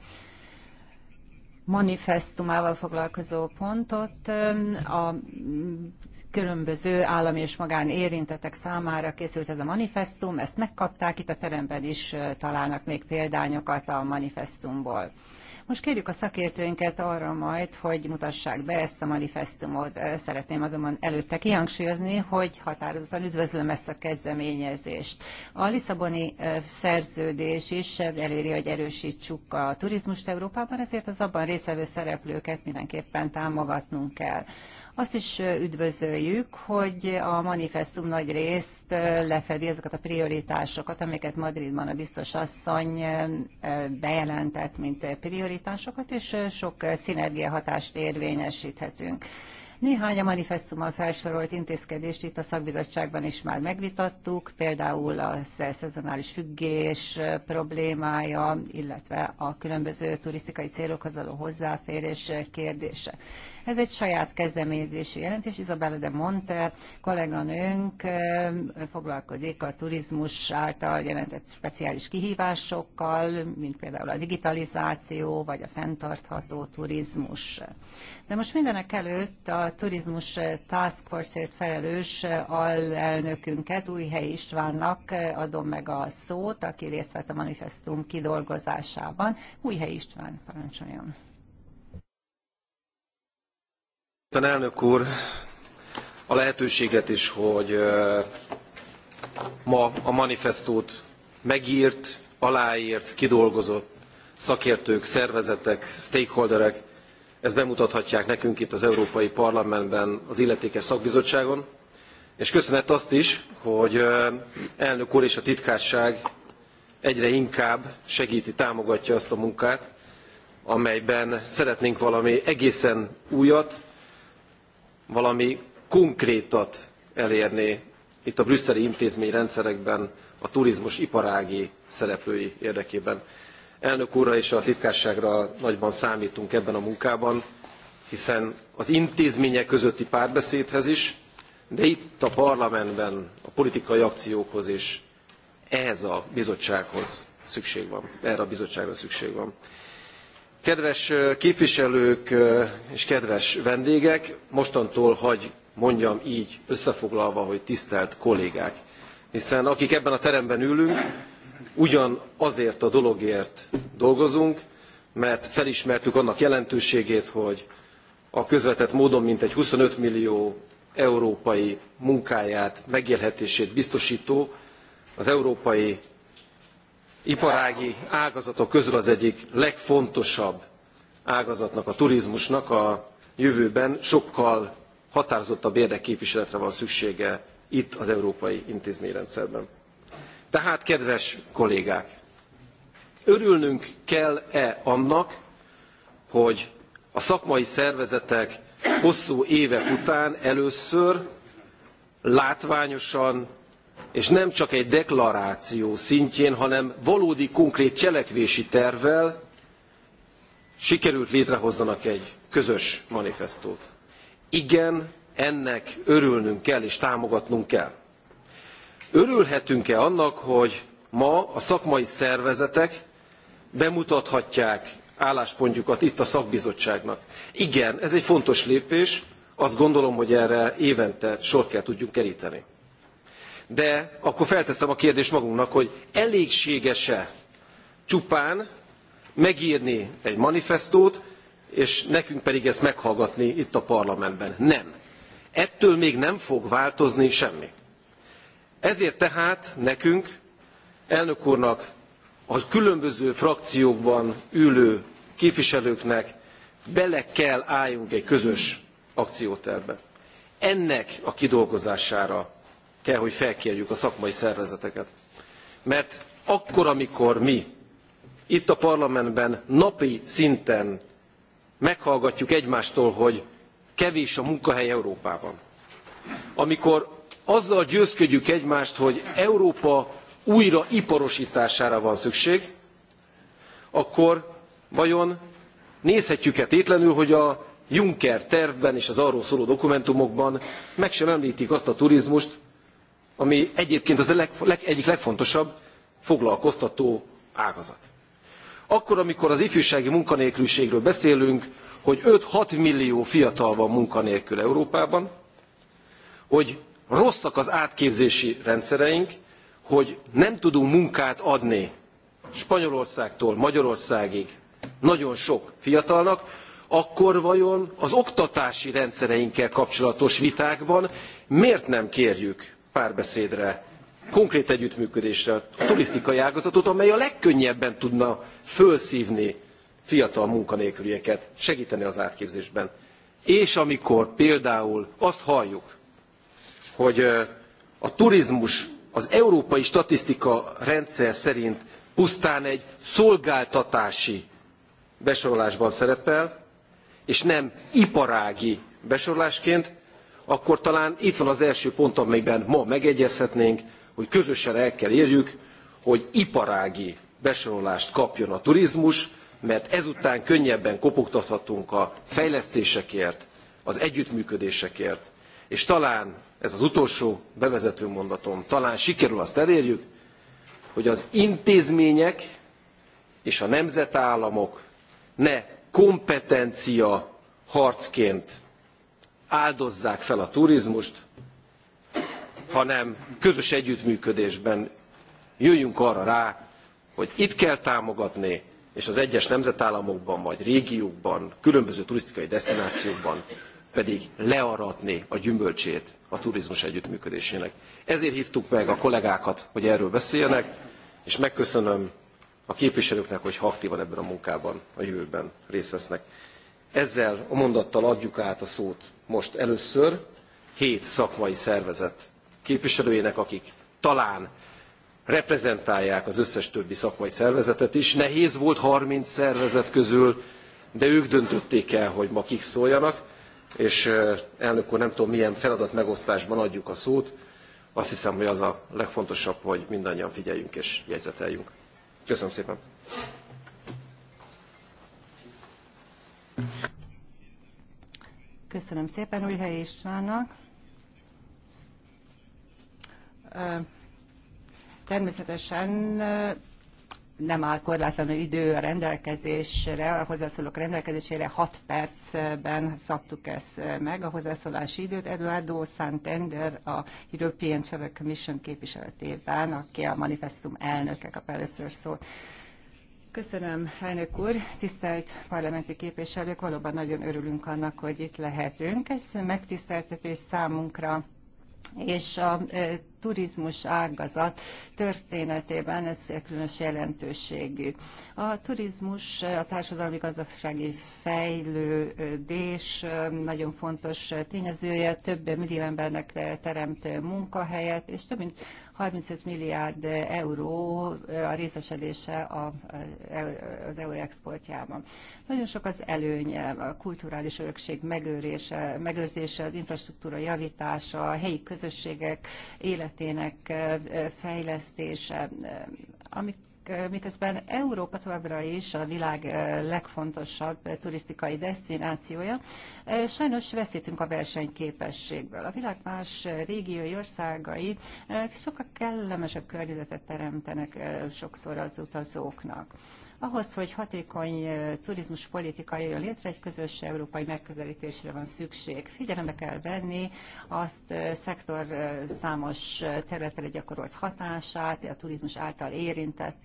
Speaker 2: manifestumával foglalkozó pontot eh, a különböző állami és magán érintetek számára készült ez a manifestum, ezt megkapták, itt a teremben is találnak még példányokat a manifestumból. Most kérjük a szakértőinket arra majd, hogy mutassák be ezt a manifestumot. Szeretném azonban előtte kihangsúlyozni, hogy határozottan üdvözlöm ezt a kezdeményezést. A Lisszaboni szerződés is eléri, hogy erősítsük a turizmust Európában, ezért az abban részvevő szereplőket mindenképpen támogatnunk kell. Azt is üdvözöljük, hogy a manifestum nagy részt lefedi azokat a prioritásokat, amiket Madridban a biztos asszony bejelentett, mint prioritásokat, és sok szinergiahatást érvényesíthetünk. Néhány a manifestummal felsorolt intézkedést itt a szakbizottságban is már megvitattuk, például a szezonális függés problémája, illetve a különböző turisztikai célokhoz való hozzáférés kérdése. Ez egy saját kezdeményezési jelentés. Izabella de Monte kolléganőnk foglalkozik a turizmus által jelentett speciális kihívásokkal, mint például a digitalizáció vagy a fenntartható turizmus. De most mindenek előtt a turizmus Task Force-ért felelős alelnökünket, Újhely Istvánnak adom meg a szót, aki részt vett a manifestum kidolgozásában. Újhely István, parancsoljon!
Speaker 4: Elnök úr, a lehetőséget is, hogy ma a manifestót megírt, aláírt, kidolgozott szakértők, szervezetek, stakeholderek, ezt bemutathatják nekünk itt az Európai Parlamentben, az illetékes szakbizottságon. És köszönet azt is, hogy elnök úr és a titkárság egyre inkább segíti, támogatja azt a munkát, amelyben szeretnénk valami egészen újat, valami konkrétat elérni itt a brüsszeli intézményrendszerekben a turizmus iparági szereplői érdekében. Elnök úrra és a titkárságra nagyban számítunk ebben a munkában, hiszen az intézmények közötti párbeszédhez is, de itt a parlamentben a politikai akciókhoz is ehhez a bizottsághoz szükség van, erre a bizottságra szükség van. Kedves képviselők és kedves vendégek, mostantól hagy mondjam így összefoglalva, hogy tisztelt kollégák, hiszen akik ebben a teremben ülünk, ugyan azért a dologért dolgozunk, mert felismertük annak jelentőségét, hogy a közvetett módon mintegy 25 millió európai munkáját, megélhetését biztosító, az európai iparági ágazatok közül az egyik legfontosabb ágazatnak, a turizmusnak a jövőben sokkal határozottabb érdekképviseletre van szüksége itt az európai intézményrendszerben. Tehát, kedves kollégák, örülnünk kell-e annak, hogy a szakmai szervezetek hosszú évek után először látványosan és nem csak egy deklaráció szintjén, hanem valódi konkrét cselekvési tervvel sikerült létrehozzanak egy közös manifestót. Igen, ennek örülnünk kell és támogatnunk kell. Örülhetünk-e annak, hogy ma a szakmai szervezetek bemutathatják álláspontjukat itt a szakbizottságnak. Igen, ez egy fontos lépés, azt gondolom, hogy erre évente sort kell tudjunk keríteni de akkor felteszem a kérdést magunknak, hogy elégséges-e csupán megírni egy manifestót, és nekünk pedig ezt meghallgatni itt a parlamentben. Nem. Ettől még nem fog változni semmi. Ezért tehát nekünk, elnök úrnak, a különböző frakciókban ülő képviselőknek bele kell álljunk egy közös akciótervbe. Ennek a kidolgozására kell, hogy felkérjük a szakmai szervezeteket. Mert akkor, amikor mi itt a parlamentben napi szinten meghallgatjuk egymástól, hogy kevés a munkahely Európában, amikor azzal győzködjük egymást, hogy Európa újra iparosítására van szükség, akkor vajon nézhetjük-e tétlenül, hogy a Juncker tervben és az arról szóló dokumentumokban meg sem említik azt a turizmust, ami egyébként az egyik legfontosabb foglalkoztató ágazat. Akkor, amikor az ifjúsági munkanélküliségről beszélünk, hogy 5-6 millió fiatal van munkanélkül Európában, hogy rosszak az átképzési rendszereink, hogy nem tudunk munkát adni Spanyolországtól Magyarországig nagyon sok fiatalnak, akkor vajon az oktatási rendszereinkkel kapcsolatos vitákban miért nem kérjük párbeszédre, konkrét együttműködésre a turisztikai ágazatot, amely a legkönnyebben tudna fölszívni fiatal munkanélkülieket, segíteni az átképzésben. És amikor például azt halljuk, hogy a turizmus az európai statisztika rendszer szerint pusztán egy szolgáltatási besorolásban szerepel, és nem iparági besorolásként, akkor talán itt van az első pont, amelyben ma megegyezhetnénk, hogy közösen el kell érjük, hogy iparági besorolást kapjon a turizmus, mert ezután könnyebben kopogtathatunk a fejlesztésekért, az együttműködésekért, és talán, ez az utolsó bevezető mondatom, talán sikerül azt elérjük, hogy az intézmények és a nemzetállamok ne kompetencia harcként áldozzák fel a turizmust, hanem közös együttműködésben jöjjünk arra rá, hogy itt kell támogatni, és az egyes nemzetállamokban vagy régiókban, különböző turisztikai destinációkban pedig learatni a gyümölcsét a turizmus együttműködésének. Ezért hívtuk meg a kollégákat, hogy erről beszéljenek, és megköszönöm a képviselőknek, hogy aktívan ebben a munkában a jövőben részt vesznek. Ezzel a mondattal adjuk át a szót most először hét szakmai szervezet képviselőjének, akik talán reprezentálják az összes többi szakmai szervezetet is. Nehéz volt 30 szervezet közül, de ők döntötték el, hogy ma kik szóljanak, és elnök úr, nem tudom milyen feladat adjuk a szót. Azt hiszem, hogy az a legfontosabb, hogy mindannyian figyeljünk és jegyzeteljünk. Köszönöm szépen!
Speaker 2: Köszönöm szépen új Újhely Istvánnak. Természetesen nem áll korlátlanul idő a rendelkezésre, a hozzászólók rendelkezésére 6 percben szabtuk ezt meg, a hozzászólási időt. Eduardo Santander, a European Travel Commission képviseletében, aki a manifestum elnöke kap először szót. Köszönöm, elnök úr, tisztelt parlamenti képviselők, valóban nagyon örülünk annak, hogy itt lehetünk. Ez megtiszteltetés számunkra, és a turizmus ágazat történetében ez különös jelentőségű. A turizmus a társadalmi gazdasági fejlődés nagyon fontos tényezője, több millió embernek teremt munkahelyet, és több mint 35 milliárd euró a részesedése az EU exportjában. Nagyon sok az előnye, a kulturális örökség megőrése, megőrzése, az infrastruktúra javítása, a helyi közösségek élet területének fejlesztése, amik miközben Európa továbbra is a világ legfontosabb turisztikai destinációja, sajnos veszítünk a versenyképességből. A világ más régiói országai sokkal kellemesebb környezetet teremtenek sokszor az utazóknak. Ahhoz, hogy hatékony turizmuspolitika jöjjön létre, egy közös európai megközelítésre van szükség. Figyelembe kell venni azt szektor számos területre gyakorolt hatását, a turizmus által érintett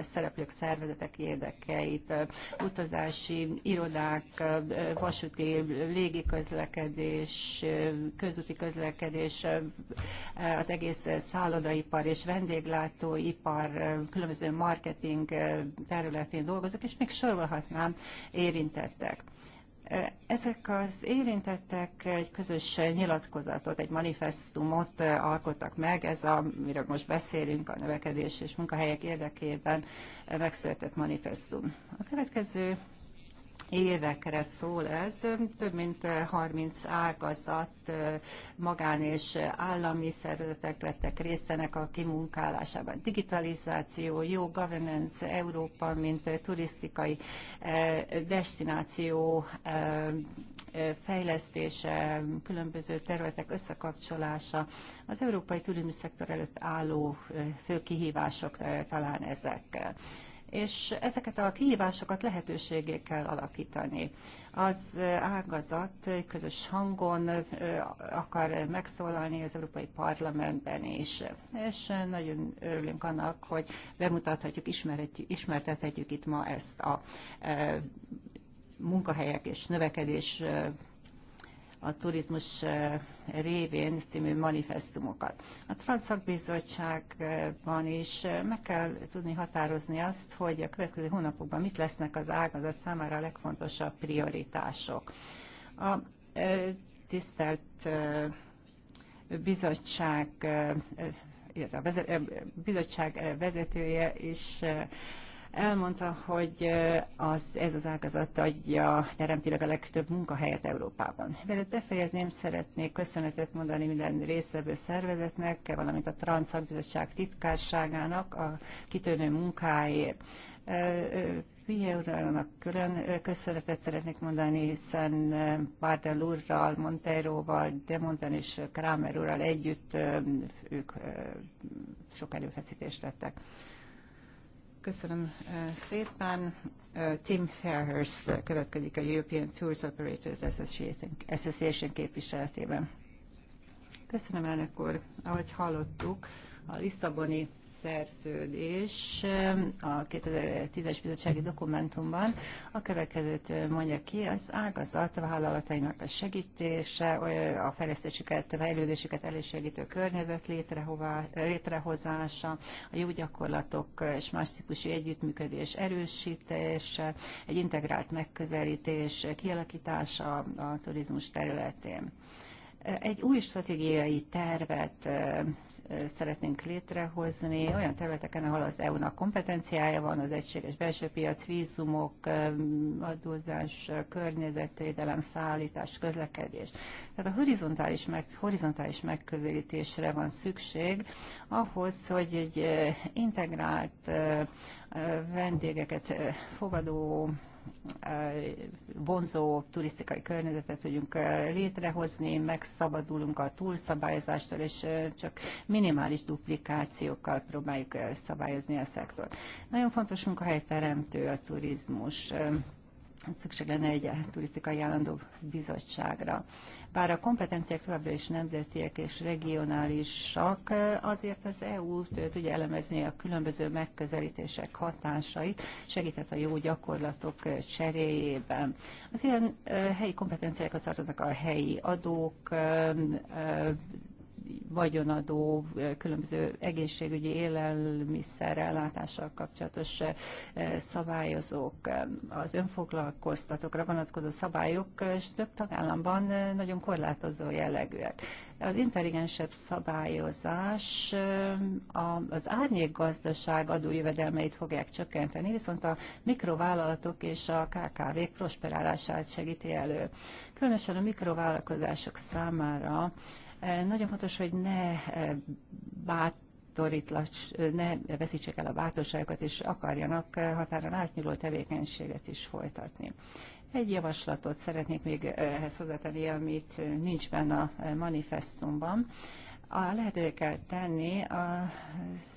Speaker 2: szereplők, szervezetek érdekeit, utazási irodák, vasúti, közlekedés, közúti közlekedés, az egész szállodaipar és vendéglátóipar, különböző marketing területén dolgozok, és még sorolhatnám érintettek. Ezek az érintettek egy közös nyilatkozatot, egy manifestumot alkottak meg, ez a, amiről most beszélünk, a növekedés és munkahelyek érdekében megszületett manifestum. A következő évekre szól ez. Több mint 30 ágazat, magán és állami szervezetek lettek részt a kimunkálásában. Digitalizáció, jó governance, Európa, mint turisztikai destináció fejlesztése, különböző területek összekapcsolása. Az európai turizmus szektor előtt álló fő kihívások talán ezek és ezeket a kihívásokat lehetőségé kell alakítani. Az ágazat közös hangon akar megszólalni az Európai Parlamentben is, és nagyon örülünk annak, hogy bemutathatjuk, ismertethetjük itt ma ezt a munkahelyek és növekedés a turizmus révén című manifestumokat. A Transzakbizottságban is meg kell tudni határozni azt, hogy a következő hónapokban mit lesznek az ágazat számára a legfontosabb prioritások. A tisztelt bizottság, a bizottság vezetője is Elmondta, hogy az, ez az ágazat adja teremtileg a legtöbb munkahelyet Európában. Mielőtt befejezném, szeretnék köszönetet mondani minden részvevő szervezetnek, valamint a Transzakbizottság titkárságának a kitűnő munkáért. Hülye urának külön köszönetet szeretnék mondani, hiszen Bárdel úrral, de Demonten és Kramer úrral együtt ők sok előfeszítést tettek. Köszönöm szépen. Tim Fairhurst következik a European Tours Operators Association képviseletében. Köszönöm, elnök úr. Ahogy hallottuk, a Lisszaboni szerződés a 2010-es bizottsági dokumentumban a következőt mondja ki, az ágazat vállalatainak a segítése, a fejlesztésüket, a fejlődésüket elősegítő környezet létrehozása, a jó gyakorlatok és más típusú együttműködés erősítése, egy integrált megközelítés kialakítása a turizmus területén egy új stratégiai tervet szeretnénk létrehozni olyan területeken, ahol az EU-nak kompetenciája van, az egységes belső piac, vízumok, adózás, környezetvédelem, szállítás, közlekedés. Tehát a horizontális, meg, horizontális megközelítésre van szükség ahhoz, hogy egy eh, integrált eh, eh, vendégeket fogadó vonzó turisztikai környezetet tudjunk eh, létrehozni, megszabadulunk a túlszabályozástól, és eh, csak minimális duplikációkkal próbáljuk eh, szabályozni a szektort. Nagyon fontos munkahelyteremtő a turizmus szükség lenne egy turisztikai állandó bizottságra. Bár a kompetenciák továbbra is nemzetiek és regionálisak, azért az EU tudja elemezni a különböző megközelítések hatásait, segített a jó gyakorlatok cseréjében. Az ilyen helyi kompetenciákhoz tartoznak a helyi adók, vagyonadó, különböző egészségügyi élelmiszer ellátással kapcsolatos szabályozók, az önfoglalkoztatókra vonatkozó szabályok és több tagállamban nagyon korlátozó jellegűek. Az intelligensebb szabályozás az gazdaság adójövedelmeit fogják csökkenteni, viszont a mikrovállalatok és a KKV-k prosperálását segíti elő. Különösen a mikrovállalkozások számára nagyon fontos, hogy ne bát ne veszítsék el a bátorságokat, és akarjanak határon átnyúló tevékenységet is folytatni. Egy javaslatot szeretnék még ehhez hozzátenni, amit nincs benne a manifestumban. A lehetővé kell tenni az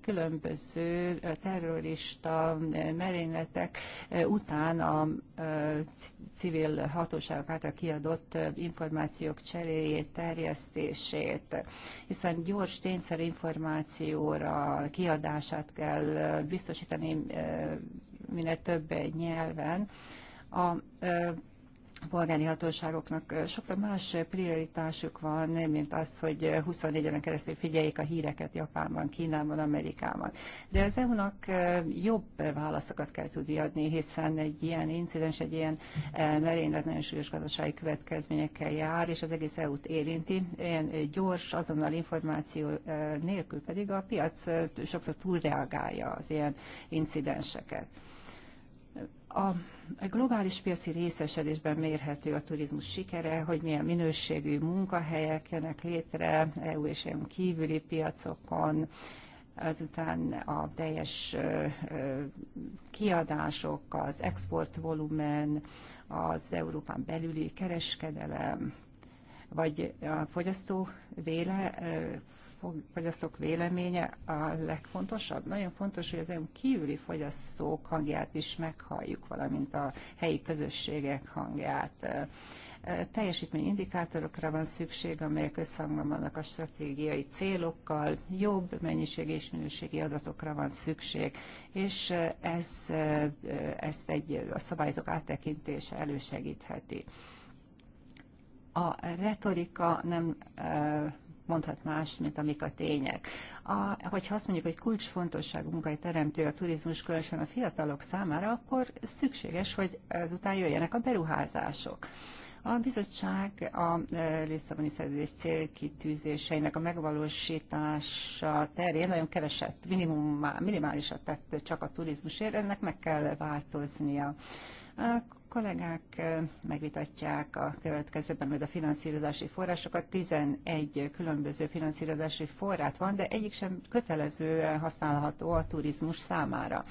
Speaker 2: különböző terrorista merényletek után a civil hatóságok által kiadott információk cseréjét, terjesztését, hiszen gyors tényszer információra kiadását kell biztosítani minél több nyelven. A a polgári hatóságoknak sokszor más prioritásuk van, mint az, hogy 24 éven keresztül figyeljék a híreket Japánban, Kínában, Amerikában. De az EU-nak jobb válaszokat kell tudni adni, hiszen egy ilyen incidens, egy ilyen merénylet nagyon súlyos gazdasági következményekkel jár, és az egész EU-t érinti. Ilyen gyors, azonnal információ nélkül pedig a piac sokszor túlreagálja az ilyen incidenseket. A globális piaci részesedésben mérhető a turizmus sikere, hogy milyen minőségű munkahelyek jönnek létre EU és EU kívüli piacokon, azután a teljes kiadások, az exportvolumen, az Európán belüli kereskedelem, vagy a fogyasztó véle, fogyasztók véleménye a legfontosabb. Nagyon fontos, hogy az EU kívüli fogyasztók hangját is meghalljuk, valamint a helyi közösségek hangját teljesítményindikátorokra van szükség, amelyek összhangban vannak a stratégiai célokkal, jobb mennyiségi és minőségi adatokra van szükség, és ez, ezt egy, a szabályzók áttekintése elősegítheti. A retorika nem mondhat más, mint amik a tények. A, hogyha azt mondjuk, hogy kulcsfontosságú munkai teremtő a turizmus, különösen a fiatalok számára, akkor szükséges, hogy ezután jöjjenek a beruházások. A bizottság a e, Lisszaboni szerződés célkitűzéseinek a megvalósítása terén nagyon keveset, minimum, minimálisat tett csak a turizmusért, ennek meg kell változnia. A kollégák megvitatják a következőben majd a finanszírozási forrásokat. 11 különböző finanszírozási forrát van, de egyik sem kötelező használható a turizmus számára.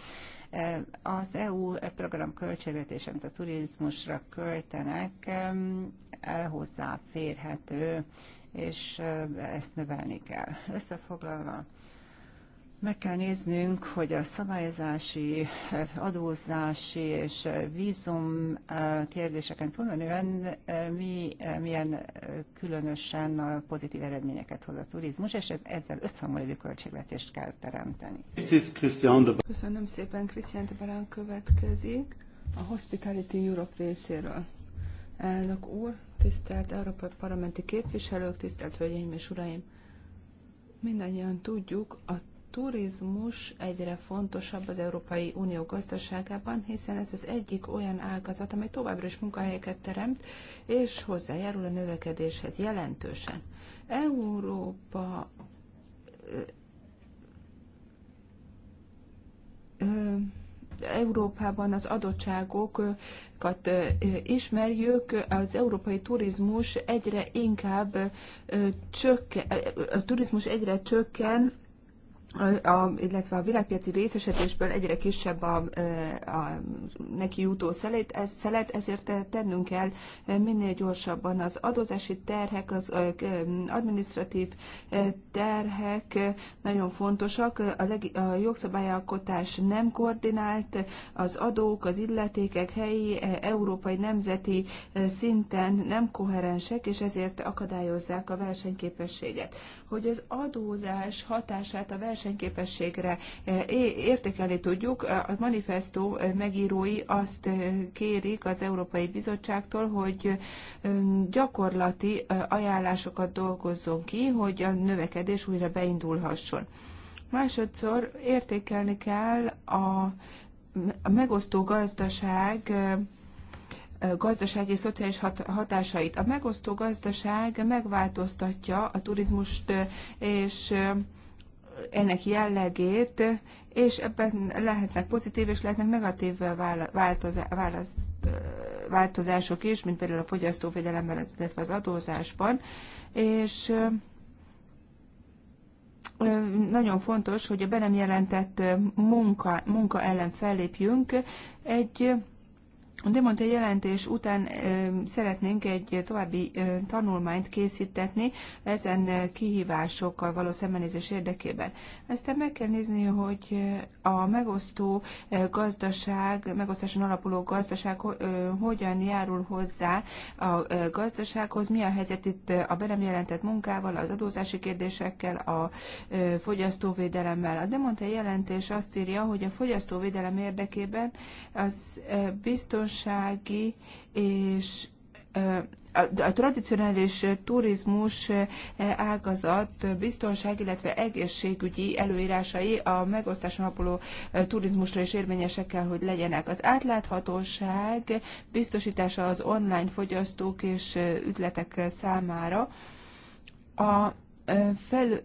Speaker 2: Az EU program költségvetés, amit a turizmusra költenek, hozzáférhető, és ezt növelni kell. Összefoglalva, meg kell néznünk, hogy a szabályozási, adózási és vízum kérdéseken túlmenően mi, milyen különösen pozitív eredményeket hoz a turizmus, és ezzel összehangolódó költségvetést kell teremteni.
Speaker 1: Köszönöm szépen, Krisztián Teberán következik a Hospitality Europe részéről. Elnök úr, tisztelt Európai Parlamenti képviselők, tisztelt Hölgyeim és Uraim! Mindannyian tudjuk a turizmus egyre fontosabb az Európai Unió gazdaságában, hiszen ez az egyik olyan ágazat, amely továbbra is munkahelyeket teremt, és hozzájárul a növekedéshez jelentősen. Európa Európában az adottságokat ismerjük, az európai turizmus egyre inkább csökken, a turizmus egyre csökken, a, illetve a világpiaci részesedésből egyre kisebb a, a neki jutó szelet, ez, szelet, ezért tennünk kell minél gyorsabban az adózási terhek, az administratív terhek nagyon fontosak, a, leg, a jogszabályalkotás nem koordinált, az adók, az illetékek helyi, európai, nemzeti szinten nem koherensek, és ezért akadályozzák a versenyképességet. Hogy az adózás hatását a versenyképességet versenyképességre e, értékelni tudjuk. A manifestó megírói azt e, kérik az Európai Bizottságtól, hogy e, gyakorlati ajánlásokat dolgozzon ki, hogy a növekedés újra beindulhasson. Másodszor értékelni kell a, megosztó gazdaság gazdasági és szociális hatásait. A megosztó gazdaság megváltoztatja a turizmust és ennek jellegét, és ebben lehetnek pozitív és lehetnek negatív változások is, mint például a fogyasztóvédelemben, illetve az adózásban, és nagyon fontos, hogy a be nem jelentett munka, munka ellen fellépjünk. Egy a Demonte jelentés után szeretnénk egy további tanulmányt készítetni ezen kihívásokkal való szembenézés érdekében. Aztán meg kell nézni, hogy a megosztó gazdaság, megosztáson alapuló gazdaság hogyan járul hozzá a gazdasághoz, mi a helyzet itt a be nem jelentett munkával, az adózási kérdésekkel, a fogyasztóvédelemmel. A Demonte jelentés azt írja, hogy a fogyasztóvédelem érdekében az biztos, biztonsági és a tradicionális turizmus ágazat biztonság, illetve egészségügyi előírásai a megosztáson alapuló turizmusra is érvényesek kell, hogy legyenek. Az átláthatóság biztosítása az online fogyasztók és üzletek számára. A fel,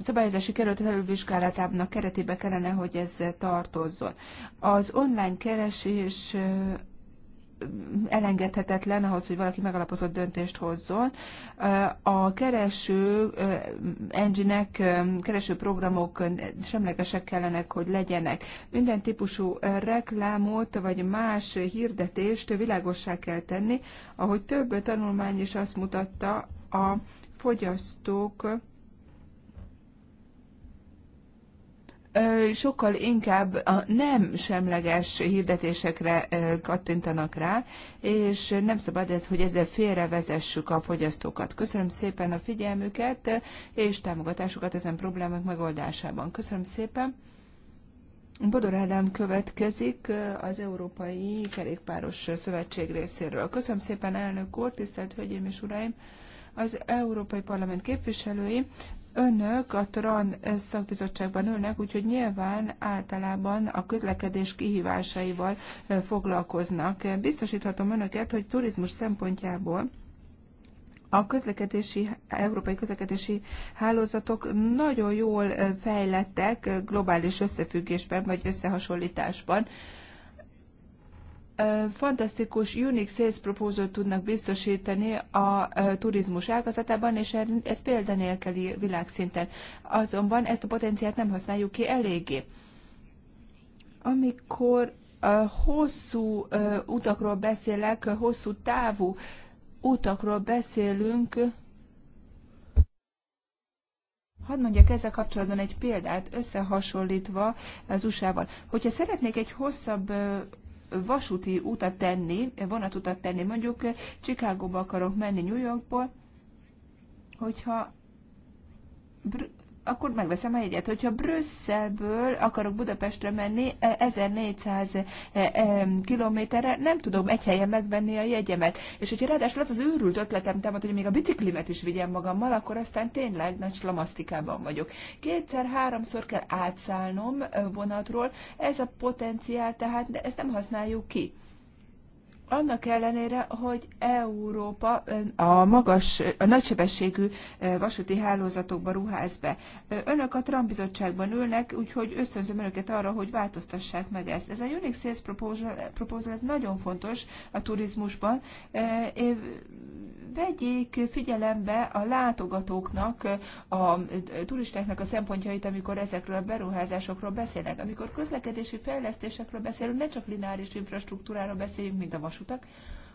Speaker 1: szabályozási kerület felülvizsgálatának keretébe kellene, hogy ez tartozzon. Az online keresés elengedhetetlen ahhoz, hogy valaki megalapozott döntést hozzon. A kereső engine-ek, kereső programok semlegesek kellenek, hogy legyenek. Minden típusú reklámot vagy más hirdetést világossá kell tenni, ahogy több tanulmány is azt mutatta, a fogyasztók sokkal inkább a nem semleges hirdetésekre kattintanak rá, és nem szabad ez, hogy ezzel félrevezessük a fogyasztókat. Köszönöm szépen a figyelmüket és támogatásukat ezen problémák megoldásában. Köszönöm szépen. Bodor Ádám következik az Európai Kerékpáros Szövetség részéről. Köszönöm szépen, elnök úr, tisztelt Hölgyeim és Uraim! Az Európai Parlament képviselői önök a TRAN szakbizottságban ülnek, úgyhogy nyilván általában a közlekedés kihívásaival foglalkoznak. Biztosíthatom önöket, hogy turizmus szempontjából a közlekedési, európai közlekedési hálózatok nagyon jól fejlettek globális összefüggésben vagy összehasonlításban fantasztikus unique sales proposal tudnak biztosítani a turizmus ágazatában, és er, ez példanélkeli világszinten. Azonban ezt a potenciált nem használjuk ki eléggé. Amikor hosszú utakról beszélek, hosszú távú utakról beszélünk, Hadd mondjak ezzel kapcsolatban egy példát, összehasonlítva az USA-val. Hogyha szeretnék egy hosszabb vasúti utat tenni, vonatutat tenni, mondjuk eh, Csikágóba akarok menni New Yorkból, hogyha Br- akkor megveszem a jegyet. Hogyha Brüsszelből akarok Budapestre menni 1400 e, e, e, kilométerre, nem tudom egy helyen megvenni a jegyemet. És hogyha ráadásul az az őrült ötletem támad, hogy még a biciklimet is vigyem magammal, akkor aztán tényleg nagy slamasztikában vagyok. Kétszer-háromszor kell átszállnom vonatról, ez a potenciál, tehát ezt nem használjuk ki annak ellenére, hogy Európa a magas, a nagysebességű vasúti hálózatokba ruház be. Önök a Trump bizottságban ülnek, úgyhogy ösztönzöm önöket arra, hogy változtassák meg ezt. Ez a Unix Sales Proposal, proposal ez nagyon fontos a turizmusban vegyék figyelembe a látogatóknak, a turistáknak a szempontjait, amikor ezekről a beruházásokról beszélnek. Amikor közlekedési fejlesztésekről beszélünk, ne csak lineáris infrastruktúráról beszéljünk, mint a vasutak,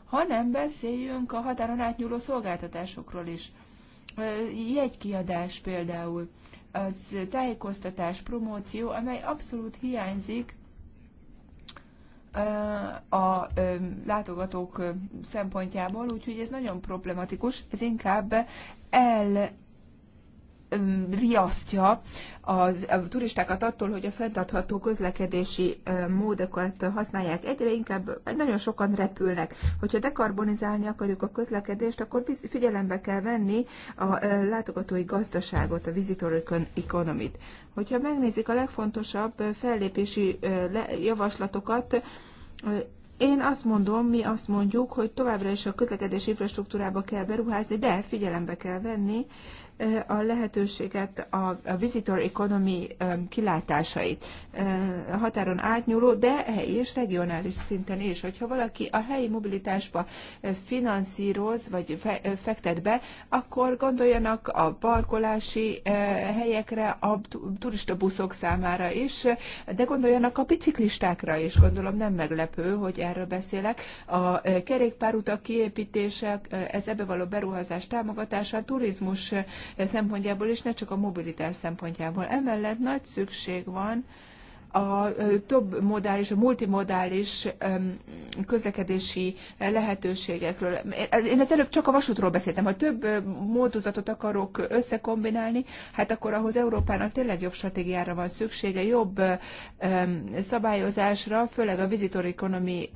Speaker 1: hanem beszéljünk a határon átnyúló szolgáltatásokról is. Jegykiadás például, az tájékoztatás, promóció, amely abszolút hiányzik a látogatók szempontjából, úgyhogy ez nagyon problematikus, ez inkább el riasztja az, a turistákat attól, hogy a fenntartható közlekedési módokat használják. Egyre inkább nagyon sokan repülnek. Hogyha dekarbonizálni akarjuk a közlekedést, akkor figyelembe kell venni a látogatói gazdaságot, a visitor economy-t. Hogyha megnézik a legfontosabb fellépési javaslatokat, én azt mondom, mi azt mondjuk, hogy továbbra is a közlekedési infrastruktúrába kell beruházni, de figyelembe kell venni a lehetőséget, a, a visitor economy kilátásait határon átnyúló, de helyi és regionális szinten is. Hogyha valaki a helyi mobilitásba finanszíroz, vagy fektet be, akkor gondoljanak a parkolási helyekre, a turista buszok számára is, de gondoljanak a biciklistákra is. Gondolom nem meglepő, hogy erről beszélek. A kerékpárutak kiépítése, ez ebbe való beruházás támogatása, a turizmus szempontjából és ne csak a mobilitás szempontjából. Emellett nagy szükség van a több modális, a multimodális közlekedési lehetőségekről. Én az előbb csak a vasútról beszéltem, ha több módozatot akarok összekombinálni, hát akkor ahhoz Európának tényleg jobb stratégiára van szüksége, jobb szabályozásra, főleg a visitor economy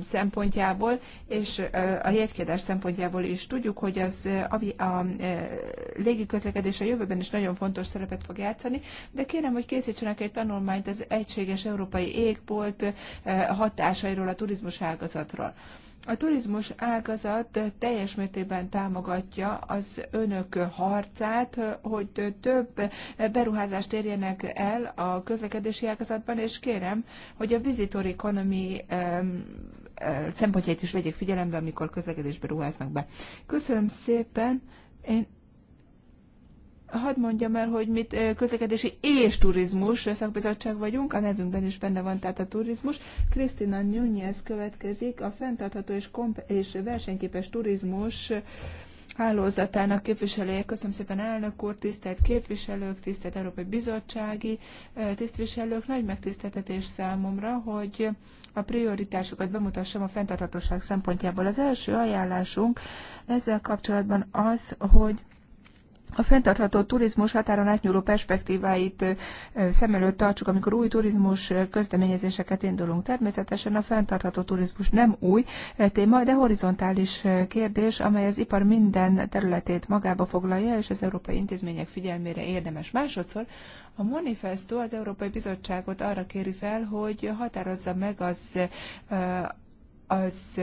Speaker 1: szempontjából, és a jegykedás szempontjából is tudjuk, hogy az a, a légiközlekedés a jövőben is nagyon fontos szerepet fog játszani, de kérem, hogy készítsenek egy tanulmányt az egységes európai égbolt eh, hatásairól a turizmus ágazatról. A turizmus ágazat teljes mértékben támogatja az önök harcát, hogy több beruházást érjenek el a közlekedési ágazatban, és kérem, hogy a visitor economy szempontjait is vegyék figyelembe, amikor közlekedésbe ruháznak be. Köszönöm szépen! Én Hadd mondjam el, hogy mit közlekedési és turizmus szakbizottság vagyunk, a nevünkben is benne van tehát a turizmus. Krisztina Nyúnyez következik, a fenntartható és, komp- és versenyképes turizmus hálózatának képviselője. Köszönöm szépen elnök úr, tisztelt képviselők, tisztelt Európai Bizottsági tisztviselők. Nagy megtiszteltetés számomra, hogy a prioritásokat bemutassam a fenntarthatóság szempontjából. Az első ajánlásunk ezzel kapcsolatban az, hogy a fenntartható turizmus határon átnyúló perspektíváit szem előtt tartsuk, amikor új turizmus közleményezéseket indulunk. Természetesen a fenntartható turizmus nem új téma, de horizontális kérdés, amely az ipar minden területét magába foglalja, és az európai intézmények figyelmére érdemes. Másodszor a manifesto az Európai Bizottságot arra kéri fel, hogy határozza meg az, az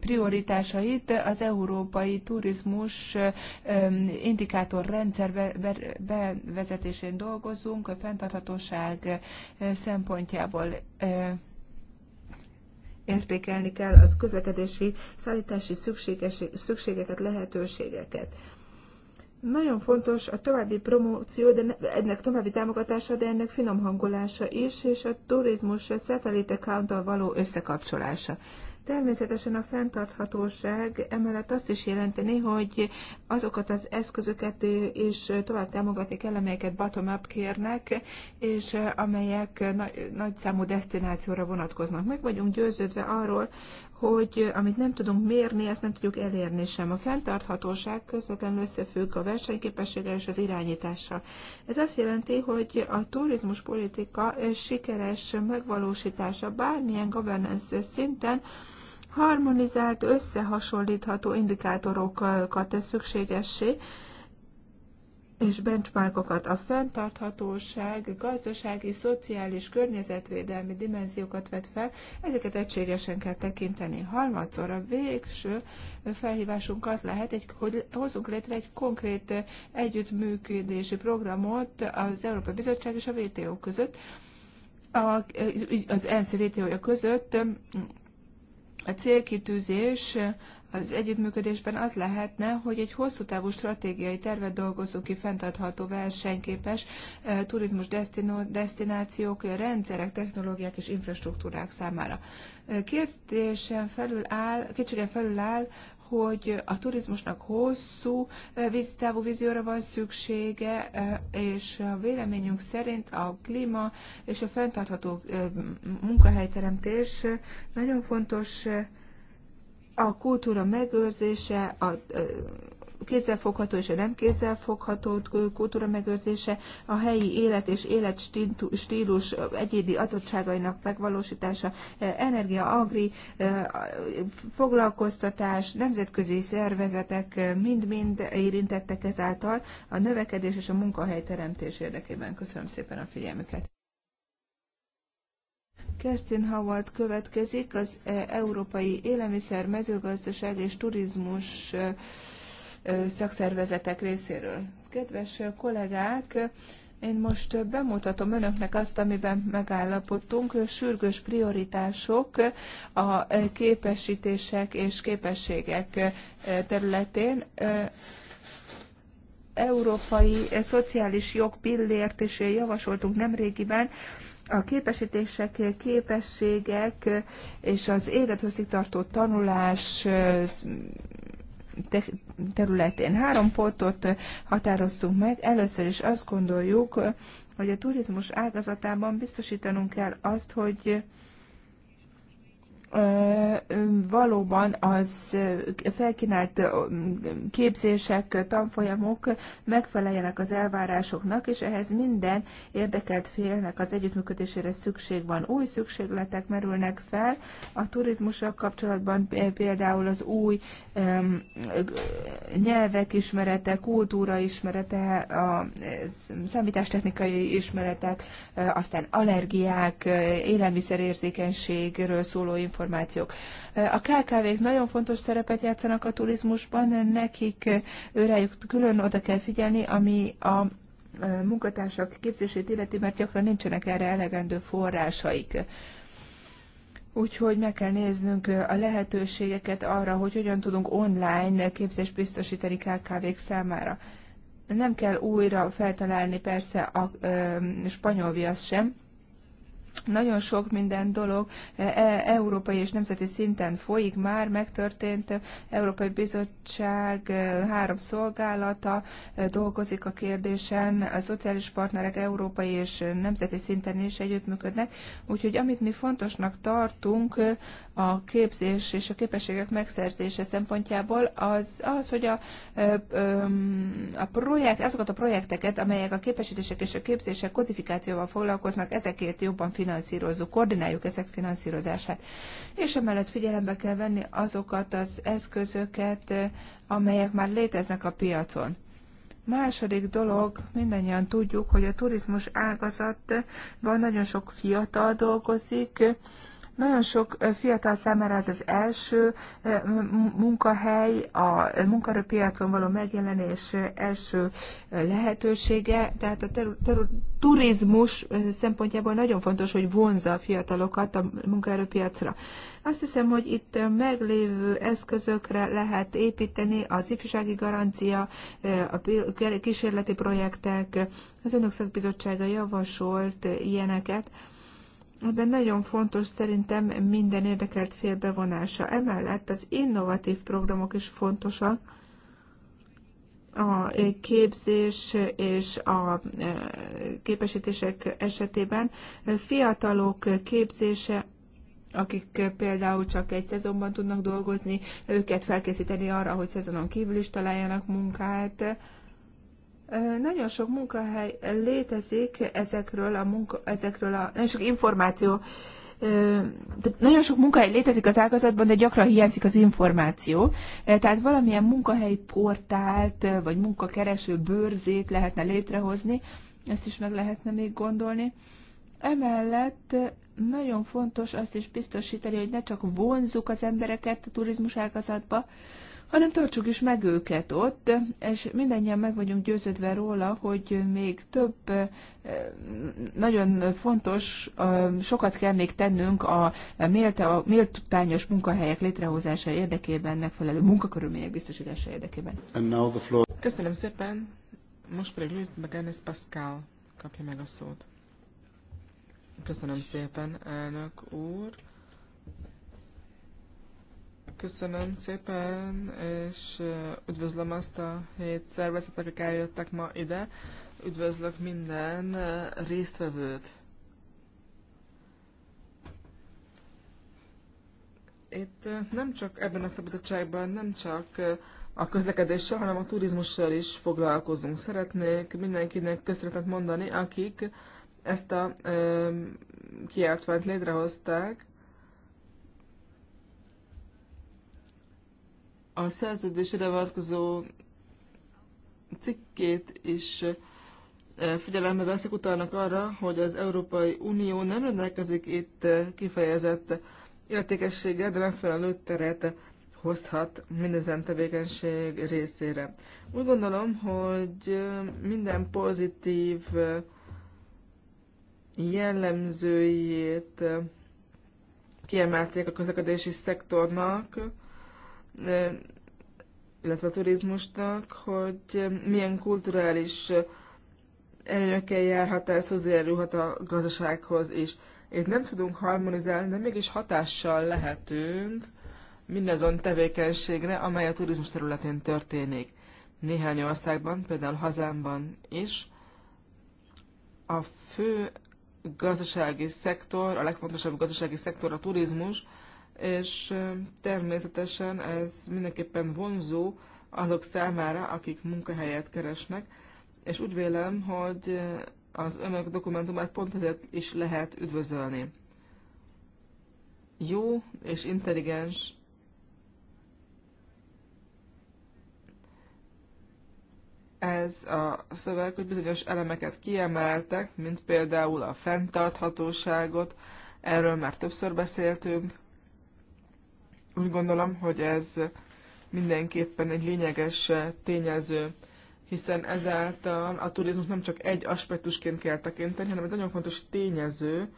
Speaker 1: prioritásait az európai turizmus indikátor rendszer bevezetésén dolgozunk a fenntarthatóság szempontjából értékelni kell az közlekedési, szállítási szükségeket, lehetőségeket. Nagyon fontos a további promóció, de ennek további támogatása, de ennek finom hangolása is, és a turizmus Satellite account való összekapcsolása. Természetesen a fenntarthatóság emellett azt is jelenteni, hogy azokat az eszközöket is tovább támogatni kell, amelyeket bottom-up kérnek, és amelyek nagy, nagy számú destinációra vonatkoznak. Meg vagyunk győződve arról, hogy amit nem tudunk mérni, ezt nem tudjuk elérni sem. A fenntarthatóság közvetlenül összefügg a versenyképességgel és az irányítással. Ez azt jelenti, hogy a turizmus politika sikeres megvalósítása bármilyen governance szinten, harmonizált, összehasonlítható indikátorokat tesz szükségessé, és benchmarkokat, a fenntarthatóság, gazdasági, szociális, környezetvédelmi dimenziókat vet fel, ezeket egységesen kell tekinteni. Harmadszor a végső felhívásunk az lehet, hogy hozzunk létre egy konkrét együttműködési programot az Európai Bizottság és a WTO között, az ENSZ WTO-ja között a célkitűzés az együttműködésben az lehetne, hogy egy hosszú távú stratégiai tervet dolgozzunk ki fenntartható versenyképes turizmus destinációk, rendszerek, technológiák és infrastruktúrák számára. Kérdésen felül áll, kétségen felül áll, hogy a turizmusnak hosszú eh, víztávú vízióra van szüksége, eh, és a véleményünk szerint a klíma és a fenntartható eh, munkahelyteremtés nagyon fontos a kultúra megőrzése, a, kézzelfogható és a nem kézzelfogható kultúra megőrzése, a helyi élet és életstílus egyédi adottságainak megvalósítása, e, energia, agri, e, foglalkoztatás, nemzetközi szervezetek e, mind-mind érintettek ezáltal a növekedés és a teremtés érdekében. Köszönöm szépen a figyelmüket! Kerstin Howard következik, az Európai Élelmiszer, Mezőgazdaság és Turizmus szakszervezetek részéről. Kedves kollégák, én most bemutatom önöknek azt, amiben megállapodtunk, sürgős prioritások a képesítések és képességek területén. Európai Szociális Jog pillért is javasoltunk nemrégiben, a képesítések, képességek és az élethosszig tartó tanulás területén. Három pontot határoztunk meg. Először is azt gondoljuk, hogy a turizmus ágazatában biztosítanunk kell azt, hogy valóban az felkínált képzések, tanfolyamok megfeleljenek az elvárásoknak, és ehhez minden érdekelt félnek az együttműködésére szükség van. Új szükségletek merülnek fel a turizmussal kapcsolatban, például az új nyelvek ismerete, kultúra ismerete, a számítástechnikai ismeretek, aztán allergiák, élelmiszerérzékenységről szóló információk, információk. A KKV-k nagyon fontos szerepet játszanak a turizmusban, nekik őrájuk külön oda kell figyelni, ami a munkatársak képzését illeti, mert gyakran nincsenek erre elegendő forrásaik. Úgyhogy meg kell néznünk a lehetőségeket arra, hogy hogyan tudunk online képzést biztosítani KKV-k számára. Nem kell újra feltalálni persze a a spanyol viasz sem, nagyon sok minden dolog e, e, európai és nemzeti szinten folyik már, megtörtént. Európai Bizottság e, három szolgálata dolgozik a kérdésen, a szociális partnerek európai és nemzeti szinten is együttműködnek. Úgyhogy amit mi fontosnak tartunk a képzés és a képességek megszerzése szempontjából, az, az hogy a, a projekt, azokat a projekteket, amelyek a képesítések és a képzések kodifikációval foglalkoznak, ezekért jobban finanszírozni finanszírozzuk, koordináljuk ezek finanszírozását. És emellett figyelembe kell venni azokat az eszközöket, amelyek már léteznek a piacon. Második dolog, mindannyian tudjuk, hogy a turizmus ágazatban nagyon sok fiatal dolgozik, nagyon sok fiatal számára ez az első munkahely, a munkaerőpiacon való megjelenés első lehetősége, tehát a ter- ter- turizmus szempontjából nagyon fontos, hogy vonza a fiatalokat a munkaerőpiacra. Azt hiszem, hogy itt meglévő eszközökre lehet építeni az ifjúsági garancia, a kísérleti projektek, az önök szakbizottsága javasolt ilyeneket. Ebben nagyon fontos szerintem minden érdekelt fél bevonása. Emellett az innovatív programok is fontosak, a képzés és a e, képesítések esetében fiatalok képzése, akik például csak egy szezonban tudnak dolgozni, őket felkészíteni arra, hogy szezonon kívül is találjanak munkát, nagyon sok munkahely létezik ezekről a munka, ezekről a, nagyon sok információ, tehát nagyon sok munkahely létezik az ágazatban, de gyakran hiányzik az információ. Tehát valamilyen munkahelyi portált, vagy munkakereső bőrzét lehetne létrehozni, ezt is meg lehetne még gondolni. Emellett nagyon fontos azt is biztosítani, hogy ne csak vonzuk az embereket a turizmus ágazatba, hanem tartsuk is meg őket ott, és mindannyian meg vagyunk győződve róla, hogy még több, eh, nagyon fontos, eh, sokat kell még tennünk a méltányos munkahelyek létrehozása érdekében, megfelelő munkakörülmények biztosítása érdekében. Köszönöm
Speaker 3: szépen, most pedig Luis Beganes Pascal kapja meg a szót. Köszönöm szépen, elnök úr. Köszönöm szépen, és eh, üdvözlöm azt a hét szervezetet, akik eljöttek ma ide. Üdvözlök minden eh, résztvevőt. Itt eh, nem csak ebben a szabadságban, nem csak a közlekedéssel, hanem a turizmussal is foglalkozunk. Szeretnék mindenkinek köszönetet mondani, akik ezt a kiáltványt létrehozták, a szerződésre vonatkozó cikkét is figyelembe veszik, utalnak arra, hogy az Európai Unió nem rendelkezik itt kifejezett értékességgel, de megfelelő teret hozhat mindezen tevékenység részére. Úgy gondolom, hogy minden pozitív jellemzőjét kiemelték a közlekedési szektornak, illetve a turizmusnak, hogy milyen kulturális előnyökkel járhat ez, hozzájárulhat a gazdasághoz is. Én nem tudunk harmonizálni, de mégis hatással lehetünk mindazon tevékenységre, amely a turizmus területén történik. Néhány országban, például hazámban is, a fő gazdasági szektor, a legfontosabb gazdasági szektor a turizmus, és természetesen ez mindenképpen vonzó azok számára, akik munkahelyet keresnek, és úgy vélem, hogy az önök dokumentumát pont ezért is lehet üdvözölni. Jó és intelligens ez a szöveg, hogy bizonyos elemeket kiemeltek, mint például a fenntarthatóságot, erről már többször beszéltünk, úgy gondolom, hogy ez mindenképpen egy lényeges tényező, hiszen ezáltal a turizmus nem csak egy aspektusként kell tekinteni, hanem egy nagyon fontos tényező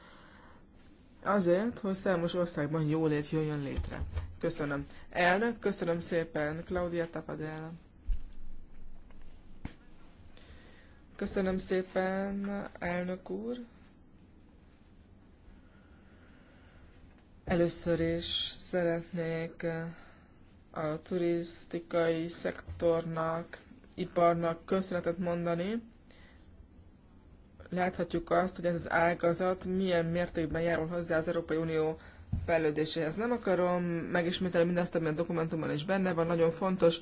Speaker 3: azért, hogy számos országban jólét jöjjön létre. Köszönöm. Elnök, köszönöm szépen. Claudia Tapadella. Köszönöm szépen, elnök úr. Először is szeretnék eh, a turisztikai szektornak, iparnak köszönetet mondani. Láthatjuk azt, hogy ez az ágazat milyen mértékben járul hozzá az Európai Unió fejlődéséhez. Nem akarom megismételni mindazt, ami a dokumentumban is benne van, nagyon fontos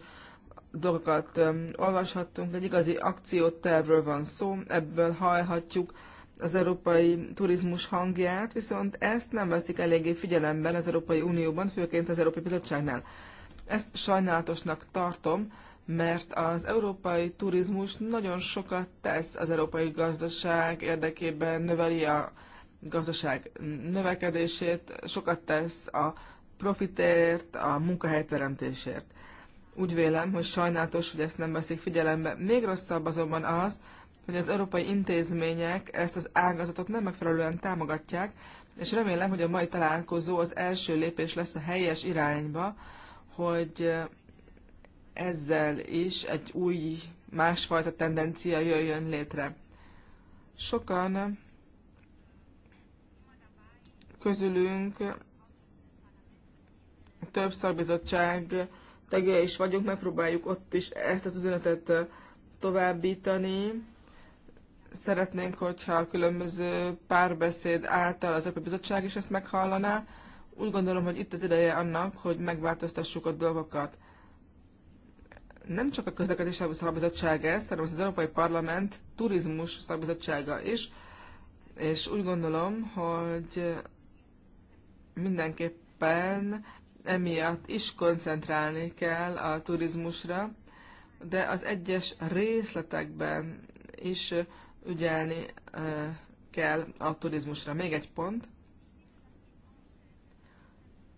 Speaker 3: dolgokat eh, olvashattunk, egy igazi akciótervről van szó, ebből hallhatjuk, az európai turizmus hangját, viszont ezt nem veszik eléggé figyelemben az Európai Unióban, főként az Európai Bizottságnál. Ezt sajnálatosnak tartom, mert az európai turizmus nagyon sokat tesz az európai gazdaság érdekében, növeli a gazdaság növekedését, sokat tesz a profitért, a munkahelyteremtésért. Úgy vélem, hogy sajnálatos, hogy ezt nem veszik figyelembe. Még rosszabb azonban az, hogy az európai intézmények ezt az ágazatot nem megfelelően támogatják, és remélem, hogy a mai találkozó az első lépés lesz a helyes irányba, hogy ezzel is egy új, másfajta tendencia jöjjön létre. Sokan közülünk több szakbizottság tagja is vagyunk, megpróbáljuk ott is ezt az üzenetet továbbítani szeretnénk, hogyha a különböző párbeszéd által az Európai Bizottság is ezt meghallaná. Úgy gondolom, hogy itt az ideje annak, hogy megváltoztassuk a dolgokat. Nem csak a közlekedési szakbizottság ez, hanem az Európai Parlament turizmus szakbizottsága is, és úgy gondolom, hogy mindenképpen emiatt is koncentrálni kell a turizmusra, de az egyes részletekben is ügyelni kell a turizmusra. Még egy pont.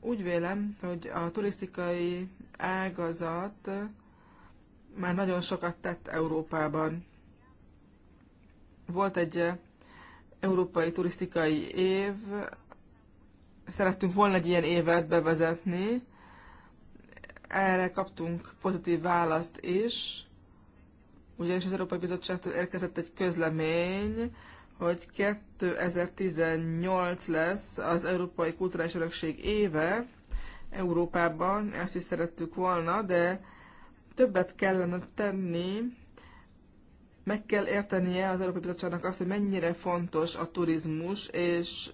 Speaker 3: Úgy vélem, hogy a turisztikai ágazat már nagyon sokat tett Európában. Volt egy európai turisztikai év, szerettünk volna egy ilyen évet bevezetni, erre kaptunk pozitív választ is, ugyanis az Európai Bizottságtól érkezett egy közlemény, hogy 2018 lesz az Európai Kulturális Örökség éve Európában, ezt is szerettük volna, de többet kellene tenni, meg kell értenie az Európai Bizottságnak azt, hogy mennyire fontos a turizmus, és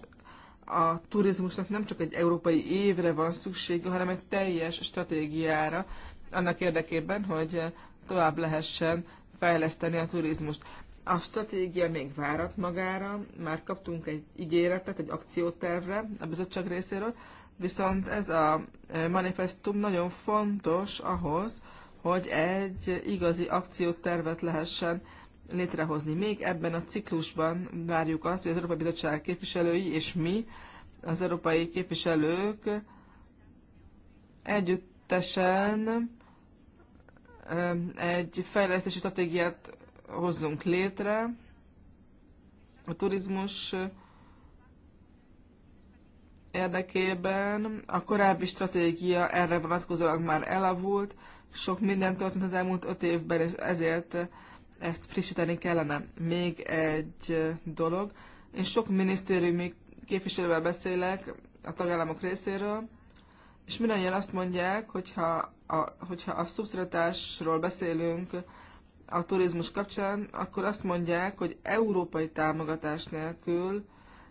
Speaker 3: a turizmusnak nem csak egy európai évre van szüksége, hanem egy teljes stratégiára annak érdekében, hogy tovább lehessen fejleszteni a turizmust. A stratégia még várat magára, már kaptunk egy ígéretet, egy akciótervre a bizottság részéről, viszont ez a e, manifestum nagyon fontos ahhoz, hogy egy igazi akciótervet lehessen létrehozni. Még ebben a ciklusban várjuk azt, hogy az Európai Bizottság képviselői és mi, az európai képviselők együttesen egy fejlesztési stratégiát hozzunk létre. A turizmus érdekében a korábbi stratégia erre vonatkozólag már elavult, sok minden történt az elmúlt öt évben, és ezért ezt frissíteni kellene. Még egy dolog, én sok minisztériumi képviselővel beszélek a tagállamok részéről, és mindannyian azt mondják, hogy ha a, hogyha a szubszidatásról beszélünk a turizmus kapcsán, akkor azt mondják, hogy európai támogatás nélkül,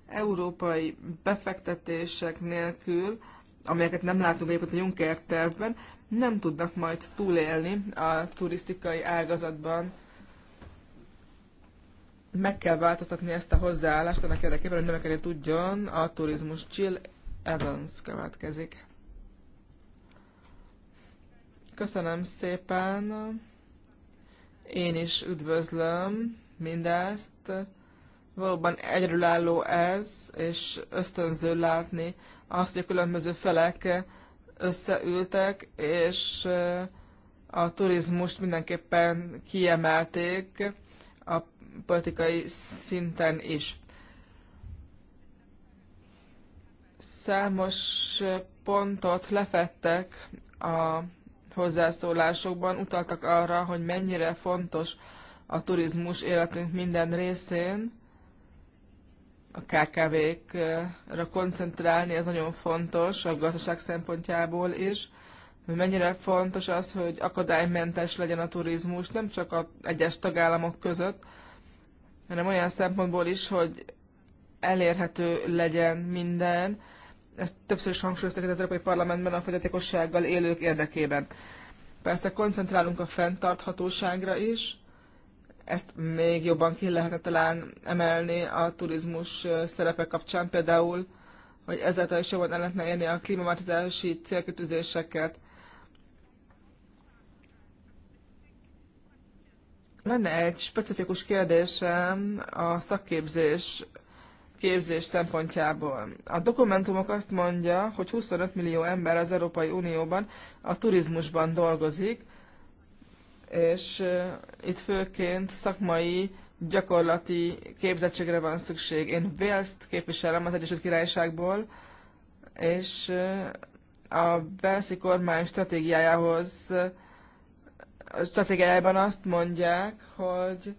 Speaker 3: európai befektetések nélkül, amelyeket nem látunk egyébként a Juncker tervben, nem tudnak majd túlélni a turisztikai ágazatban. Meg kell változtatni ezt a hozzáállást annak érdekében, hogy növekedni tudjon a turizmus. Jill Evans következik. Köszönöm szépen. Én is üdvözlöm mindezt. Valóban egyrülálló ez, és ösztönző látni azt, hogy a különböző felek összeültek, és a turizmust mindenképpen kiemelték a politikai szinten is. Számos pontot lefettek a hozzászólásokban utaltak arra, hogy mennyire fontos a turizmus életünk minden részén, a KKV-kra koncentrálni, ez nagyon fontos a gazdaság szempontjából is, hogy mennyire fontos az, hogy akadálymentes legyen a turizmus, nem csak az egyes tagállamok között, hanem olyan szempontból is, hogy elérhető legyen minden, ezt többször is hangsúlyoztak az Európai Parlamentben a fogyatékossággal élők érdekében. Persze koncentrálunk a fenntarthatóságra is, ezt még jobban ki lehetne talán emelni a turizmus szerepe kapcsán, például, hogy ezáltal is jobban el lehetne érni a klímaváltozási célkitűzéseket. Lenne egy specifikus kérdésem a szakképzés képzés szempontjából. A dokumentumok azt mondja, hogy 25 millió ember az Európai Unióban a turizmusban dolgozik, és itt főként szakmai, gyakorlati képzettségre van szükség. Én Wales-t képviselem az Egyesült Királyságból, és a Velszi kormány stratégiájához stratégiájában azt mondják, hogy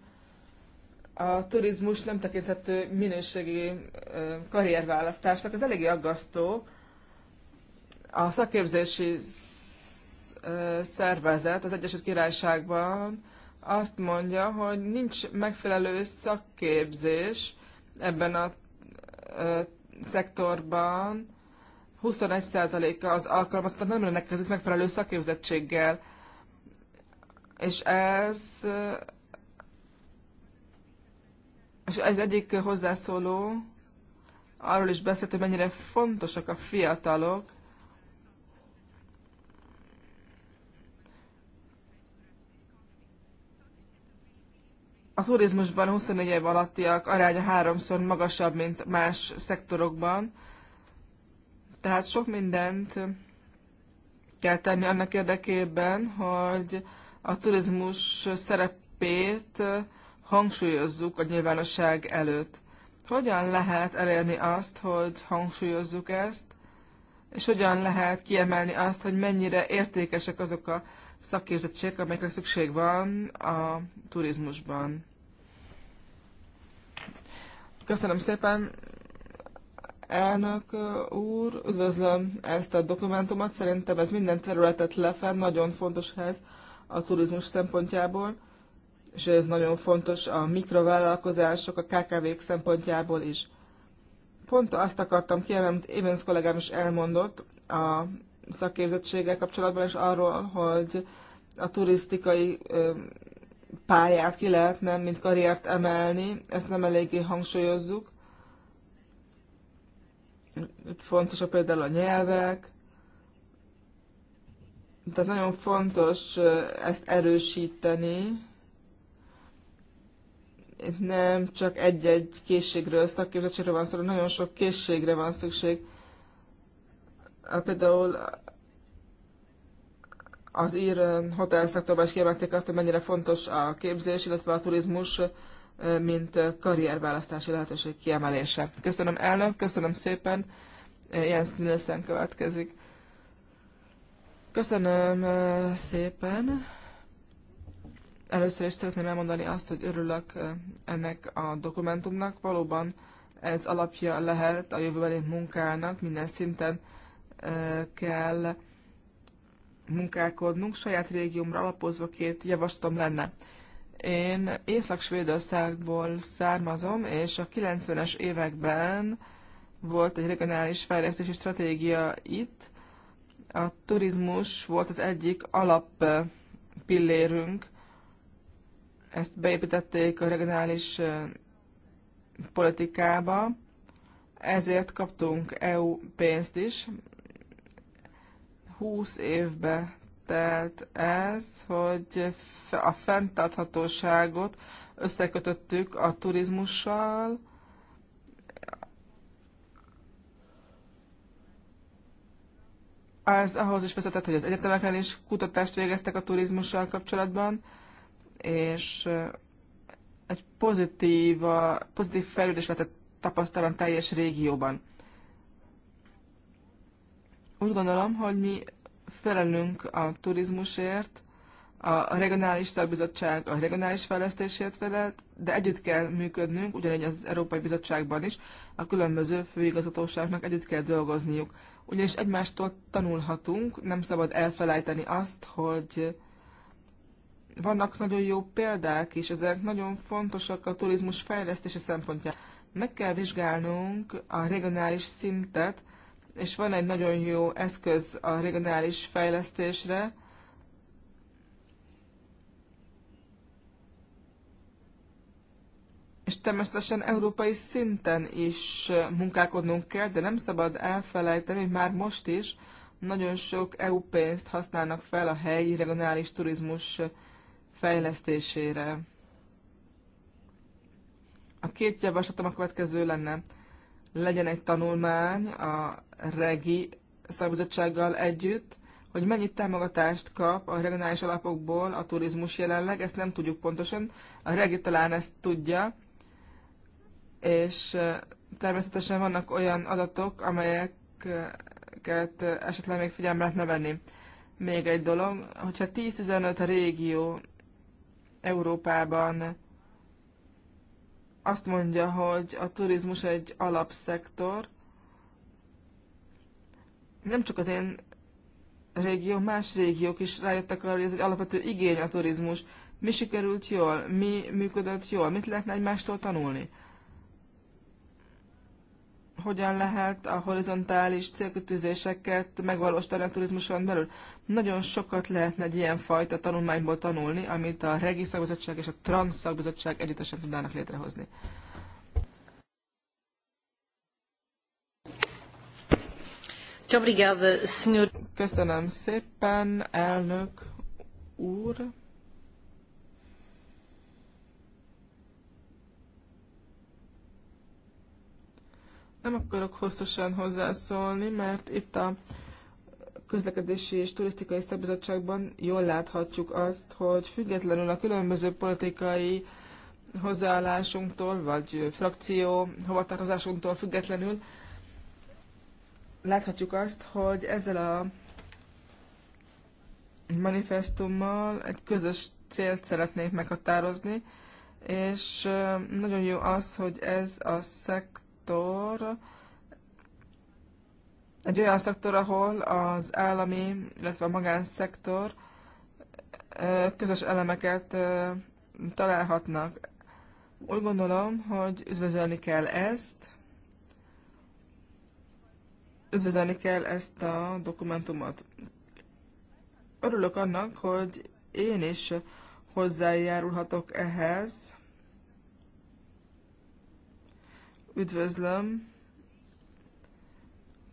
Speaker 3: a turizmus nem tekinthető minőségi karrierválasztásnak. Ez eléggé aggasztó. A szakképzési szervezet az Egyesült Királyságban azt mondja, hogy nincs megfelelő szakképzés ebben a szektorban. 21%-a az alkalmazottak nem rendelkezik megfelelő szakképzettséggel. És ez és az egyik hozzászóló arról is beszélt, hogy mennyire fontosak a fiatalok, a turizmusban 24 év alattiak aránya háromszor magasabb, mint más szektorokban. Tehát sok mindent kell tenni annak érdekében, hogy a turizmus szerepét hangsúlyozzuk a nyilvánosság előtt. Hogyan lehet elérni azt, hogy hangsúlyozzuk ezt, és hogyan lehet kiemelni azt, hogy mennyire értékesek azok a szakképzettségek, amelyekre szükség van a turizmusban. Köszönöm szépen, elnök úr, üdvözlöm ezt a dokumentumot, szerintem ez minden területet lefed, nagyon fontos ez a turizmus szempontjából és ez nagyon fontos a mikrovállalkozások, a KKV-k szempontjából is. Pont azt akartam kiemelni, amit Évens kollégám is elmondott a szakképzettséggel kapcsolatban, és arról, hogy a turisztikai pályát ki lehetne, mint karriert emelni, ezt nem eléggé hangsúlyozzuk. Itt fontos a például a nyelvek, tehát nagyon fontos ezt erősíteni, itt nem csak egy-egy készségről, szakképzettségről van szó, hanem nagyon sok készségre van szükség. Például az ír um, szektorban is kiemelték azt, hogy mennyire fontos a képzés, illetve a turizmus, um, mint uh, karrierválasztási lehetőség kiemelése. Köszönöm elnök, köszönöm szépen. Uh, Jens Nielsen következik. Köszönöm uh, szépen. Először is szeretném elmondani azt, hogy örülök ennek a dokumentumnak. Valóban ez alapja lehet a jövőbeli munkának, minden szinten kell munkálkodnunk. Saját régiumra alapozva két javaslatom lenne. Én Észak-Svédországból származom, és a 90-es években volt egy regionális fejlesztési stratégia itt. A turizmus volt az egyik alap pillérünk ezt beépítették a regionális politikába, ezért kaptunk EU pénzt is. 20 évbe telt ez, hogy a fenntarthatóságot összekötöttük a turizmussal, Ez ahhoz is vezetett, hogy az egyetemeken is kutatást végeztek a turizmussal kapcsolatban, és egy pozitív, pozitív fejlődés lehetett tapasztalan teljes régióban. Úgy gondolom, hogy mi felelünk a turizmusért, a regionális szakbizottság a regionális fejlesztésért felelt, de együtt kell működnünk, ugyanígy az Európai Bizottságban is, a különböző főigazgatóságnak együtt kell dolgozniuk. Ugyanis egymástól tanulhatunk, nem szabad elfelejteni azt, hogy vannak nagyon jó példák is, ezek nagyon fontosak a turizmus fejlesztése szempontjából. Meg kell vizsgálnunk a regionális szintet, és van egy nagyon jó eszköz a regionális fejlesztésre, és természetesen európai szinten is munkálkodnunk kell, de nem szabad elfelejteni, hogy már most is nagyon sok EU pénzt használnak fel a helyi regionális turizmus fejlesztésére. A két javaslatom a következő lenne. Legyen egy tanulmány a regi szakbizottsággal együtt, hogy mennyi támogatást kap a regionális alapokból a turizmus jelenleg, ezt nem tudjuk pontosan, a regi talán ezt tudja, és természetesen vannak olyan adatok, amelyeket esetleg még figyelme lehetne venni. Még egy dolog, hogyha 10-15 régió Európában azt mondja, hogy a turizmus egy alapszektor. Nem csak az én régió, más régiók is rájöttek arra, hogy ez egy alapvető igény a turizmus. Mi sikerült jól? Mi működött jól? Mit lehetne egymástól tanulni? hogyan lehet a horizontális célkötőzéseket megvalósítani a turizmuson belül. Nagyon sokat lehetne egy ilyen fajta tanulmányból tanulni, amit a Regi Szakbizottság és a Trans Szakbizottság együttesen tudnának létrehozni. Köszönöm szépen, elnök úr. Nem akarok hosszasan hozzászólni, mert itt a közlekedési és turisztikai szabizottságban jól láthatjuk azt, hogy függetlenül a különböző politikai hozzáállásunktól, vagy frakció hovatartozásunktól függetlenül, láthatjuk azt, hogy ezzel a manifestummal egy közös célt szeretnénk meghatározni, és nagyon jó az, hogy ez a szektor szektor egy olyan szektor, ahol az állami, illetve a magánszektor közös elemeket találhatnak. Úgy gondolom, hogy üdvözölni kell ezt, üdvözölni kell ezt a dokumentumot. Örülök annak, hogy én is hozzájárulhatok ehhez, Üdvözlöm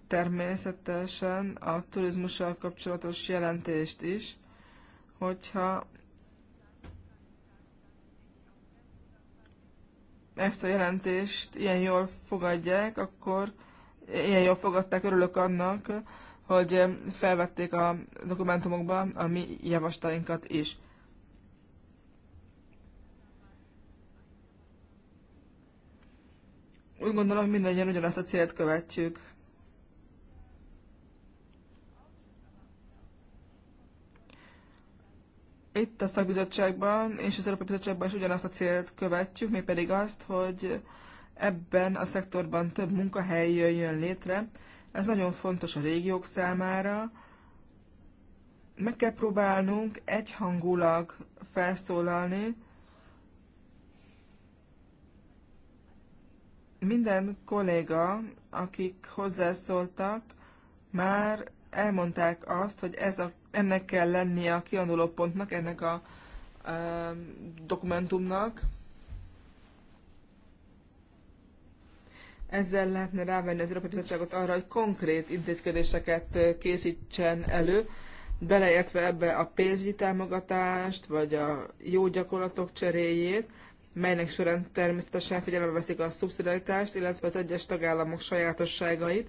Speaker 3: természetesen a turizmussal kapcsolatos jelentést is, hogyha ezt a jelentést ilyen jól fogadják, akkor ilyen jól fogadták, örülök annak, hogy felvették a dokumentumokba a mi javaslainkat is. Úgy gondolom, hogy mindannyian ugyanazt a célt követjük. Itt a szakbizottságban és az Európai Bizottságban is ugyanazt a célt követjük, pedig azt, hogy ebben a szektorban több munkahely jöjjön létre. Ez nagyon fontos a régiók számára. Meg kell próbálnunk egyhangulag felszólalni, Minden kolléga, akik hozzászóltak, már elmondták azt, hogy ez a, ennek kell lennie a kianduló pontnak, ennek a, a dokumentumnak. Ezzel lehetne rávenni az Európai Bizottságot arra, hogy konkrét intézkedéseket készítsen elő, beleértve ebbe a pénzügyi támogatást, vagy a jó gyakorlatok cseréjét, melynek során természetesen figyelembe veszik a szubszidiaritást, illetve az egyes tagállamok sajátosságait,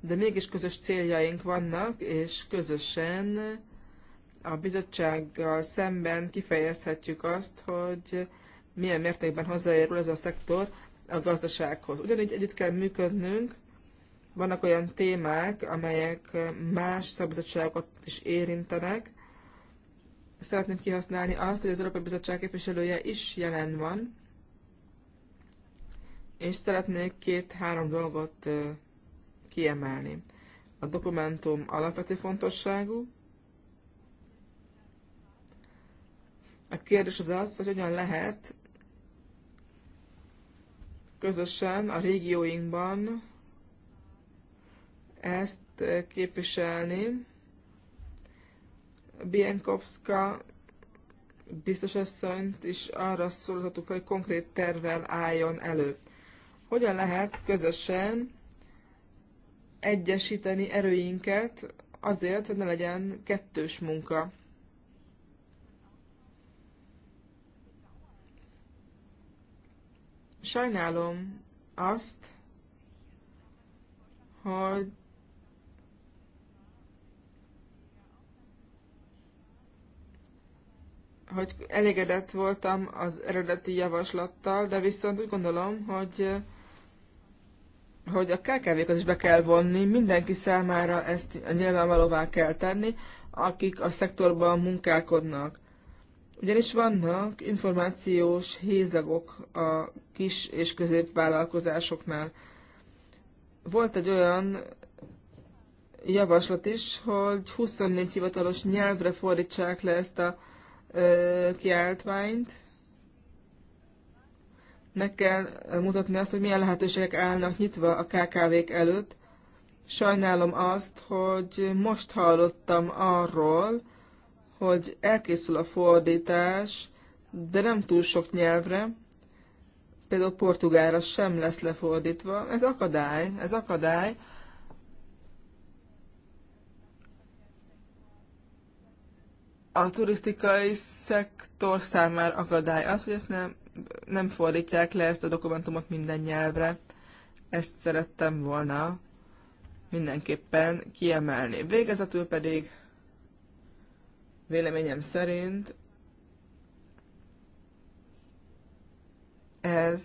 Speaker 3: de mégis közös céljaink vannak, és közösen a bizottsággal szemben kifejezhetjük azt, hogy milyen mértékben hozzájárul ez a szektor a gazdasághoz. Ugyanígy együtt kell működnünk, vannak olyan témák, amelyek más szabadságokat is érintenek, szeretném kihasználni azt, hogy az Európai Bizottság képviselője is jelen van, és szeretnék két-három dolgot kiemelni. A dokumentum alapvető fontosságú. A kérdés az az, hogy hogyan lehet közösen a régióinkban ezt képviselni, Bienkowska biztos asszonyt is arra szólhatunk, hogy konkrét tervvel álljon elő. Hogyan lehet közösen egyesíteni erőinket azért, hogy ne legyen kettős munka? Sajnálom azt, hogy hogy elégedett voltam az eredeti javaslattal, de viszont úgy gondolom, hogy hogy a kkv is be kell vonni, mindenki számára ezt nyilvánvalóvá kell tenni, akik a szektorban munkálkodnak. Ugyanis vannak információs hézagok a kis és középvállalkozásoknál. Volt egy olyan javaslat is, hogy 24 hivatalos nyelvre fordítsák le ezt a kiáltványt. Meg kell mutatni azt, hogy milyen lehetőségek állnak nyitva a KKV-k előtt. Sajnálom azt, hogy most hallottam arról, hogy elkészül a fordítás, de nem túl sok nyelvre, például portugálra sem lesz lefordítva. Ez akadály, ez akadály, a turisztikai szektor számára akadály az, hogy ezt nem, nem fordítják le ezt a dokumentumot minden nyelvre. Ezt szerettem volna mindenképpen kiemelni. Végezetül pedig véleményem szerint ez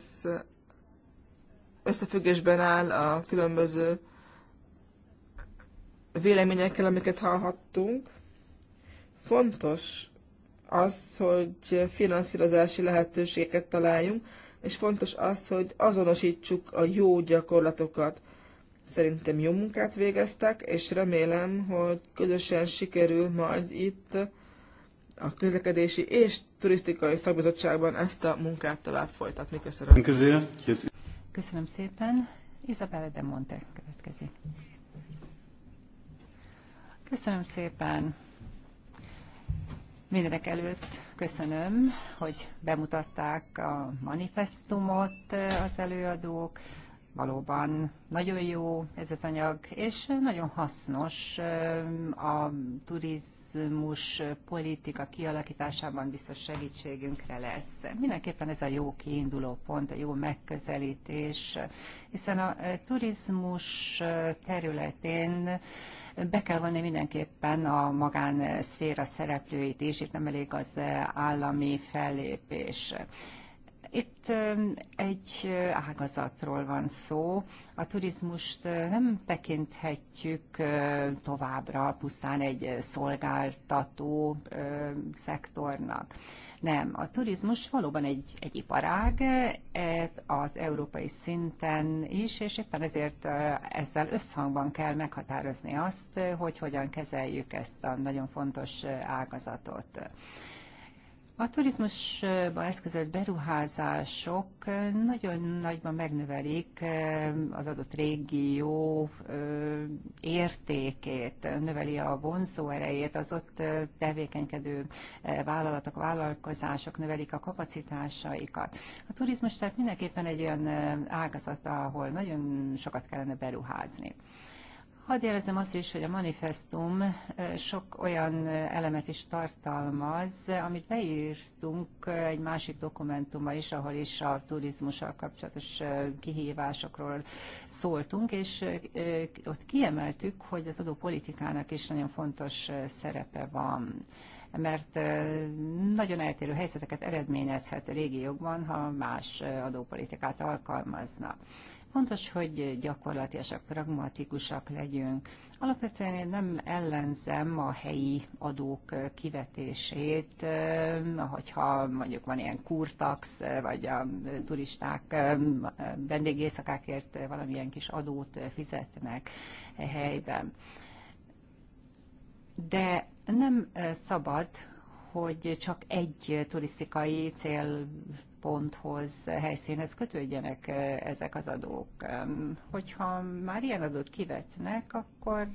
Speaker 3: összefüggésben áll a különböző véleményekkel, amiket hallhattunk. Fontos az, hogy finanszírozási lehetőségeket találjunk, és fontos az, hogy azonosítsuk a jó gyakorlatokat. Szerintem jó munkát végeztek, és remélem, hogy közösen sikerül majd itt a közlekedési és turisztikai szakbizottságban ezt a munkát tovább folytatni. Köszönöm. Köszönöm, Köszönöm
Speaker 2: szépen. Isabella de Monte következik. Köszönöm szépen. Mindenek előtt köszönöm, hogy bemutatták a manifestumot az előadók. Valóban nagyon jó ez az anyag, és nagyon hasznos a turizmus politika kialakításában biztos segítségünkre lesz. Mindenképpen ez a jó kiinduló pont, a jó megközelítés, hiszen a turizmus területén be kell vonni mindenképpen a magánszféra szereplőit is, itt nem elég az eh, állami fellépés. Itt eh, egy eh, ágazatról van szó. A turizmust nem tekinthetjük továbbra pusztán egy szolgáltató szektornak. Nem, a turizmus valóban egy, egy iparág e, az európai szinten is, és éppen ezért e, ezzel összhangban kell meghatározni azt, hogy hogyan kezeljük ezt a nagyon fontos e, ágazatot. A turizmusba eszközölt beruházások nagyon nagyban megnövelik az adott régió értékét, növeli a vonzó erejét, az ott tevékenykedő vállalatok, vállalkozások növelik a kapacitásaikat. A turizmus tehát mindenképpen egy olyan ágazat, ahol nagyon sokat kellene beruházni. Hadd jelezem azt is, hogy a manifestum eh, sok olyan eh, elemet is tartalmaz, amit beírtunk eh, egy másik dokumentumba is, ahol is a turizmussal kapcsolatos kihívásokról szóltunk, és ott kiemeltük, hogy az adópolitikának is nagyon fontos szerepe van mert nagyon eltérő helyzeteket eredményezhet a régiókban, ha más adópolitikát alkalmazna. Fontos, hogy gyakorlatilag pragmatikusak legyünk. Alapvetően én nem ellenzem a helyi adók kivetését, eh, hogyha mondjuk van ilyen kurtax, eh, vagy a turisták eh, vendégészakákért valamilyen kis adót fizetnek e helyben. De nem szabad, hogy csak egy turisztikai célponthoz, helyszínhez kötődjenek ezek az adók. Hogyha már ilyen adót kivetnek, akkor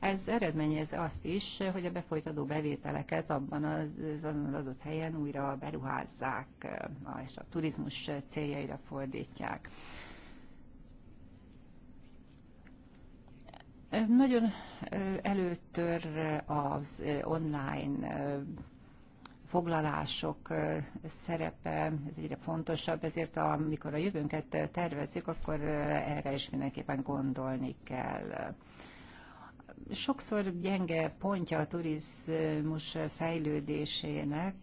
Speaker 2: ez eredményez azt is, hogy a befolyt adó bevételeket abban az, az adott helyen újra beruházzák, és a turizmus céljaira fordítják. Nagyon előttör az online foglalások szerepe, ez egyre fontosabb, ezért amikor a jövőnket tervezzük, akkor erre is mindenképpen gondolni kell. Sokszor gyenge pontja a turizmus fejlődésének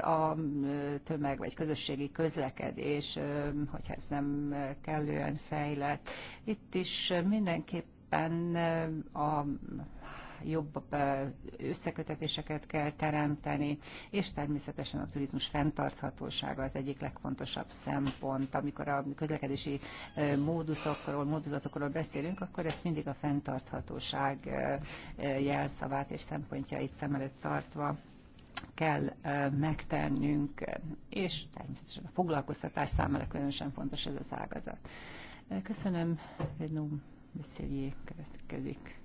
Speaker 2: a tömeg vagy közösségi közlekedés, hogyha ez nem kellően fejlett. Itt is mindenképp mindenképpen a jobb összekötetéseket kell teremteni, és természetesen a turizmus fenntarthatósága az egyik legfontosabb szempont. Amikor a közlekedési móduszokról, módozatokról beszélünk, akkor ezt mindig a fenntarthatóság jelszavát és szempontjait szem előtt tartva kell megtennünk, és természetesen a foglalkoztatás számára különösen fontos ez az ágazat. Köszönöm, Rednum következik.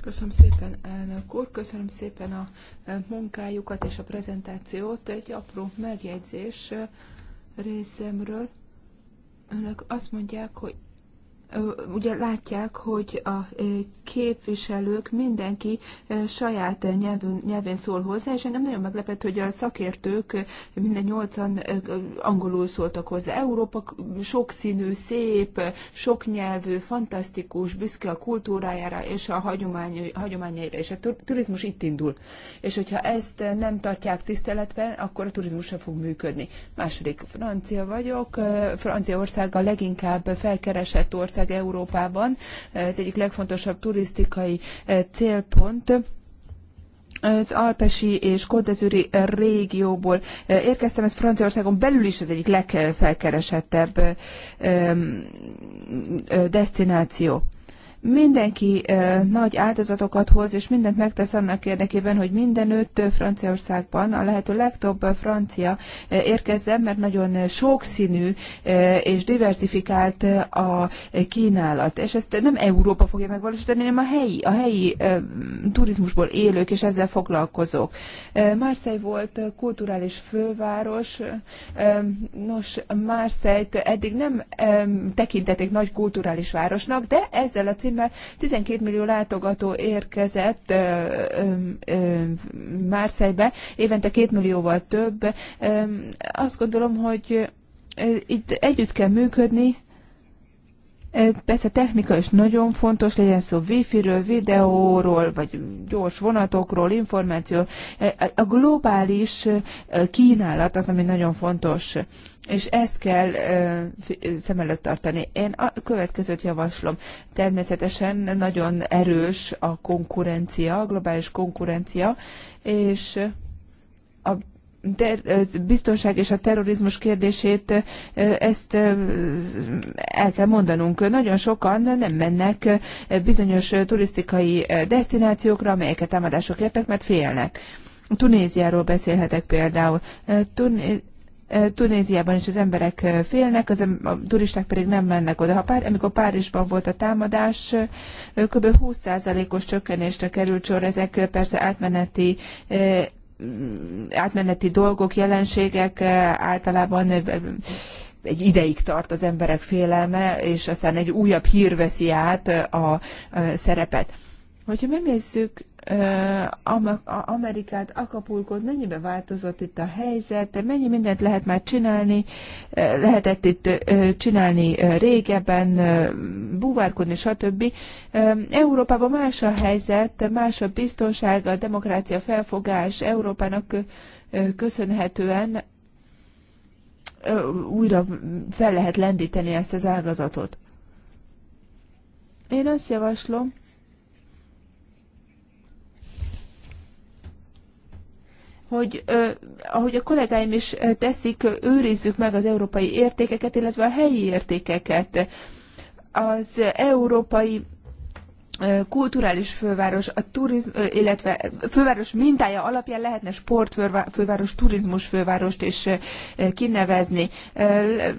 Speaker 2: Köszönöm
Speaker 1: szépen, elnök úr, köszönöm szépen a e, munkájukat és a prezentációt. Egy apró megjegyzés e, részemről. Önök azt mondják, hogy ugye látják, hogy a képviselők mindenki saját nyelvün, nyelvén szól hozzá, és engem nagyon meglepett, hogy a szakértők minden nyolcan angolul szóltak hozzá. Európa sokszínű, szép, soknyelvű, fantasztikus, büszke a kultúrájára és a hagyomány, hagyományaira, és a turizmus itt indul. És hogyha ezt nem tartják tiszteletben, akkor a turizmus sem fog működni. Második, francia vagyok, ország a leginkább felkeresett ország, ország Európában, az egyik legfontosabb turisztikai e, célpont az Alpesi és Kodezüri régióból e, érkeztem, ez Franciaországon belül is az egyik legfelkeresettebb e, destináció. Mindenki nagy áldozatokat hoz, és mindent megtesz annak érdekében, hogy mindenütt Franciaországban a lehető legtöbb francia érkezzen, mert nagyon sokszínű és diversifikált a kínálat. És ezt nem Európa fogja megvalósítani, hanem a helyi, a helyi turizmusból élők és ezzel foglalkozók. Marseille volt kulturális főváros. Nos, Marseille-t eddig nem tekintették nagy kulturális városnak, de ezzel a cím mert 12 millió látogató érkezett Márszejbe, évente 2 millióval több. Azt gondolom, hogy itt együtt kell működni, Persze technika is nagyon fontos, legyen szó wifi-ről, videóról, vagy gyors vonatokról, információ. A globális kínálat az, ami nagyon fontos, és ezt kell szem előtt tartani. Én a következőt javaslom. Természetesen nagyon erős a konkurencia, a globális konkurencia, és a biztonság és a terrorizmus kérdését, ezt el kell mondanunk. Nagyon sokan nem mennek bizonyos turisztikai destinációkra, amelyeket támadások értek, mert félnek. Tunéziáról beszélhetek például. Tunéziában is az emberek félnek, az em- a turisták pedig nem mennek oda. Ha pár, amikor Párizsban volt a támadás, kb. 20%-os csökkenésre került sor, ezek persze átmeneti átmeneti dolgok, jelenségek eh, általában eh, egy ideig tart az emberek félelme, és aztán egy újabb hír veszi át eh, a szerepet. Hogyha megnézzük Amerikát, Akapulkot, mennyibe változott itt a helyzet, mennyi mindent lehet már csinálni, lehetett itt csinálni régebben, búvárkodni, stb. Európában más a helyzet, más a biztonság, a demokrácia felfogás Európának köszönhetően újra fel lehet lendíteni ezt az ágazatot. Én azt javaslom, hogy ahogy a kollégáim is teszik, őrizzük meg az európai értékeket, illetve a helyi értékeket. Az európai kulturális főváros, a turizm, illetve főváros mintája alapján lehetne sportfőváros, turizmus fővárost is kinevezni.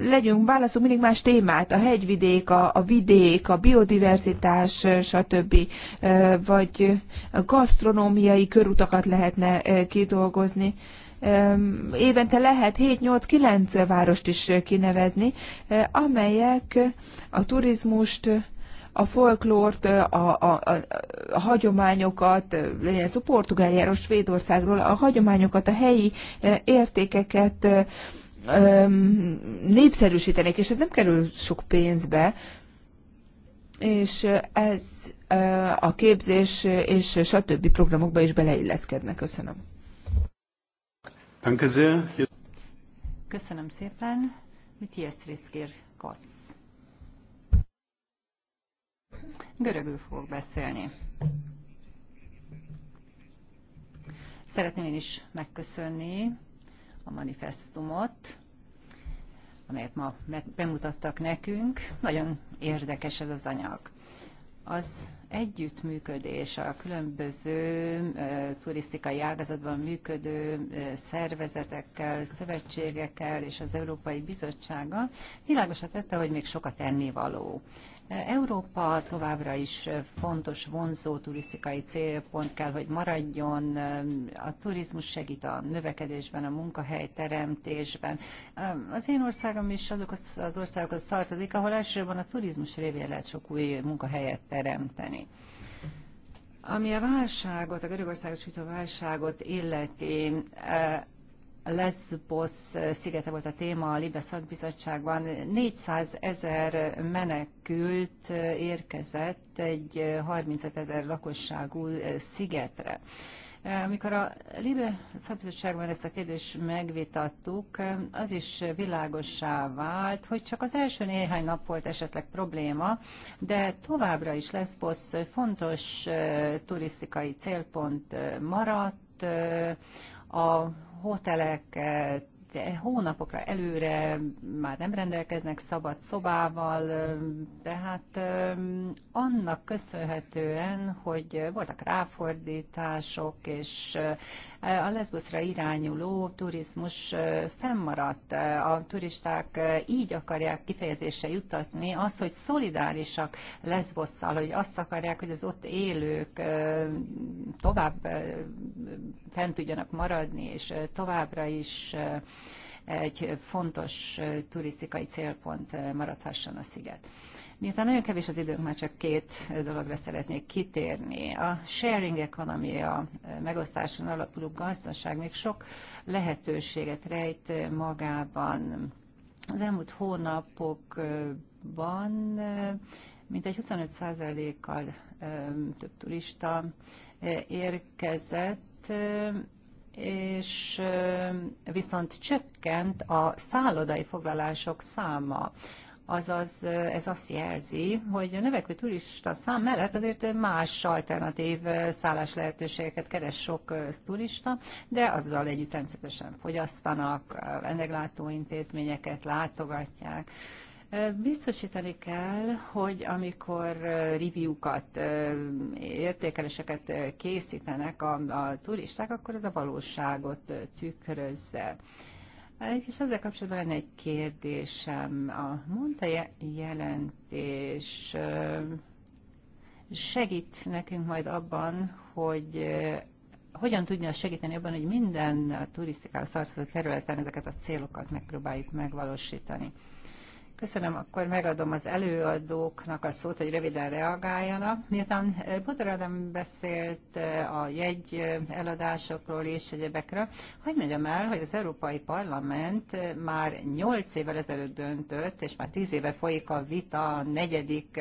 Speaker 1: Legyünk, válaszunk mindig más témát, a hegyvidék, a, a vidék, a biodiverzitás, stb. Vagy gasztronómiai körutakat lehetne kidolgozni évente lehet 7-8-9 várost is kinevezni, amelyek a turizmust a folklórt, a, a, a, a hagyományokat, legyen szó Portugáliáról, Svédországról, a hagyományokat, a helyi értékeket népszerűsítenék, és ez nem kerül sok pénzbe, és ez a képzés és stb. programokba is beleilleszkedne. Köszönöm.
Speaker 2: Köszönöm szépen. Mit Rizkér Kossz? Görögül fogok beszélni. Szeretném én is megköszönni a manifestumot, amelyet ma bemutattak nekünk. Nagyon érdekes ez az anyag. Az együttműködés a különböző turisztikai ágazatban működő szervezetekkel, szövetségekkel és az Európai Bizottsággal világosat tette, hogy még sokat ennivaló. Európa továbbra is fontos, vonzó turisztikai célpont kell, hogy maradjon. A turizmus segít a növekedésben, a teremtésben. Az én országom is azok az országokhoz tartozik, ahol elsősorban a turizmus révén lehet sok új munkahelyet teremteni. Ami a válságot, a Görögország sújtó válságot illeti, Lesbos szigete volt a téma a Libe szakbizottságban. 400 ezer menekült érkezett egy 35 ezer lakosságú szigetre. Amikor a Libe szakbizottságban ezt a kérdést megvitattuk, az is világossá vált, hogy csak az első néhány nap volt esetleg probléma, de továbbra is Lesbos fontos eh, turisztikai célpont eh, maradt, eh, a hotelek eh, hónapokra előre már nem rendelkeznek szabad szobával, eh, tehát eh, annak köszönhetően, hogy voltak ráfordítások, és a Lesbosra irányuló turizmus fennmaradt. A turisták így akarják kifejezésre juttatni azt, hogy szolidárisak Lesbosszal, hogy azt akarják, hogy az ott élők tovább fent tudjanak maradni, és továbbra is egy fontos turisztikai célpont maradhasson a sziget. Miután nagyon kevés az időnk, már csak két dologra szeretnék kitérni. A sharing economy, a megosztáson alapuló gazdaság még sok lehetőséget rejt magában. Az elmúlt hónapokban mintegy 25%-kal több turista e, érkezett, e, és e, viszont csökkent a szállodai foglalások száma. Azaz ez azt jelzi, hogy a növekvő turista szám mellett azért más alternatív szállás lehetőségeket keres sok turista, de azzal együtt természetesen fogyasztanak, intézményeket látogatják. Biztosítani kell, hogy amikor review-kat, értékeléseket készítenek a, a turisták, akkor ez a valóságot tükrözze. És ezzel kapcsolatban lenne egy kérdésem. A mondta jelentés segít nekünk majd abban, hogy hogyan tudja segíteni abban, hogy minden a turisztikára szarszó területen ezeket a célokat megpróbáljuk megvalósítani. Köszönöm, akkor megadom az előadóknak a szót, hogy röviden reagáljanak. Miután Butor eh, Adam beszélt eh, a jegy eh, eladásokról és egyebekről, hogy mondjam el, hogy az Európai Parlament már 8 évvel ezelőtt döntött, és már 10 éve folyik a vita a negyedik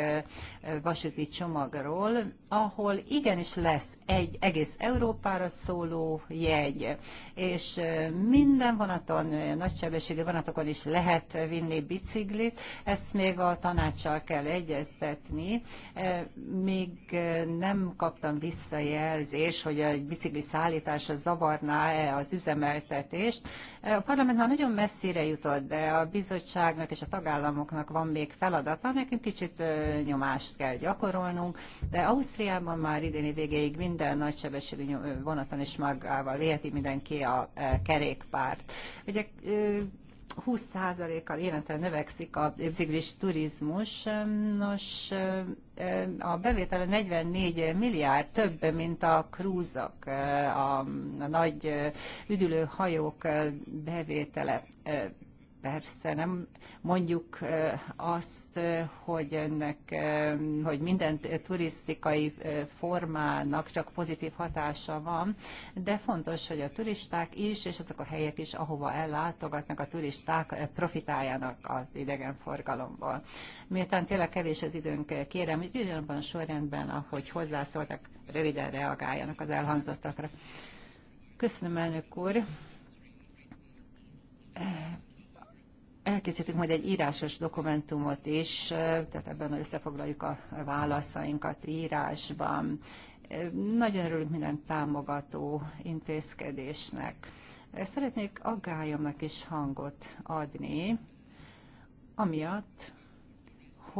Speaker 2: vasúti csomagról, ahol igenis lesz egy egész Európára szóló jegy, és minden vonaton, nagysebességű vonatokon is lehet vinni bicikli, részét, Ezt még a tanácssal kell egyeztetni. E, még e, nem kaptam visszajelzést, hogy a bicikli szállítása zavarná-e az üzemeltetést. E, a parlament már nagyon messzire jutott, de a bizottságnak és a tagállamoknak van még feladata. Nekünk kicsit nyomást kell gyakorolnunk, de Ausztriában már idén végéig minden nagysebességű vonaton is magával viheti mindenki a kerékpárt. Ugye 20%-kal évente növekszik a biciklis turizmus. Nos, a bevétele 44 milliárd, több, mint a krúzok, a, a nagy üdülőhajók bevétele persze nem mondjuk azt, hogy ennek, hogy minden turisztikai formának csak pozitív hatása van, de fontos, hogy a turisták is, és azok a helyek is, ahova ellátogatnak a turisták, profitáljanak az idegenforgalomból. Miután tényleg kevés az időnk, kérem, hogy ugyanabban a sorrendben, ahogy hozzászóltak, röviden reagáljanak az elhangzottakra. Köszönöm, elnök úr elkészítünk majd egy írásos dokumentumot is, tehát ebben összefoglaljuk a válaszainkat írásban. Nagyon örülünk minden támogató intézkedésnek. Szeretnék aggályomnak is hangot adni, amiatt,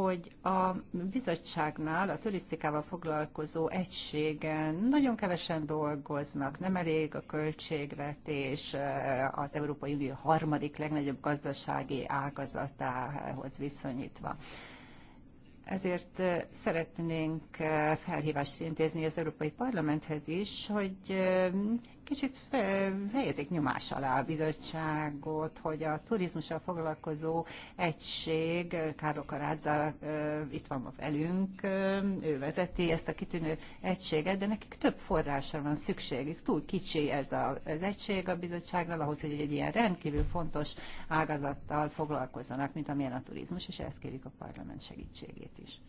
Speaker 2: hogy a bizottságnál a turisztikával foglalkozó egységen nagyon kevesen dolgoznak, nem elég a költségvetés az Európai Unió harmadik legnagyobb gazdasági ágazatához viszonyítva. Ezért szeretnénk felhívást intézni az Európai Parlamenthez is, hogy kicsit helyezik nyomás alá a bizottságot, hogy a turizmussal foglalkozó egység, Kárlo Karádza itt van velünk, ő vezeti ezt a kitűnő egységet, de nekik több forrásra van szükségük. Túl kicsi ez az egység a bizottságnál ahhoz, hogy egy ilyen rendkívül fontos ágazattal foglalkozzanak, mint amilyen a turizmus, és ezt kérjük a parlament segítségét is.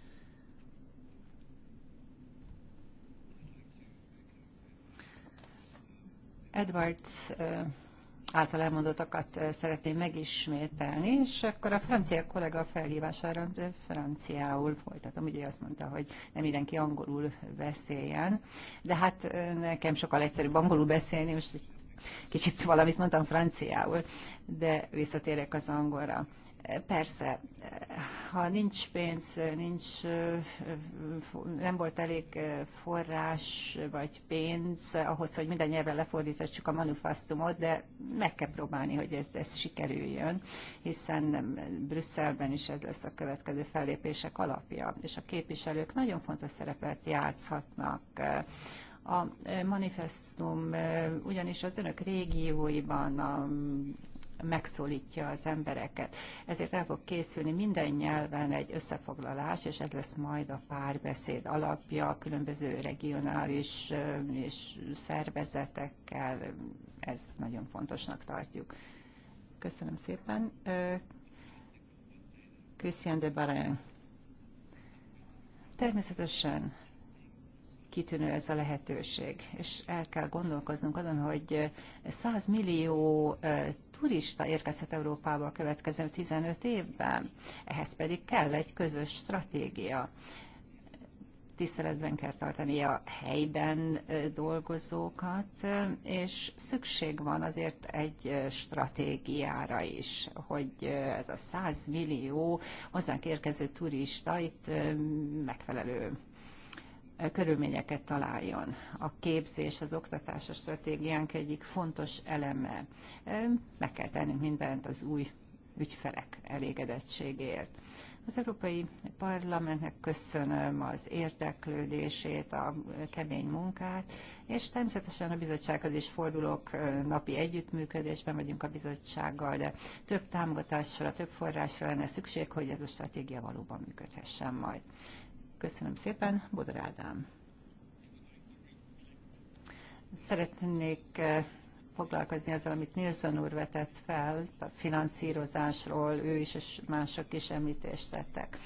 Speaker 2: Edwards által elmondottakat szeretném megismételni, és akkor a francia kollega felhívására franciául folytatom. Ugye azt mondta, hogy nem mindenki angolul beszéljen, de hát nekem sokkal egyszerűbb angolul beszélni, most kicsit valamit mondtam franciául, de visszatérek az angolra. Persze, ha nincs pénz, nincs, nem volt elég forrás vagy pénz ahhoz, hogy minden nyelven lefordítassuk a manufasztumot, de meg kell próbálni, hogy ez, ez sikerüljön, hiszen Brüsszelben is ez lesz a következő fellépések alapja, és a képviselők nagyon fontos szerepet játszhatnak a manifestum ugyanis az önök régióiban, a megszólítja az embereket. Ezért el fog készülni minden nyelven egy összefoglalás, és ez lesz majd a párbeszéd alapja a különböző regionális és szervezetekkel. Ez nagyon fontosnak tartjuk. Köszönöm szépen. Christian de Barán. Természetesen kitűnő ez a lehetőség. És el kell gondolkoznunk azon, hogy 100 millió turista érkezhet Európába a következő 15 évben, ehhez pedig kell egy közös stratégia tiszteletben kell tartani a helyben dolgozókat, és szükség van azért egy stratégiára is, hogy ez a 100 millió hozzánk érkező turista itt megfelelő körülményeket találjon. A képzés, az oktatás a stratégiánk egyik fontos eleme. Meg kell tennünk mindent az új ügyfelek elégedettségért. Az Európai Parlamentnek köszönöm az érdeklődését, a kemény munkát, és természetesen a bizottsághoz is fordulok, napi együttműködésben vagyunk a bizottsággal, de több támogatásra, több forrásra lenne szükség, hogy ez a stratégia valóban működhessen majd. Köszönöm szépen, Bodor Ádám. Szeretnék eh, foglalkozni azzal, amit Nilsson úr vetett fel, a finanszírozásról ő is és mások is említést tettek.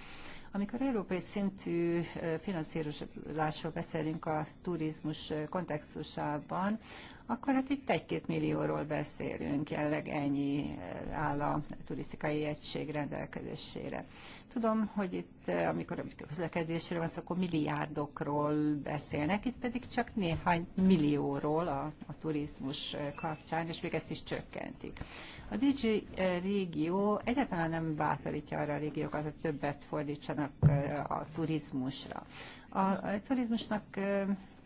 Speaker 2: Amikor európai szintű eh, finanszírozásról beszélünk a turizmus eh, kontextusában, akkor hát itt egy-két millióról beszélünk, jelenleg ennyi áll a turisztikai egység rendelkezésére. Tudom, hogy itt, eh, amikor a közlekedésről van szó, akkor milliárdokról beszélnek, itt pedig csak néhány millióról a, a turizmus eh, kapcsán, és még ezt is csökkentik. A DG eh, régió egyáltalán nem bátorítja arra a régiókat, hogy többet fordítsanak a turizmusra. A, a turizmusnak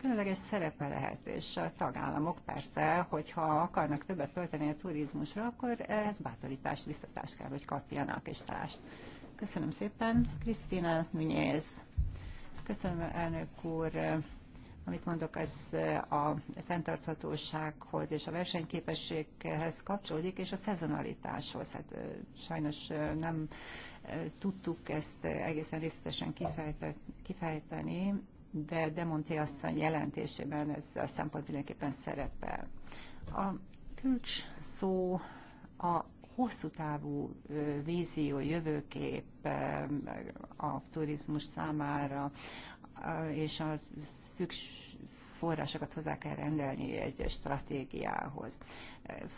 Speaker 2: különleges szerepe lehet, és a tagállamok persze, hogyha akarnak többet költeni a turizmusra, akkor ez bátorítást, biztatást kell, hogy kapjanak és tást. Köszönöm szépen. Krisztina Műnyéz. Köszönöm, elnök úr. Amit mondok, ez a fenntarthatósághoz és a versenyképességhez kapcsolódik, és a szezonalitáshoz. Hát sajnos nem tudtuk ezt egészen részletesen kifejteni, de Demonti asszony jelentésében ez a szempont mindenképpen szerepel. A kulcs szó a hosszú távú vízió, jövőkép a turizmus számára, és a szüks forrásokat hozzá kell rendelni egy stratégiához.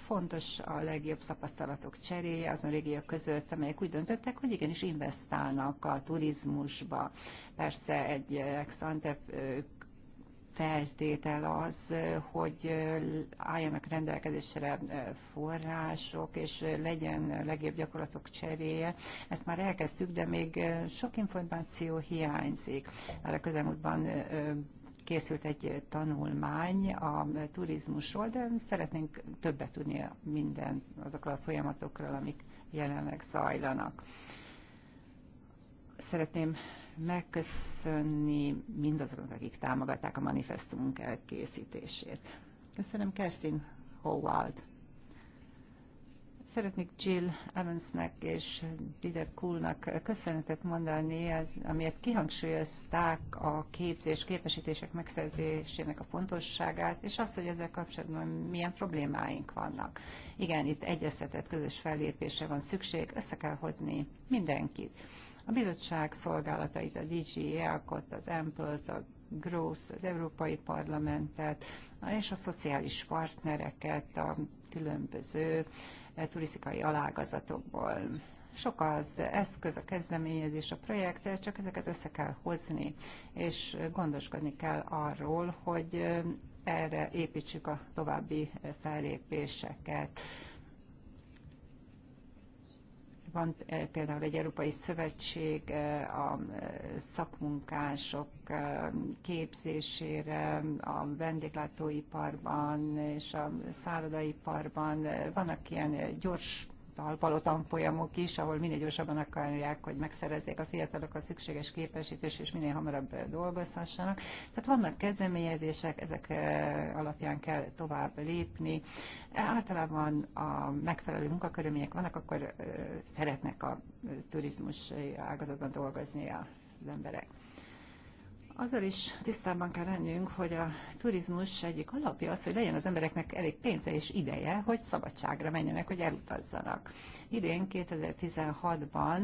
Speaker 2: Fontos a legjobb tapasztalatok cseréje azon régiók között, amelyek úgy döntöttek, hogy igenis investálnak a turizmusba. Persze egy ex feltétel az, hogy álljanak rendelkezésre források, és legyen legjobb gyakorlatok cseréje. Ezt már elkezdtük, de még sok információ hiányzik. a közelmúltban készült egy tanulmány a turizmusról, de szeretnénk többet tudni minden azokról a folyamatokról, amik jelenleg zajlanak. Szeretném megköszönni mindazoknak, akik támogatták a manifestumunk elkészítését. Köszönöm Kerstin Howard. Szeretnék Jill Evansnek és Dider Kulnak köszönetet mondani, az, amiért kihangsúlyozták a képzés, képesítések megszerzésének a fontosságát, és azt, hogy ezzel kapcsolatban milyen problémáink vannak. Igen, itt egyeztetett közös fellépésre van szükség, össze kell hozni mindenkit a bizottság szolgálatait, a DG alkott, az EMPL-t, a GROSS, az Európai Parlamentet, és a szociális partnereket, a különböző eh, turisztikai alágazatokból. Sok az eszköz, a kezdeményezés, a projekt, eh, csak ezeket össze kell hozni, és gondoskodni kell arról, hogy eh, erre építsük a további fellépéseket van eh, például egy Európai Szövetség eh, a eh, szakmunkások képzésére, a vendéglátóiparban és a szállodaiparban. Vannak ilyen gyors való tanfolyamok is, ahol minél gyorsabban akarják, hogy megszerezzék a fiatalok a szükséges képesítés, és minél hamarabb dolgozhassanak. Tehát vannak kezdeményezések, ezek eh, alapján kell tovább lépni. Általában a megfelelő munkakörülmények vannak, akkor eh, szeretnek a turizmus ágazatban dolgozni az emberek. Azzal is tisztában kell lennünk, hogy a turizmus egyik alapja az, hogy legyen az embereknek elég pénze és ideje, hogy szabadságra menjenek, hogy elutazzanak. Idén 2016-ban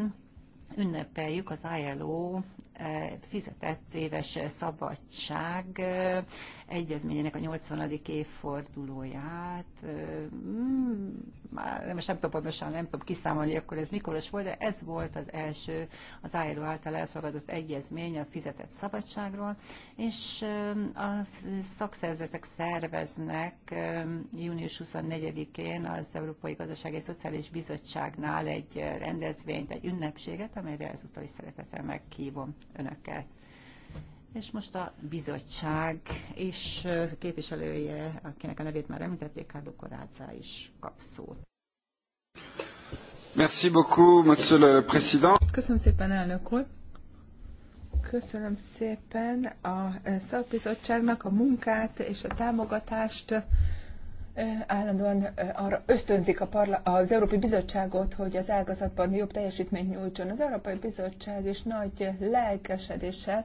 Speaker 2: ünnepeljük az ILO eh, fizetett éves szabadság eh, egyezményének a 80. évfordulóját. Mm, már most nem tudom pontosan, nem tudom kiszámolni, akkor ez mikor is volt, de ez volt az első az ILO által elfogadott egyezmény a fizetett szabadságról, és a szakszervezetek szerveznek június 24-én az Európai Gazdasági és Szociális Bizottságnál egy rendezvényt, egy ünnepséget, amelyre ezúttal is szeretettel meghívom önöket. És most a bizottság és képviselője, akinek a nevét már említették, Kárdó Korácá is kap szót.
Speaker 3: Merci beaucoup, monsieur le président.
Speaker 1: Köszönöm szépen, elnök úr. Köszönöm szépen a szakbizottságnak a munkát és a támogatást állandóan arra ösztönzik a parla- az Európai Bizottságot, hogy az ágazatban jobb teljesítményt nyújtson. Az Európai Bizottság is nagy lelkesedéssel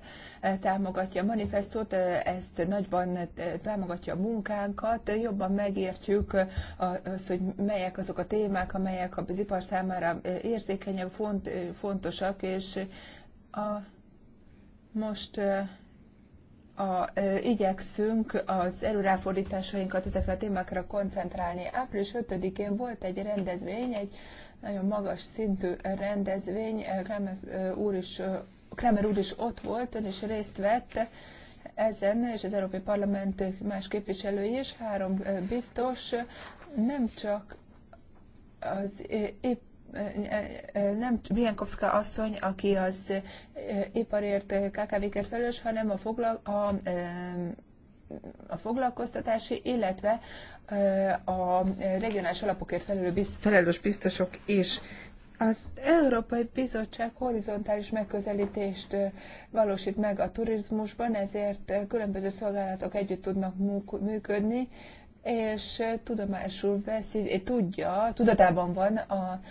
Speaker 1: támogatja a manifestót, ezt nagyban támogatja a munkánkat, jobban megértjük azt, hogy melyek azok a témák, amelyek az ipar számára érzékenyek, font, fontosak, és a most a, e, igyekszünk az előráfordításainkat ezekre a témákra koncentrálni. Április 5-én volt egy rendezvény, egy nagyon magas szintű rendezvény. Kramer úr is, Kramer úr is ott volt, ön is részt vett ezen, és az Európai Parlament más képviselői is, három biztos, nem csak az épp nem Bienkowska asszony, aki az iparért, KKV-kért felelős, hanem a, foglal, a, a foglalkoztatási, illetve eh, a regionális alapokért felelős biztosok is. Az Európai Bizottság horizontális megközelítést eh, valósít meg a turizmusban, ezért eh, különböző szolgálatok együtt tudnak működni, és tudomásul veszi, tudja, tudatában van a,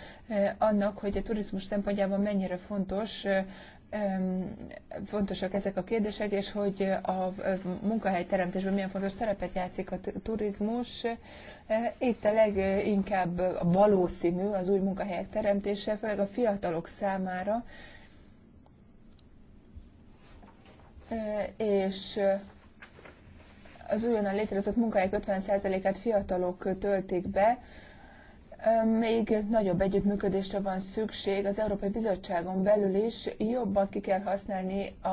Speaker 1: annak, hogy a turizmus szempontjában mennyire fontos fontosak ezek a kérdések, és hogy a munkahelyteremtésben milyen fontos szerepet játszik a turizmus. Itt a leginkább valószínű az új munkahelyek teremtése, főleg a fiatalok számára, és az újonnan létrehozott munkahelyek 50%-át fiatalok töltik be, még nagyobb együttműködésre van szükség az Európai Bizottságon belül is, jobban ki kell használni a,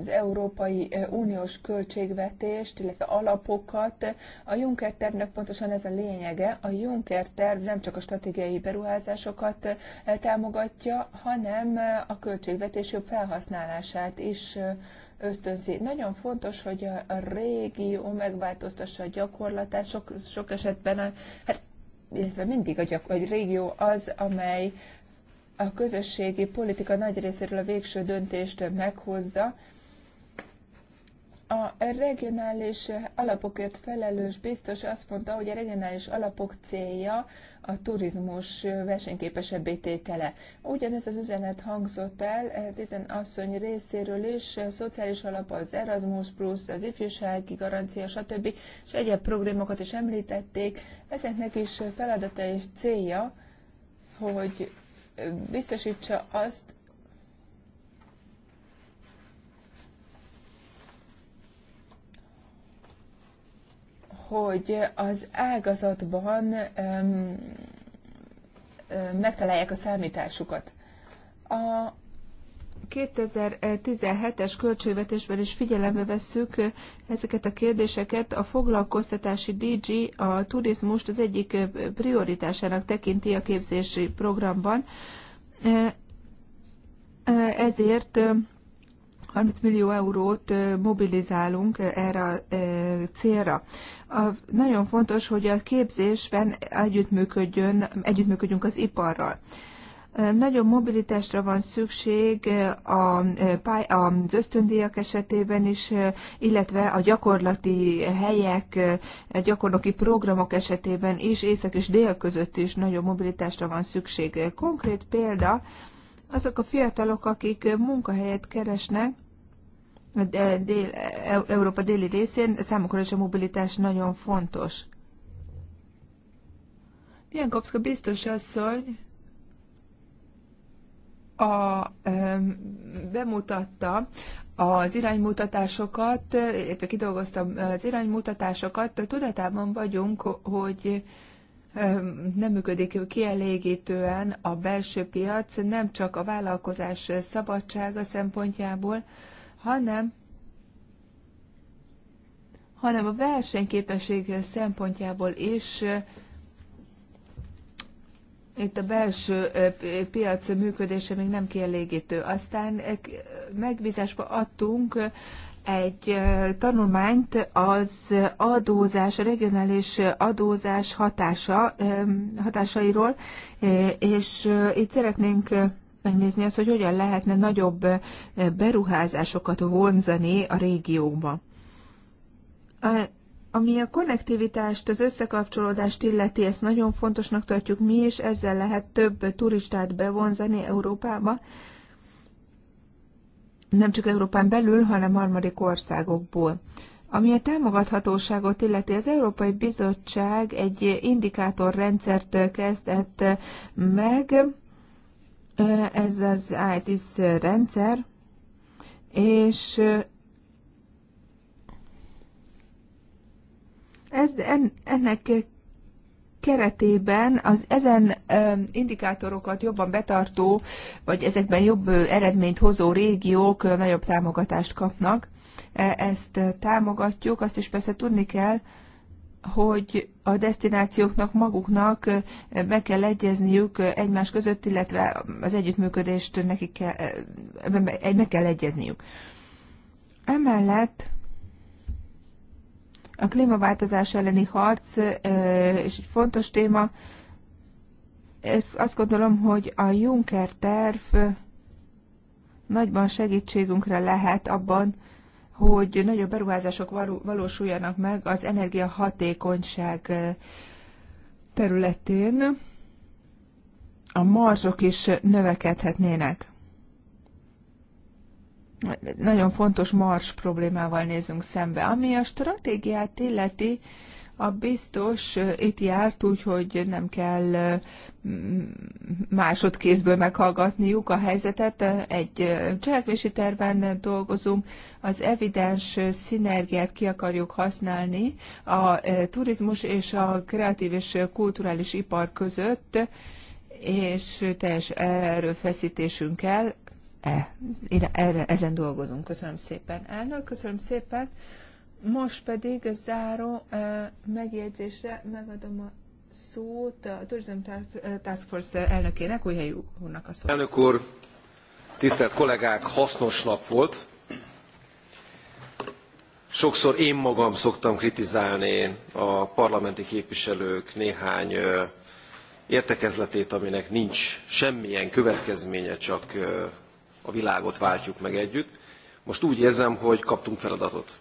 Speaker 1: az Európai Uniós költségvetést, illetve alapokat. A Juncker tervnek pontosan ez a lényege. A Juncker terv nem csak a stratégiai beruházásokat támogatja, hanem a költségvetés jobb felhasználását is ösztönzi. Nagyon fontos, hogy a, régió megváltoztassa a gyakorlatát, sok, sok esetben a, hát illetve mindig a, gyak, a régió az, amely a közösségi politika nagy részéről a végső döntést meghozza, a regionális alapokért felelős biztos azt mondta, hogy a regionális alapok célja a turizmus versenyképesebbé tétele. Ugyanez az üzenet hangzott el tizen asszony részéről is, a szociális alap, az Erasmus Plus, az ifjúsági garancia, stb. és egyéb programokat is említették. Ezeknek is feladata és célja, hogy biztosítsa azt, hogy az ágazatban öm, megtalálják a számításukat. A 2017-es költségvetésben is figyelembe vesszük ezeket a kérdéseket. A foglalkoztatási DG a turizmust az egyik prioritásának tekinti a képzési programban. Ezért 30 millió eurót mobilizálunk erre a célra. A, nagyon fontos, hogy a képzésben együttműködjön, együttműködjünk az iparral. Nagyobb mobilitásra van szükség az ösztöndíjak esetében is, illetve a gyakorlati helyek, gyakornoki programok esetében is, észak és dél között is nagyobb mobilitásra van szükség. Konkrét példa, azok a fiatalok, akik munkahelyet keresnek, dél, Európa déli részén számukra is a mobilitás nagyon fontos. Piankovszka biztos asszony a, bemutatta az iránymutatásokat, illetve kidolgoztam az iránymutatásokat, tudatában vagyunk, hogy nem működik kielégítően a belső piac, nem csak a vállalkozás szabadsága szempontjából, hanem hanem a versenyképesség szempontjából is itt a belső piac működése még nem kielégítő. Aztán megbízásba adtunk egy tanulmányt az adózás, a regionális adózás hatása, hatásairól, és itt szeretnénk megnézni azt, hogy hogyan lehetne nagyobb eh, beruházásokat vonzani a régióba. A Ami a konnektivitást, az összekapcsolódást illeti, ezt nagyon fontosnak tartjuk mi is, ezzel lehet több turistát bevonzani Európába, nem csak Európán belül, hanem harmadik országokból. Ami a támogathatóságot illeti, az Európai Bizottság egy indikátorrendszert kezdett meg, ez az ITIS rendszer, és ez, ennek keretében az ezen indikátorokat jobban betartó, vagy ezekben jobb eredményt hozó régiók nagyobb támogatást kapnak. E, ezt támogatjuk, azt is persze tudni kell, hogy a destinációknak maguknak meg kell egyezniük egymás között, illetve az együttműködést nekik kell, meg kell egyezniük. Emellett a klímaváltozás elleni harc és egy fontos téma. Ez azt gondolom, hogy a Juncker terv nagyban segítségünkre lehet abban, hogy nagyobb beruházások valósuljanak meg az energiahatékonyság területén, a marzsok is növekedhetnének. Nagyon fontos mars problémával nézünk szembe. Ami a stratégiát illeti, a biztos itt járt, úgyhogy nem kell másodkézből meghallgatniuk a helyzetet. Egy cselekvési terven dolgozunk, az evidens szinergiát ki akarjuk használni a turizmus és a kreatív és kulturális ipar között, és teljes erőfeszítésünkkel erre, erre, ezen dolgozunk. Köszönöm szépen, elnök, köszönöm szépen. Most pedig záró megjegyzésre megadom a szót a Tourism Task Force elnökének, helyi úrnak
Speaker 3: a
Speaker 4: szót. Elnök úr, tisztelt kollégák, hasznos nap volt. Sokszor én magam szoktam kritizálni a parlamenti képviselők néhány értekezletét, aminek nincs semmilyen következménye, csak a világot váltjuk meg együtt. Most úgy érzem, hogy kaptunk feladatot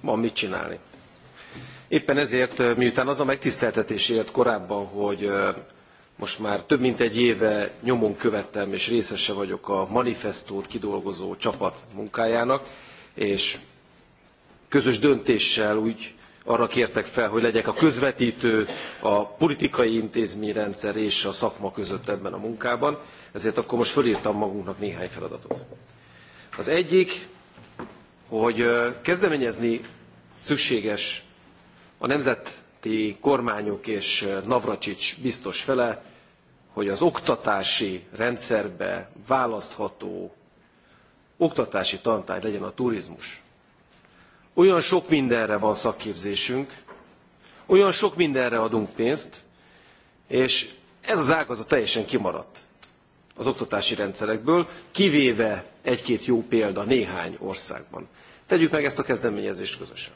Speaker 4: van mit csinálni. Éppen ezért, miután az a megtiszteltetés élt korábban, hogy most már több mint egy éve nyomon követtem és részese vagyok a manifestót kidolgozó csapat munkájának, és közös döntéssel úgy arra kértek fel, hogy legyek a közvetítő a politikai intézményrendszer és a szakma között ebben a munkában, ezért akkor most fölírtam magunknak néhány feladatot. Az egyik hogy kezdeményezni szükséges a nemzeti kormányok és Navracsics biztos fele, hogy az oktatási rendszerbe választható oktatási tantárgy legyen a turizmus. Olyan sok mindenre van szakképzésünk, olyan sok mindenre adunk pénzt, és ez az ágazat teljesen kimaradt az oktatási rendszerekből, kivéve egy-két jó példa néhány országban. Tegyük meg ezt a kezdeményezést közösen.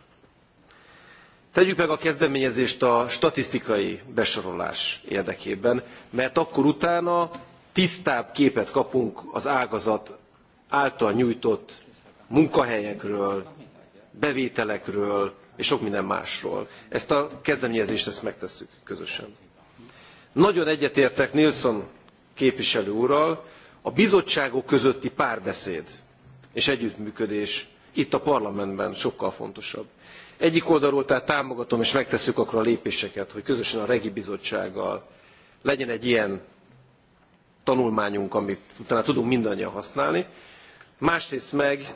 Speaker 4: Tegyük meg a kezdeményezést a statisztikai besorolás érdekében, mert akkor utána tisztább képet kapunk az ágazat által nyújtott munkahelyekről, bevételekről és sok minden másról. Ezt a kezdeményezést ezt megtesszük közösen. Nagyon egyetértek Nilsson képviselő úrral, a bizottságok közötti párbeszéd és együttműködés itt a parlamentben sokkal fontosabb. Egyik oldalról tehát támogatom és megteszük akkor a lépéseket, hogy közösen a Regi Bizottsággal legyen egy ilyen tanulmányunk, amit utána tudunk mindannyian használni. Másrészt meg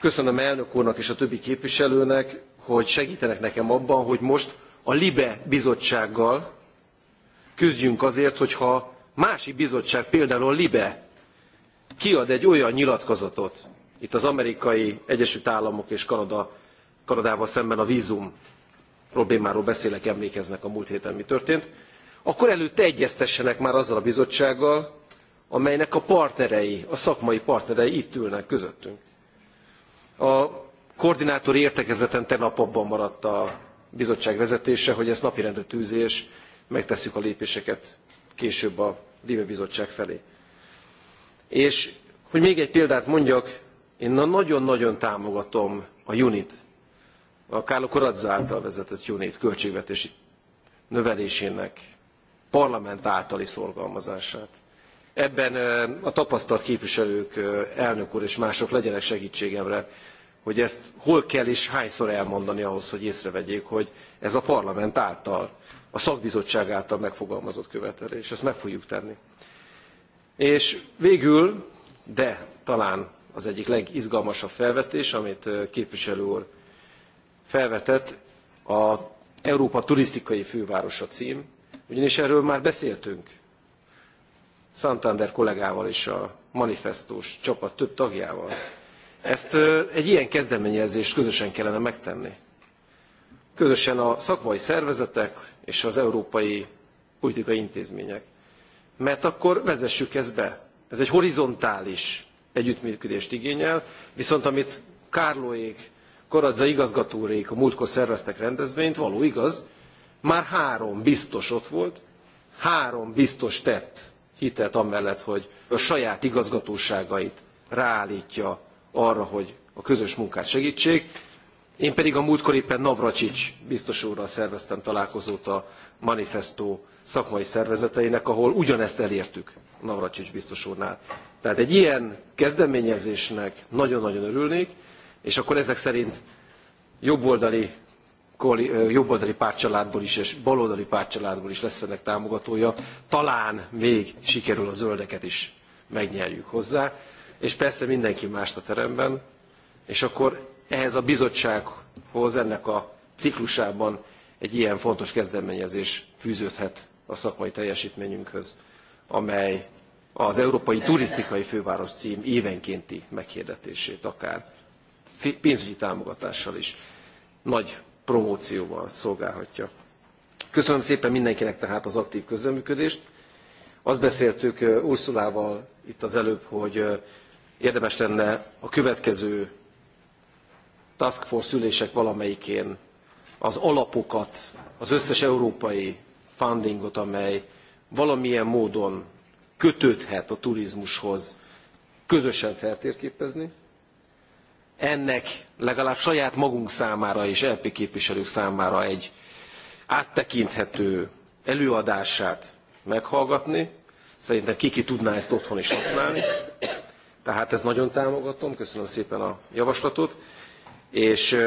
Speaker 4: köszönöm elnök úrnak és a többi képviselőnek, hogy segítenek nekem abban, hogy most a LIBE bizottsággal küzdjünk azért, hogyha másik bizottság, például a LIBE kiad egy olyan nyilatkozatot, itt az amerikai Egyesült Államok és Kanada, Kanadával szemben a vízum problémáról beszélek, emlékeznek a múlt héten mi történt, akkor előtte egyeztessenek már azzal a bizottsággal, amelynek a partnerei, a szakmai partnerei itt ülnek közöttünk. A koordinátori értekezleten tegnap abban maradt a bizottság vezetése, hogy ezt napirendre tűzi, és megtesszük a lépéseket később a Libe Bizottság felé. És hogy még egy példát mondjak, én nagyon-nagyon támogatom a UNIT, a Kárlo Koradza által vezetett UNIT költségvetési növelésének parlament általi szorgalmazását. Ebben a tapasztalt képviselők, elnök úr és mások legyenek segítségemre, hogy ezt hol kell és hányszor elmondani ahhoz, hogy észrevegyék, hogy ez a parlament által a szakbizottság által megfogalmazott követelés. Ezt meg fogjuk tenni. És végül, de talán az egyik legizgalmasabb felvetés, amit képviselő úr felvetett, a Európa turisztikai fővárosa cím, ugyanis erről már beszéltünk Santander kollégával és a manifestós csapat több tagjával. Ezt egy ilyen kezdeményezést közösen kellene megtenni közösen a szakmai szervezetek és az európai politikai intézmények. Mert akkor vezessük ezt be. Ez egy horizontális együttműködést igényel, viszont amit Kárlóék, Karadza igazgatórék a múltkor szerveztek rendezvényt, való igaz, már három biztos ott volt, három biztos tett hitet amellett, hogy a saját igazgatóságait ráállítja arra, hogy a közös munkát segítsék, én pedig a múltkor éppen Navracsics biztos úrral szerveztem találkozót a manifestó szakmai szervezeteinek, ahol ugyanezt elértük Navracsics biztos úrnál. Tehát egy ilyen kezdeményezésnek nagyon-nagyon örülnék, és akkor ezek szerint jobboldali, jobboldali pártcsaládból is és baloldali pártcsaládból is lesz ennek támogatója. Talán még sikerül a zöldeket is megnyerjük hozzá, és persze mindenki mást a teremben, és akkor ehhez a bizottsághoz ennek a ciklusában egy ilyen fontos kezdeményezés fűződhet a szakmai teljesítményünkhöz, amely az Európai Turisztikai Főváros cím évenkénti meghirdetését akár pénzügyi támogatással is nagy promócióval szolgálhatja. Köszönöm szépen mindenkinek tehát az aktív közreműködést. Azt beszéltük Ursulával itt az előbb, hogy érdemes lenne a következő task force ülések valamelyikén az alapokat, az összes európai fundingot, amely valamilyen módon kötődhet a turizmushoz, közösen feltérképezni. Ennek legalább saját magunk számára és LP képviselők számára egy áttekinthető előadását meghallgatni. Szerintem kiki tudná ezt otthon is használni. Tehát ezt nagyon támogatom, köszönöm szépen a javaslatot. És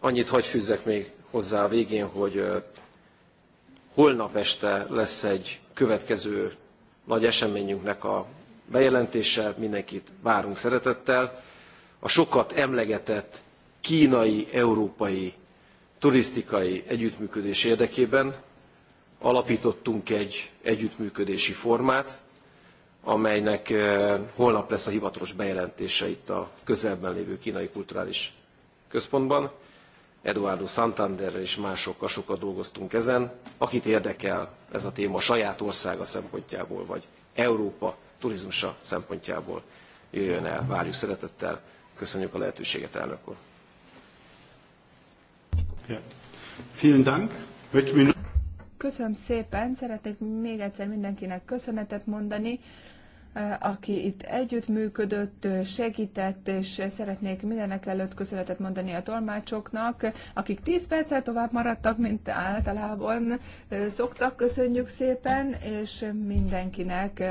Speaker 4: annyit hagy fűzzek még hozzá a végén, hogy holnap este lesz egy következő nagy eseményünknek a bejelentése, mindenkit várunk szeretettel. A sokat emlegetett kínai-európai turisztikai együttműködés érdekében alapítottunk egy együttműködési formát, amelynek holnap lesz a hivatalos bejelentése itt a közelben lévő kínai kulturális központban. Eduardo Santanderrel és másokkal sokat dolgoztunk ezen. Akit érdekel ez a téma saját országa szempontjából, vagy Európa turizmusa szempontjából jöjjön el. Várjuk szeretettel. Köszönjük a lehetőséget, elnök úr.
Speaker 1: Köszönöm szépen. Szeretnék még egyszer mindenkinek köszönetet mondani. Eh, aki itt együttműködött, eh, segített, és szeretnék mindenek előtt köszönetet mondani a tolmácsoknak, akik 10 perccel tovább maradtak, mint általában eh, szoktak. Köszönjük szépen, és mindenkinek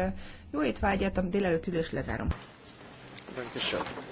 Speaker 1: jó étvágyat, a délelőtt ülés lezárom.
Speaker 4: Köszönöm.